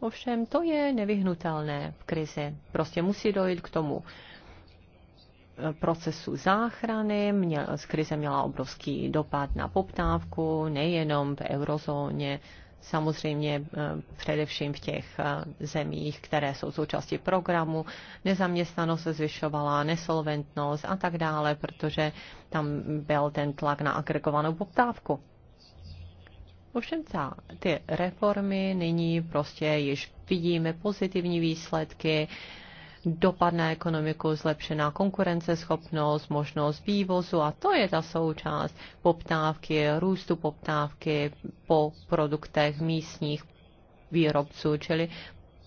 Ovšem to je nevyhnutelné v krizi. Prostě musí dojít k tomu eh, procesu záchrany. Měl, z krize měla obrovský dopad na poptávku, nejenom v eurozóně, samozřejmě eh, především v těch eh, zemích, které jsou součástí programu. Nezaměstnanost se zvyšovala, nesolventnost a tak dále, protože tam byl ten tlak na agregovanou poptávku. Ovšem ta, ty reformy nyní prostě již vidíme pozitivní výsledky, dopad na ekonomiku, zlepšená konkurenceschopnost, možnost vývozu a to je ta součást poptávky, růstu poptávky po produktech místních výrobců, čili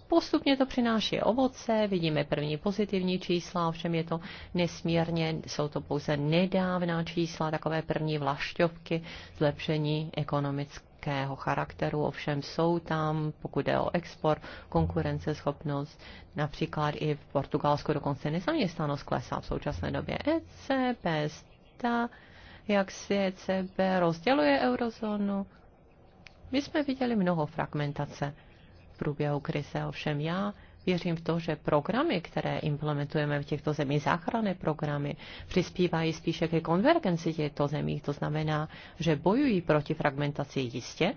Postupně to přináší ovoce, vidíme první pozitivní čísla, ovšem je to nesmírně, jsou to pouze nedávná čísla, takové první vlašťovky zlepšení ekonomické nějakého charakteru, ovšem jsou tam, pokud jde o export, konkurenceschopnost, například i v Portugalsku dokonce nezaměstnanost klesá v současné době. ECB, ta, jak si ECB rozděluje eurozónu. My jsme viděli mnoho fragmentace v průběhu krize, ovšem já Věřím v to, že programy, které implementujeme v těchto zemích, záchranné programy, přispívají spíše ke konvergenci těchto zemí. To znamená, že bojují proti fragmentaci jistě,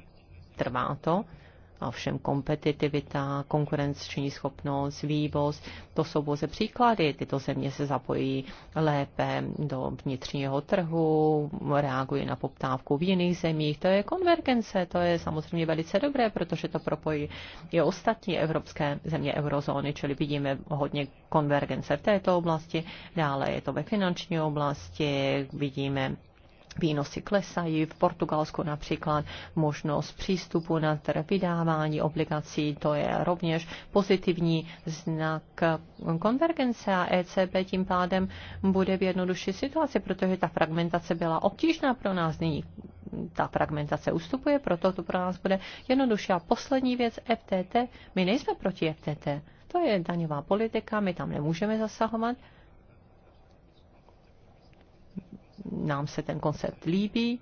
trvá to, Ovšem kompetitivita, konkurenční schopnost, vývoz, to jsou pouze příklady. Tyto země se zapojí lépe do vnitřního trhu, reagují na poptávku v jiných zemích. To je konvergence, to je samozřejmě velice dobré, protože to propojí i ostatní evropské země eurozóny, čili vidíme hodně konvergence v této oblasti. Dále je to ve finanční oblasti, vidíme výnosy klesají. V Portugalsku například možnost přístupu na trh vydávání obligací, to je rovněž pozitivní znak konvergence a ECB tím pádem bude v jednodušší situaci, protože ta fragmentace byla obtížná pro nás nyní ta fragmentace ustupuje, proto to pro nás bude jednodušší. A poslední věc, FTT, my nejsme proti FTT. To je daňová politika, my tam nemůžeme zasahovat. nám se ten koncept líbí,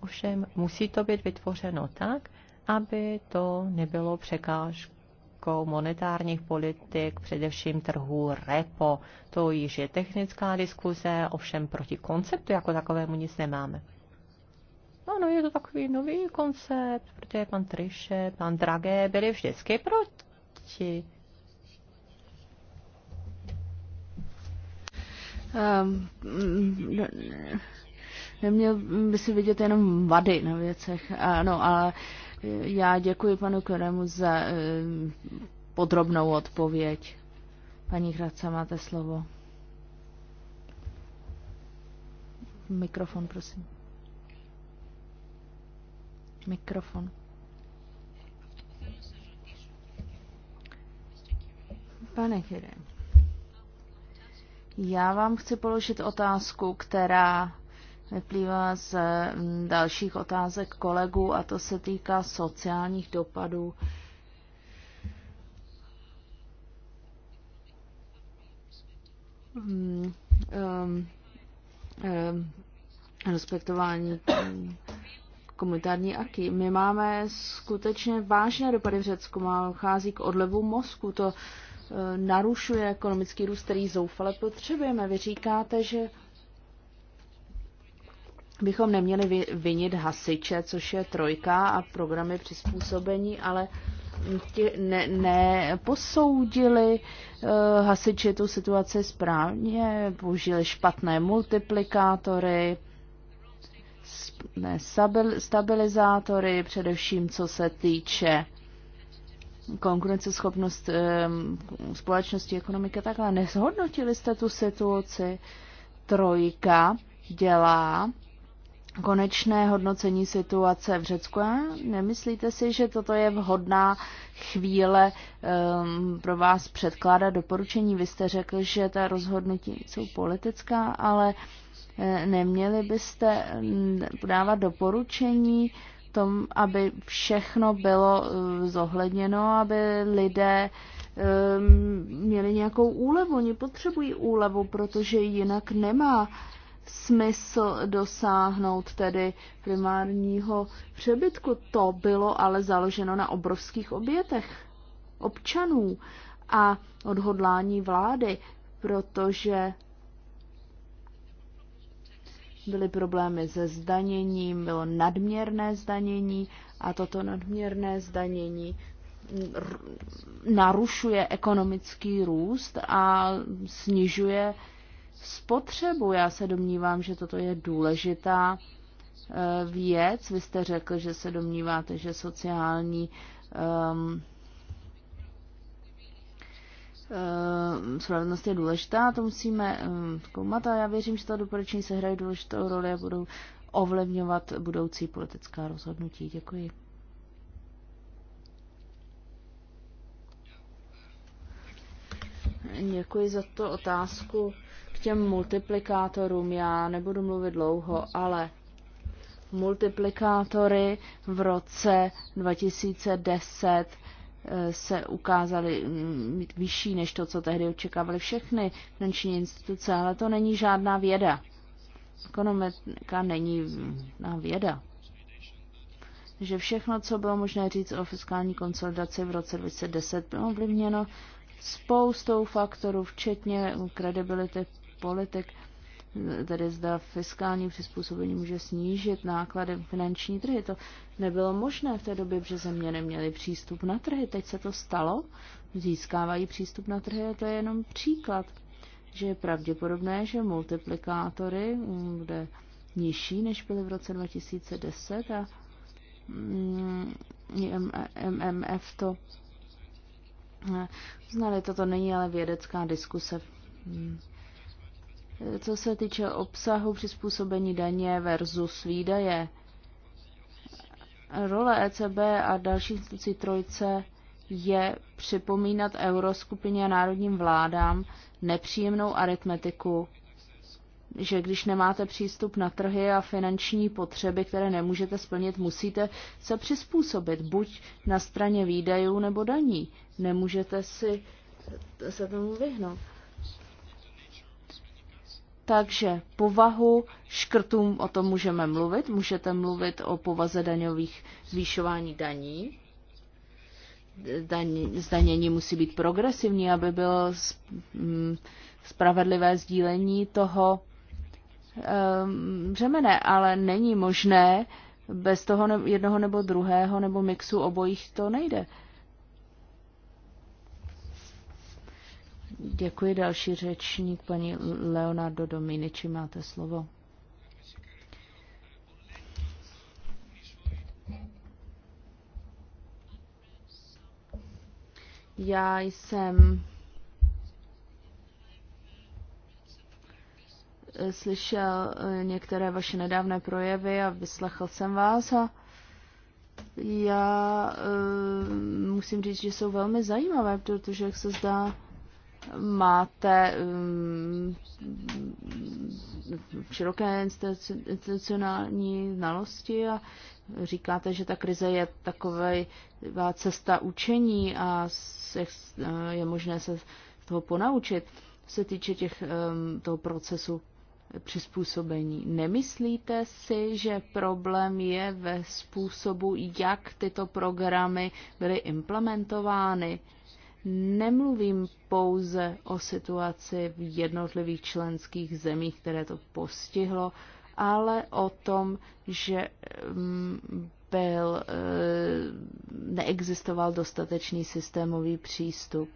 ovšem musí to být vytvořeno tak, aby to nebylo překážkou monetárních politik, především trhu repo. To již je technická diskuze, ovšem proti konceptu jako takovému nic nemáme. Ano, no, je to takový nový koncept, protože pan Triše, pan Dragé byli vždycky proti. Ehm, neměl by si vidět jenom vady na věcech. Ano, ale já děkuji panu Koremu za e, podrobnou odpověď. Paní Hradca, máte slovo. Mikrofon, prosím. Mikrofon. Pane Kremu. Já vám chci položit otázku, která vyplývá z mm, dalších otázek kolegů a to se týká sociálních dopadů mm, um, um, respektování komunitární aky. My máme skutečně vážné dopady v Řecku. Má, chází k odlevu mozku. To Eh, narušuje ekonomický růst, který zoufale potřebujeme. Vy říkáte, že bychom neměli vinit hasiče, což je trojka a programy přizpůsobení, ale ne, neposoudili uh, hasiči tu situaci správně, použili špatné multiplikátory, ne, stabilizátory, především co se týče konkurenceschopnost společnosti, ekonomika, takhle. Nezhodnotili jste tu situaci. Trojka dělá konečné hodnocení situace v Řecku. A nemyslíte si, že toto je vhodná chvíle um, pro vás předkládat doporučení? Vy jste řekl, že ta rozhodnutí jsou politická, ale eh, neměli byste podávat doporučení tom, aby všechno bylo eh, zohledněno, aby lidé eh, měli nějakou úlevu. Oni potřebují úlevu, protože jinak nemá smysl dosáhnout tedy primárního přebytku. To bylo ale založeno na obrovských obětech občanů a odhodlání vlády, protože byly problémy se zdaněním, bylo nadměrné zdanění a toto nadměrné zdanění narušuje ekonomický růst a snižuje spotřebu. Já se domnívám, že toto je důležitá e, věc. Vy jste řekl, že se domníváte, že sociální um, Eh, spravedlnost je důležitá, to musíme eh, zkoumat a já věřím, že ta doporučení se hrají důležitou roli a budou ovlivňovat budoucí politická rozhodnutí. Děkuji. Děkuji za tu otázku k těm multiplikátorům. Já nebudu mluvit dlouho, ale multiplikátory v roce 2010 se ukázaly mm, vyšší než to, co tehdy očekávaly všechny finanční instituce, ale to není žádná věda. Ekonomika není na věda. že všechno, co bylo možné říct o fiskální konsolidaci v roce 2010, bylo ovlivněno spoustou faktorů, včetně kredibility politik tedy zda fiskální přizpůsobení může snížit náklady finanční trhy. To nebylo možné v té době, protože země neměly přístup na trhy. Teď se to stalo, získávají přístup na trhy a to je jenom příklad, že je pravděpodobné, že multiplikátory mm, bude nižší, než byly v roce 2010 a MMF to eh, znali, toto není ale vědecká diskuse mm. Co se týče obsahu přizpůsobení daně versus výdaje, role ECB a další institucí trojce je připomínat euroskupině a národním vládám nepříjemnou aritmetiku, že když nemáte přístup na trhy a finanční potřeby, které nemůžete splnit, musíte se přizpůsobit, buď na straně výdajů nebo daní. Nemůžete si se tomu vyhnout. Takže povahu škrtům o tom můžeme mluvit. Můžete mluvit o povaze daňových zvýšování daní. Daň, zdanění musí být progresivní, aby bylo mm, spravedlivé sdílení toho um, břemene, ale není možné bez toho jednoho nebo druhého nebo mixu obojích to nejde. Děkuji další řečník, paní Leonardo Dominici, máte slovo. Já jsem slyšel eh, některé vaše nedávné projevy a vyslechl jsem vás a já uh, musím říct, že jsou velmi zajímavé, protože, jak se zdá, máte um, široké institucionální znalosti a říkáte, že ta krize je taková cesta učení a se, je možné se toho ponaučit. Se týče těch, um, toho procesu přizpůsobení. Nemyslíte si, že problém je ve způsobu, jak tyto programy byly implementovány? Nemluvím pouze o situaci v jednotlivých členských zemích, které to postihlo, ale o tom, že mm, byl, eh, neexistoval dostatečný systémový přístup.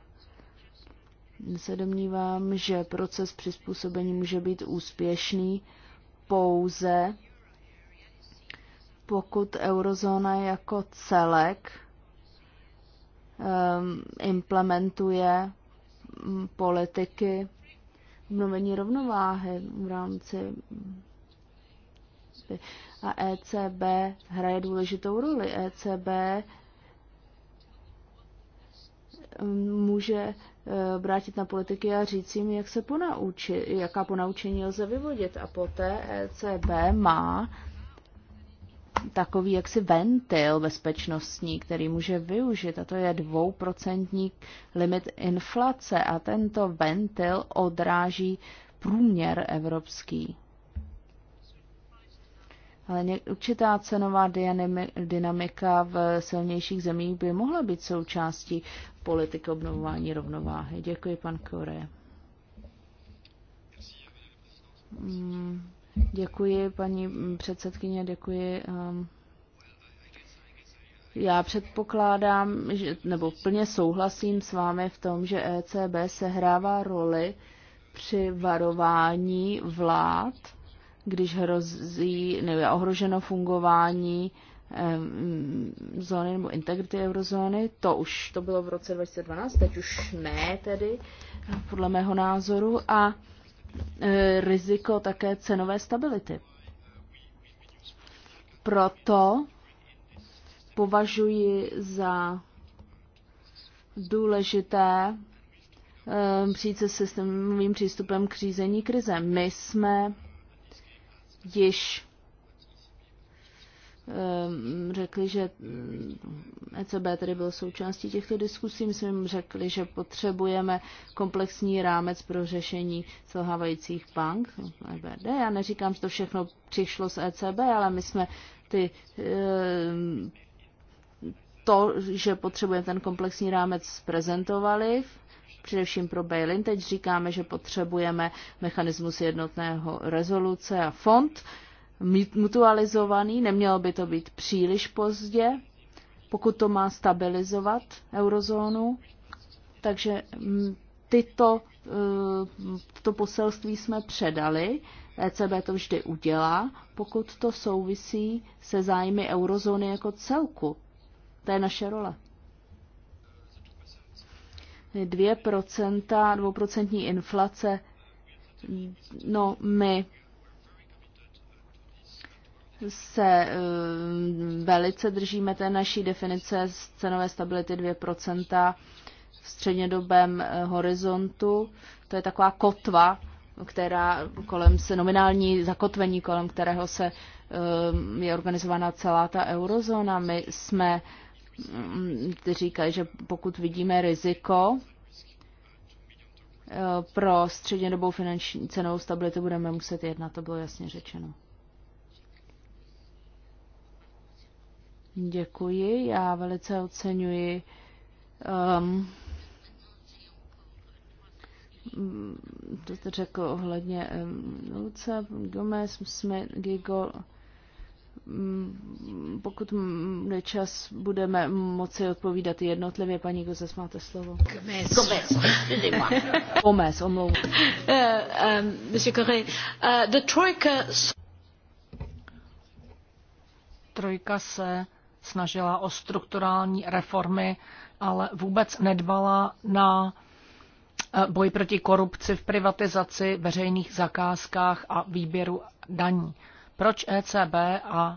Se domnívám, že proces přizpůsobení může být úspěšný pouze, pokud eurozóna jako celek Um, implementuje mm, politiky obnovení rovnováhy v rámci a ECB hraje důležitou roli. ECB um, může uh, vrátit na politiky a říct jim, jak se ponaučit, jaká ponaučení lze vyvodit. A poté ECB má takový jaksi ventil bezpečnostní, který může využít, a to je dvouprocentní limit inflace a tento ventil odráží průměr evropský. Ale určitá cenová dynamika v silnějších zemích by mohla být součástí politiky obnovování rovnováhy. Děkuji, pan Kore. Hmm. Děkuji, paní mm, předsedkyně, děkuji. Um, já předpokládám, že, nebo plně souhlasím s vámi v tom, že ECB sehrává roli při varování vlád, když hrozí nebo je ohroženo fungování zóny nebo integrity eurozóny. To už to bylo v roce 2012, teď už ne tedy, podle mého názoru. A E, riziko také cenové stability. Proto považuji za důležité e, přijít se systémovým přístupem k řízení krize. My jsme již Ehm, řekli, že mm, ECB tedy byl součástí těchto diskusí. My jsme jim řekli, že potřebujeme komplexní rámec pro řešení selhávajících bank, e Já neříkám, že to všechno přišlo z ECB, ale my jsme ty ehm, to, že potřebujeme ten komplexní rámec, prezentovali především pro bail-in. Teď říkáme, že potřebujeme mechanismus jednotného rezoluce a fond mutualizovaný, nemělo by to být příliš pozdě, pokud to má stabilizovat eurozónu. Takže mm, tyto, eh, to poselství jsme předali, ECB to vždy udělá, pokud to souvisí se zájmy eurozóny jako celku. To je naše role. 2%, 2% inflace, no my se eh, velice držíme té naší definice z cenové stability 2% v střednědobém eh, horizontu. To je taková kotva, která kolem se nominální zakotvení, kolem kterého se eh, je organizována celá ta eurozóna. My jsme, mm, ty říkají, že pokud vidíme riziko pro střednědobou finanční cenovou stabilitu, budeme muset jednat, to bylo jasně řečeno. Děkuji, já velice oceňuji um, to mm, jste řekl ohledně um, Luce, Gomez, Smith, Gigol. Um, pokud bude čas, budeme moci odpovídat jednotlivě. Paní Gozes, máte slovo. Gomez. Gomez, Gomez omlouvu. Uh, um, uh, the trojka... Trojka se snažila o strukturální reformy, ale vůbec nedbala na eh, boj proti korupci v privatizaci, veřejných zakázkách a výběru daní. Proč ECB a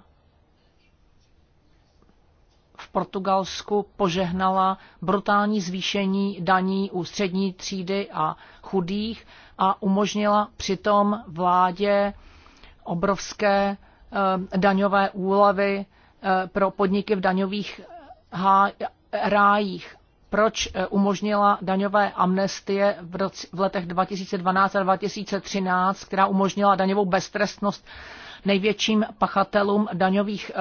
v Portugalsku požehnala brutální zvýšení daní u střední třídy a chudých a umožnila přitom vládě obrovské eh, daňové úlevy Eh, pro podniky v daňových eh, rájích. Proč eh, umožnila daňové amnestie v, letech 2012 a 2013, která umožnila daňovou beztrestnost největším pachatelům daňových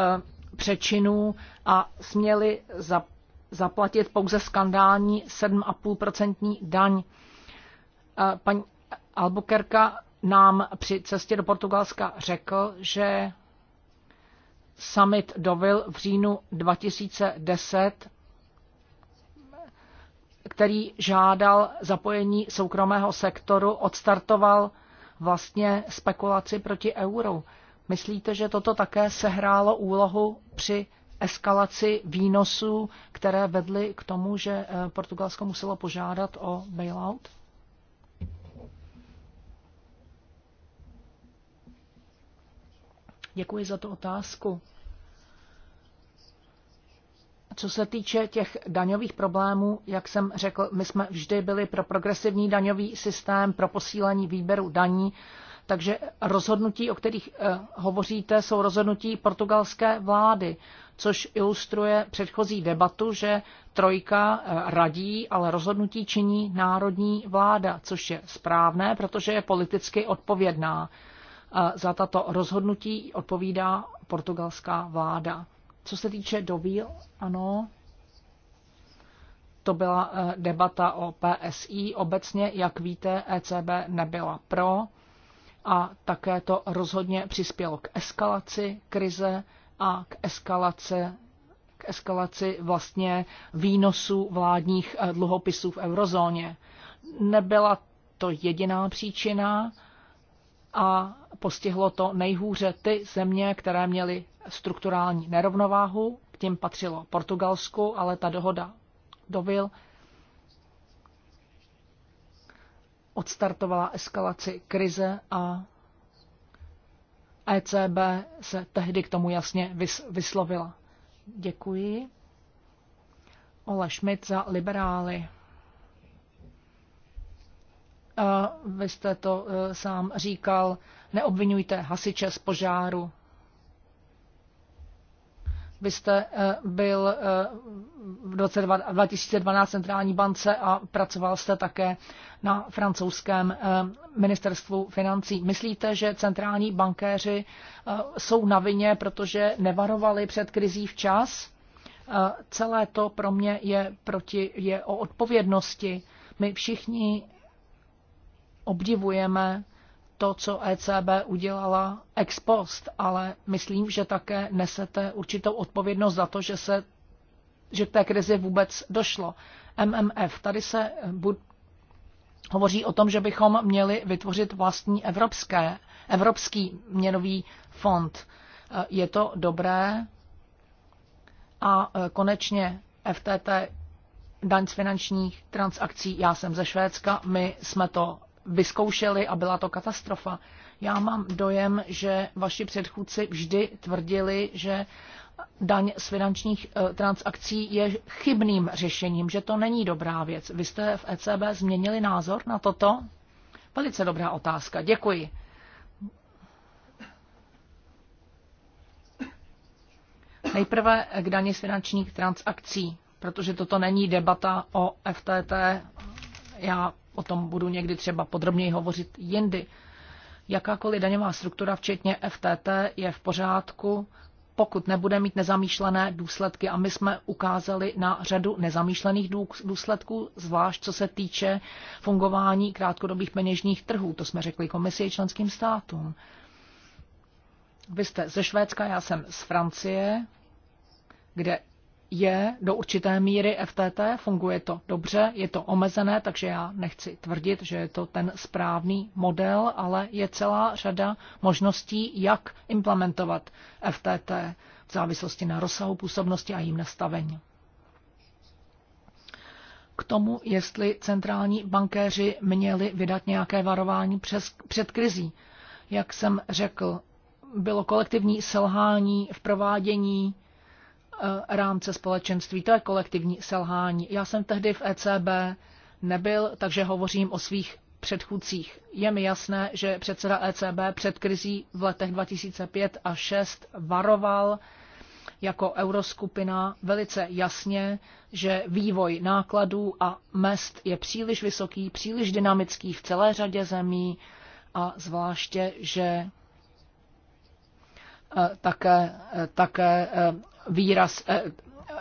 přečinů a směli za, zaplatit pouze skandální 7,5% daň. Paní Albuquerque nám při cestě do Portugalska řekl, že summit Dovil v říjnu 2010, který žádal zapojení soukromého sektoru, odstartoval vlastně spekulaci proti euru. Myslíte, že toto také sehrálo úlohu při eskalaci výnosů, které vedly k tomu, že eh, Portugalsko muselo požádat o bailout? Děkuji za tu otázku. Co se týče těch daňových problémů, jak jsem řekl, my jsme vždy byli pro progresivní daňový systém, pro posílení výběru daní, takže rozhodnutí, o kterých eh, hovoříte, jsou rozhodnutí portugalské vlády, což ilustruje předchozí debatu, že trojka eh, radí, ale rozhodnutí činí národní vláda, což je správné, protože je politicky odpovědná. Za tato rozhodnutí odpovídá portugalská vláda. Co se týče dovíl, ano, to byla eh, debata o PSI. Obecně, jak víte, ECB nebyla pro a také to rozhodně přispělo k eskalaci krize a k eskalaci, k eskalaci vlastně výnosů vládních eh, dluhopisů v eurozóně. Nebyla to jediná příčina a postihlo to nejhůře ty země, které měly strukturální nerovnováhu, k tím patřilo Portugalsku, ale ta dohoda dovil odstartovala eskalaci krize a ECB se tehdy k tomu jasně vyslovila. Děkuji. Ola Schmidt za liberály. Vy jste to e, sám říkal, neobvinujte hasiče z požáru. Vy jste eh, byl eh, v roce 2012 centrální bance a pracoval jste také na francouzském eh, ministerstvu financí. Myslíte, že centrální bankéři jsou na vině, protože nevarovali před krizí včas? Celé to pro mě je, proti, je o odpovědnosti. My všichni obdivujeme to, co ECB udělala ex post, ale myslím, že také nesete určitou odpovědnost za to, že se že k té krizi vůbec došlo. MMF, tady se eh, bud, hovoří o tom, že bychom měli vytvořit vlastní evropské, evropský měnový fond. Eh, je to dobré a eh, konečně FTT daň z finančních transakcí. Já jsem ze Švédska, my jsme to vyzkoušeli a byla to katastrofa. Já mám dojem, že vaši předchůdci vždy tvrdili, že daň z finančních eh, transakcí je chybným řešením, že to není dobrá věc. Vy jste v ECB změnili názor na toto? Velice dobrá otázka. Děkuji. Nejprve k daně z finančních transakcí, protože toto není debata o FTT. Já o tom budu někdy třeba podrobněji hovořit jindy. Jakákoliv daňová struktura, včetně FTT, je v pořádku, pokud nebude mít nezamýšlené důsledky. A my jsme ukázali na řadu nezamýšlených důsledků, zvlášť co se týče fungování krátkodobých peněžních trhů. To jsme řekli komisi členským státům. Vy jste ze Švédska, já jsem z Francie, kde je do určité míry FTT, funguje to dobře, je to omezené, takže já nechci tvrdit, že je to ten správný model, ale je celá řada možností, jak implementovat FTT v závislosti na rozsahu působnosti a jím nastavení. K tomu, jestli centrální bankéři měli vydat nějaké varování přes, před krizí. Jak jsem řekl, bylo kolektivní selhání v provádění Eh, rámce společenství. To je kolektivní selhání. Já jsem tehdy v ECB nebyl, takže hovořím o svých předchůdcích. Je mi jasné, že předseda ECB před krizí v letech 2005 a 6 varoval jako euroskupina velice jasně, že vývoj nákladů a mest je příliš vysoký, příliš dynamický v celé řadě zemí a zvláště, že eh, také, eh, také výraz eh,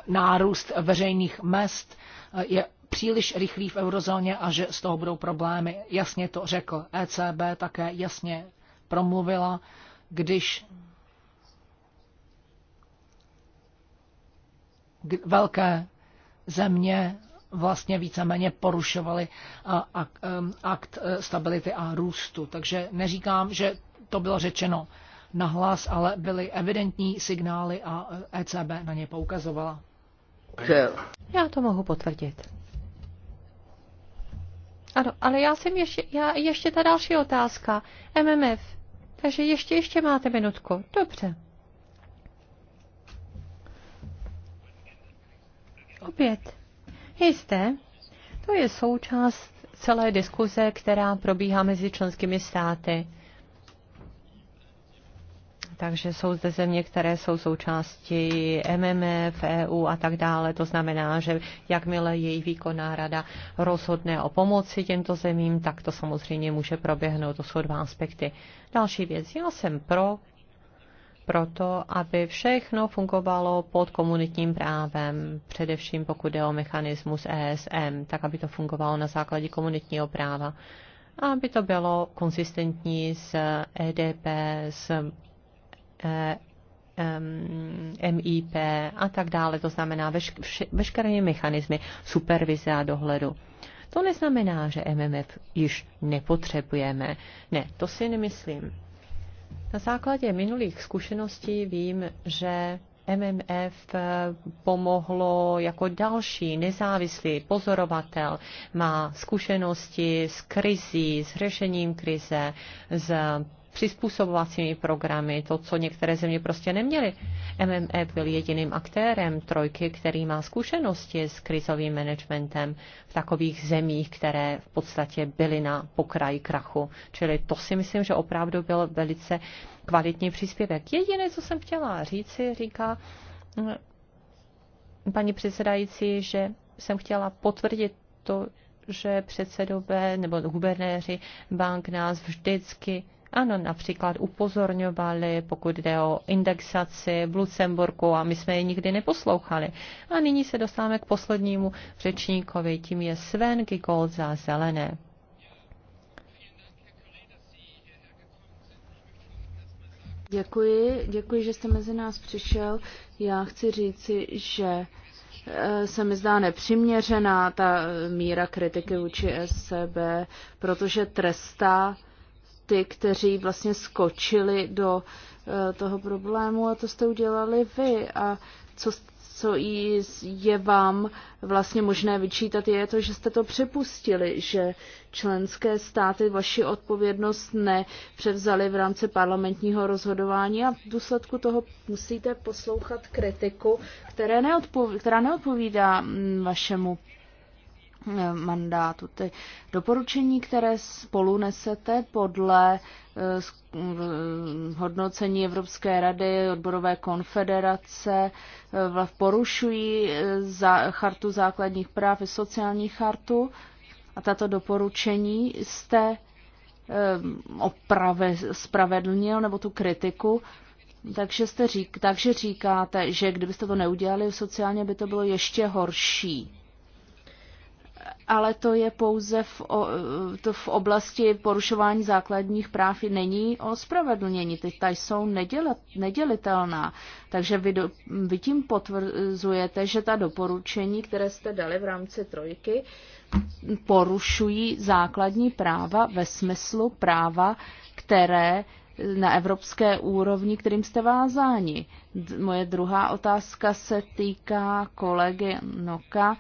nárůst veřejných mest eh, je příliš rychlý v eurozóně a že z toho budou problémy. Jasně to řekl. ECB také jasně promluvila, když velké země vlastně víceméně porušovaly akt eh, stability a růstu. Takže neříkám, že to bylo řečeno nahlas, ale byly evidentní signály a ECB eh, e na ně poukazovala. Já to mohu potvrdit. Ano, ale já jsem ještě, já, ještě ta další otázka. MMF. Takže ještě, ještě máte minutku. Dobře. Opět. Jisté. To je součást celé diskuze, která probíhá mezi členskými státy. Takže jsou zde země, které jsou součástí MMF, EU a tak dále. To znamená, že jakmile její výkonná rada rozhodne o pomoci těmto zemím, tak to samozřejmě může proběhnout. To jsou dva aspekty. Další věc. Já jsem pro proto, aby všechno fungovalo pod komunitním právem, především pokud jde o mechanismus ESM, tak aby to fungovalo na základě komunitního práva. A aby to bylo konsistentní s EDP, s E, MIP a tak dále, to znamená veškeré mechanismy supervize a dohledu. To neznamená, že MMF již nepotřebujeme. Ne, to si nemyslím. Na základě minulých zkušeností vím, že MMF pomohlo jako další nezávislý pozorovatel, má zkušenosti s krizí, s řešením krize, s přizpůsobovacími programy, to, co některé země prostě neměly. MME byl jediným aktérem trojky, který má zkušenosti s krizovým managementem v takových zemích, které v podstatě byly na pokraji krachu. Čili to si myslím, že opravdu byl velice kvalitní příspěvek. Jediné, co jsem chtěla říci, říká mm, paní předsedající, že jsem chtěla potvrdit to, že předsedové nebo guvernéři bank nás vždycky ano, například upozorňovali, pokud jde o indexaci v Lucemburku a my jsme je nikdy neposlouchali. A nyní se dostáváme k poslednímu řečníkovi, tím je Sven Gigol za zelené. Děkuji, děkuji, že jste mezi nás přišel. Já chci říci, že eh, se mi zdá nepřiměřená ta eh, míra kritiky vůči SCB, protože trestá ty, kteří vlastně skočili do eh, toho problému a to jste udělali vy. A co, co je vám vlastně možné vyčítat, je to, že jste to přepustili, že členské státy vaši odpovědnost nepřevzali v rámci parlamentního rozhodování a v důsledku toho musíte poslouchat kritiku, které neodpov- která neodpovídá mm, vašemu Eh, mandátu. Ty doporučení, které spolu nesete podle eh, eh, hodnocení Evropské rady, odborové konfederace, porušují za chartu základních práv i sociální chartu a tato doporučení jste oprave, spravedlnil nebo tu kritiku, takže, jste řík, takže říkáte, že kdybyste to neudělali sociálně, by to bylo ještě horší ale to je pouze v, to v oblasti porušování základních práv není o spravedlnění. Ty ta jsou nedělat, nedělitelná. Takže vy, do, vy tím potvrzujete, že ta doporučení, které jste dali v rámci trojky, porušují základní práva ve smyslu práva, které na evropské úrovni, kterým jste vázáni. Moje druhá otázka se týká kolegy Noka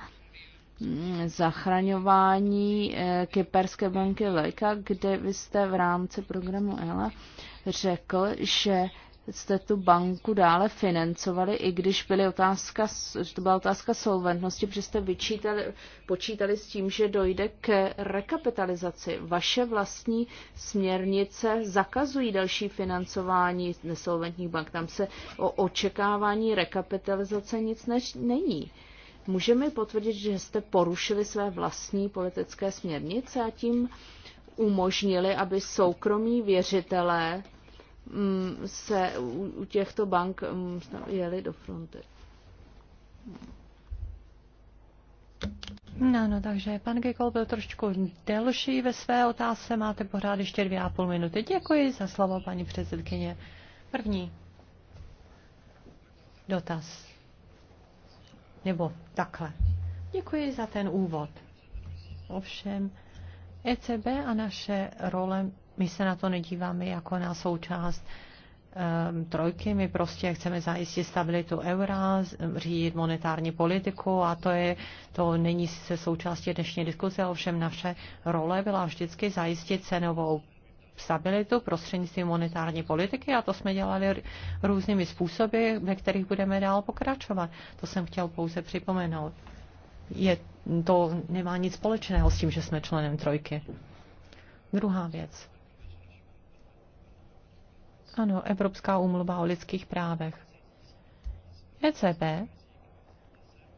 zachraňování eh, Kyperské banky Leica, kde vy jste v rámci programu ELA řekl, že jste tu banku dále financovali, i když byly otázka, to byla otázka solventnosti, protože jste vyčítali, počítali s tím, že dojde k rekapitalizaci. Vaše vlastní směrnice zakazují další financování nesolventních bank. Tam se o očekávání rekapitalizace nic než není. Můžeme potvrdit, že jste porušili své vlastní politické směrnice a tím umožnili, aby soukromí věřitelé mm, se u těchto bank mm, jeli do fronty. No, no, takže pan Gekol byl trošku delší ve své otázce, máte pořád ještě dvě a půl minuty. Děkuji za slovo, paní předsedkyně. První dotaz. Nebo takhle. Děkuji za ten úvod. Ovšem, ECB a naše role, my se na to nedíváme jako na součást um, trojky, my prostě chceme zajistit stabilitu eura, řídit monetární politiku a to je, to není se součástí dnešní diskuze, ovšem naše role byla vždycky zajistit cenovou stabilitu prostřednictvím monetární politiky a to jsme dělali různými způsoby, ve kterých budeme dál pokračovat. To jsem chtěl pouze připomenout. Je, to nemá nic společného s tím, že jsme členem trojky. Druhá věc. Ano, Evropská úmluva o lidských právech. ECB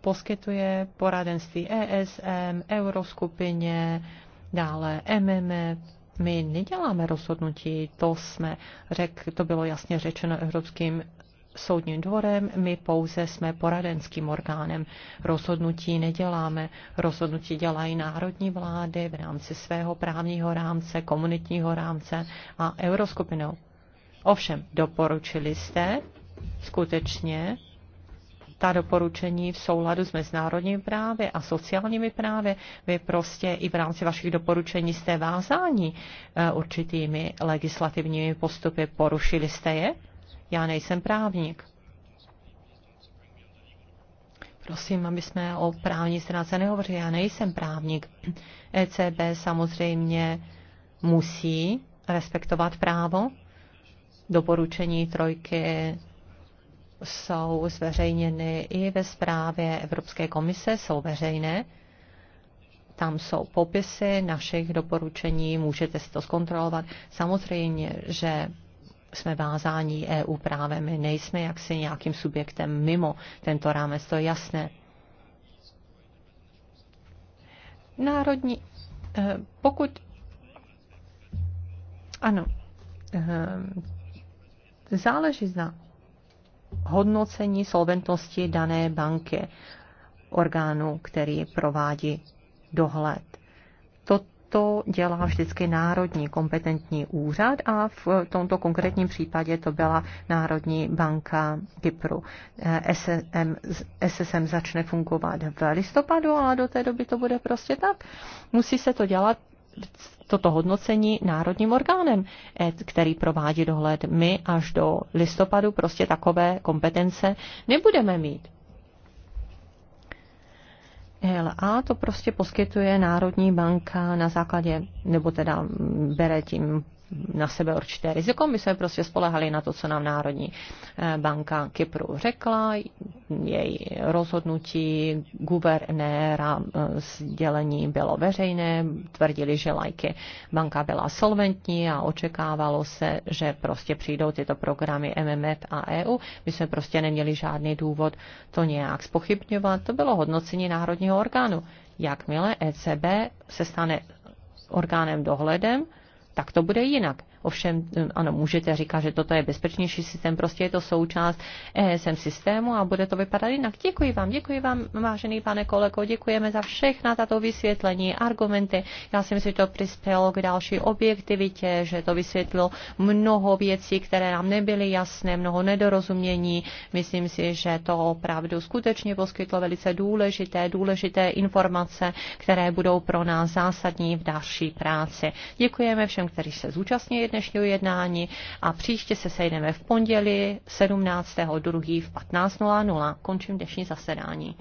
poskytuje poradenství ESM, Euroskupině, dále MMF, my neděláme rozhodnutí, to jsme řek, to bylo jasně řečeno Evropským soudním dvorem, my pouze jsme poradenským orgánem. Rozhodnutí neděláme, rozhodnutí dělají národní vlády v rámci svého právního rámce, komunitního rámce a euroskupinou. Ovšem, doporučili jste skutečně ta doporučení v souladu s mezinárodními právy a sociálními právy. Vy prostě i v rámci vašich doporučení jste vázání eh, určitými legislativními postupy. Porušili jste je? Já nejsem právník. Prosím, aby jsme o právní stránce nehovořili. Já nejsem právník. ECB samozřejmě musí respektovat právo. Doporučení trojky jsou zveřejněny i ve zprávě Evropské komise, jsou veřejné. Tam jsou popisy našich doporučení, můžete si to zkontrolovat. Samozřejmě, že jsme vázáni EU právem, my nejsme jaksi nějakým subjektem mimo tento rámec, to je jasné. Národní, eh, pokud, ano, eh, záleží na hodnocení solventnosti dané banky, orgánu, který provádí dohled. Toto dělá vždycky Národní kompetentní úřad a v tomto konkrétním případě to byla Národní banka Kypru. SSM, SSM začne fungovat v listopadu, a do té doby to bude prostě tak. Musí se to dělat toto hodnocení národním orgánem, eh, který provádí dohled. My až do listopadu prostě takové kompetence nebudeme mít. LA to prostě poskytuje Národní banka na základě, nebo teda bere tím na sebe určité riziko. My jsme prostě spolehali na to, co nám Národní eh, banka Kypru řekla, její rozhodnutí guvernéra eh, sdělení bylo veřejné, tvrdili, že lajky banka byla solventní a očekávalo se, že prostě přijdou tyto programy MMF a EU. My jsme prostě neměli žádný důvod to nějak spochybňovat. To bylo hodnocení národního orgánu. Jakmile ECB se stane orgánem dohledem, tak to bude jinak. Ovšem, eh, ano, můžete říkat, že toto je bezpečnější systém, prostě je to součást ESM systému a bude to vypadat jinak. Děkuji vám, děkuji vám, vážený pane kolego, děkujeme za všechna tato vysvětlení, argumenty. Já si myslím, že to přispělo k další objektivitě, že to vysvětlilo mnoho věcí, které nám nebyly jasné, mnoho nedorozumění. Myslím si, že to opravdu skutečně poskytlo velice důležité, důležité informace, které budou pro nás zásadní v další práci. Děkujeme všem, kteří se zúčastnili dnešního jednání a příště se sejdeme v pondělí 17.2. v 15.00. Končím dnešní zasedání.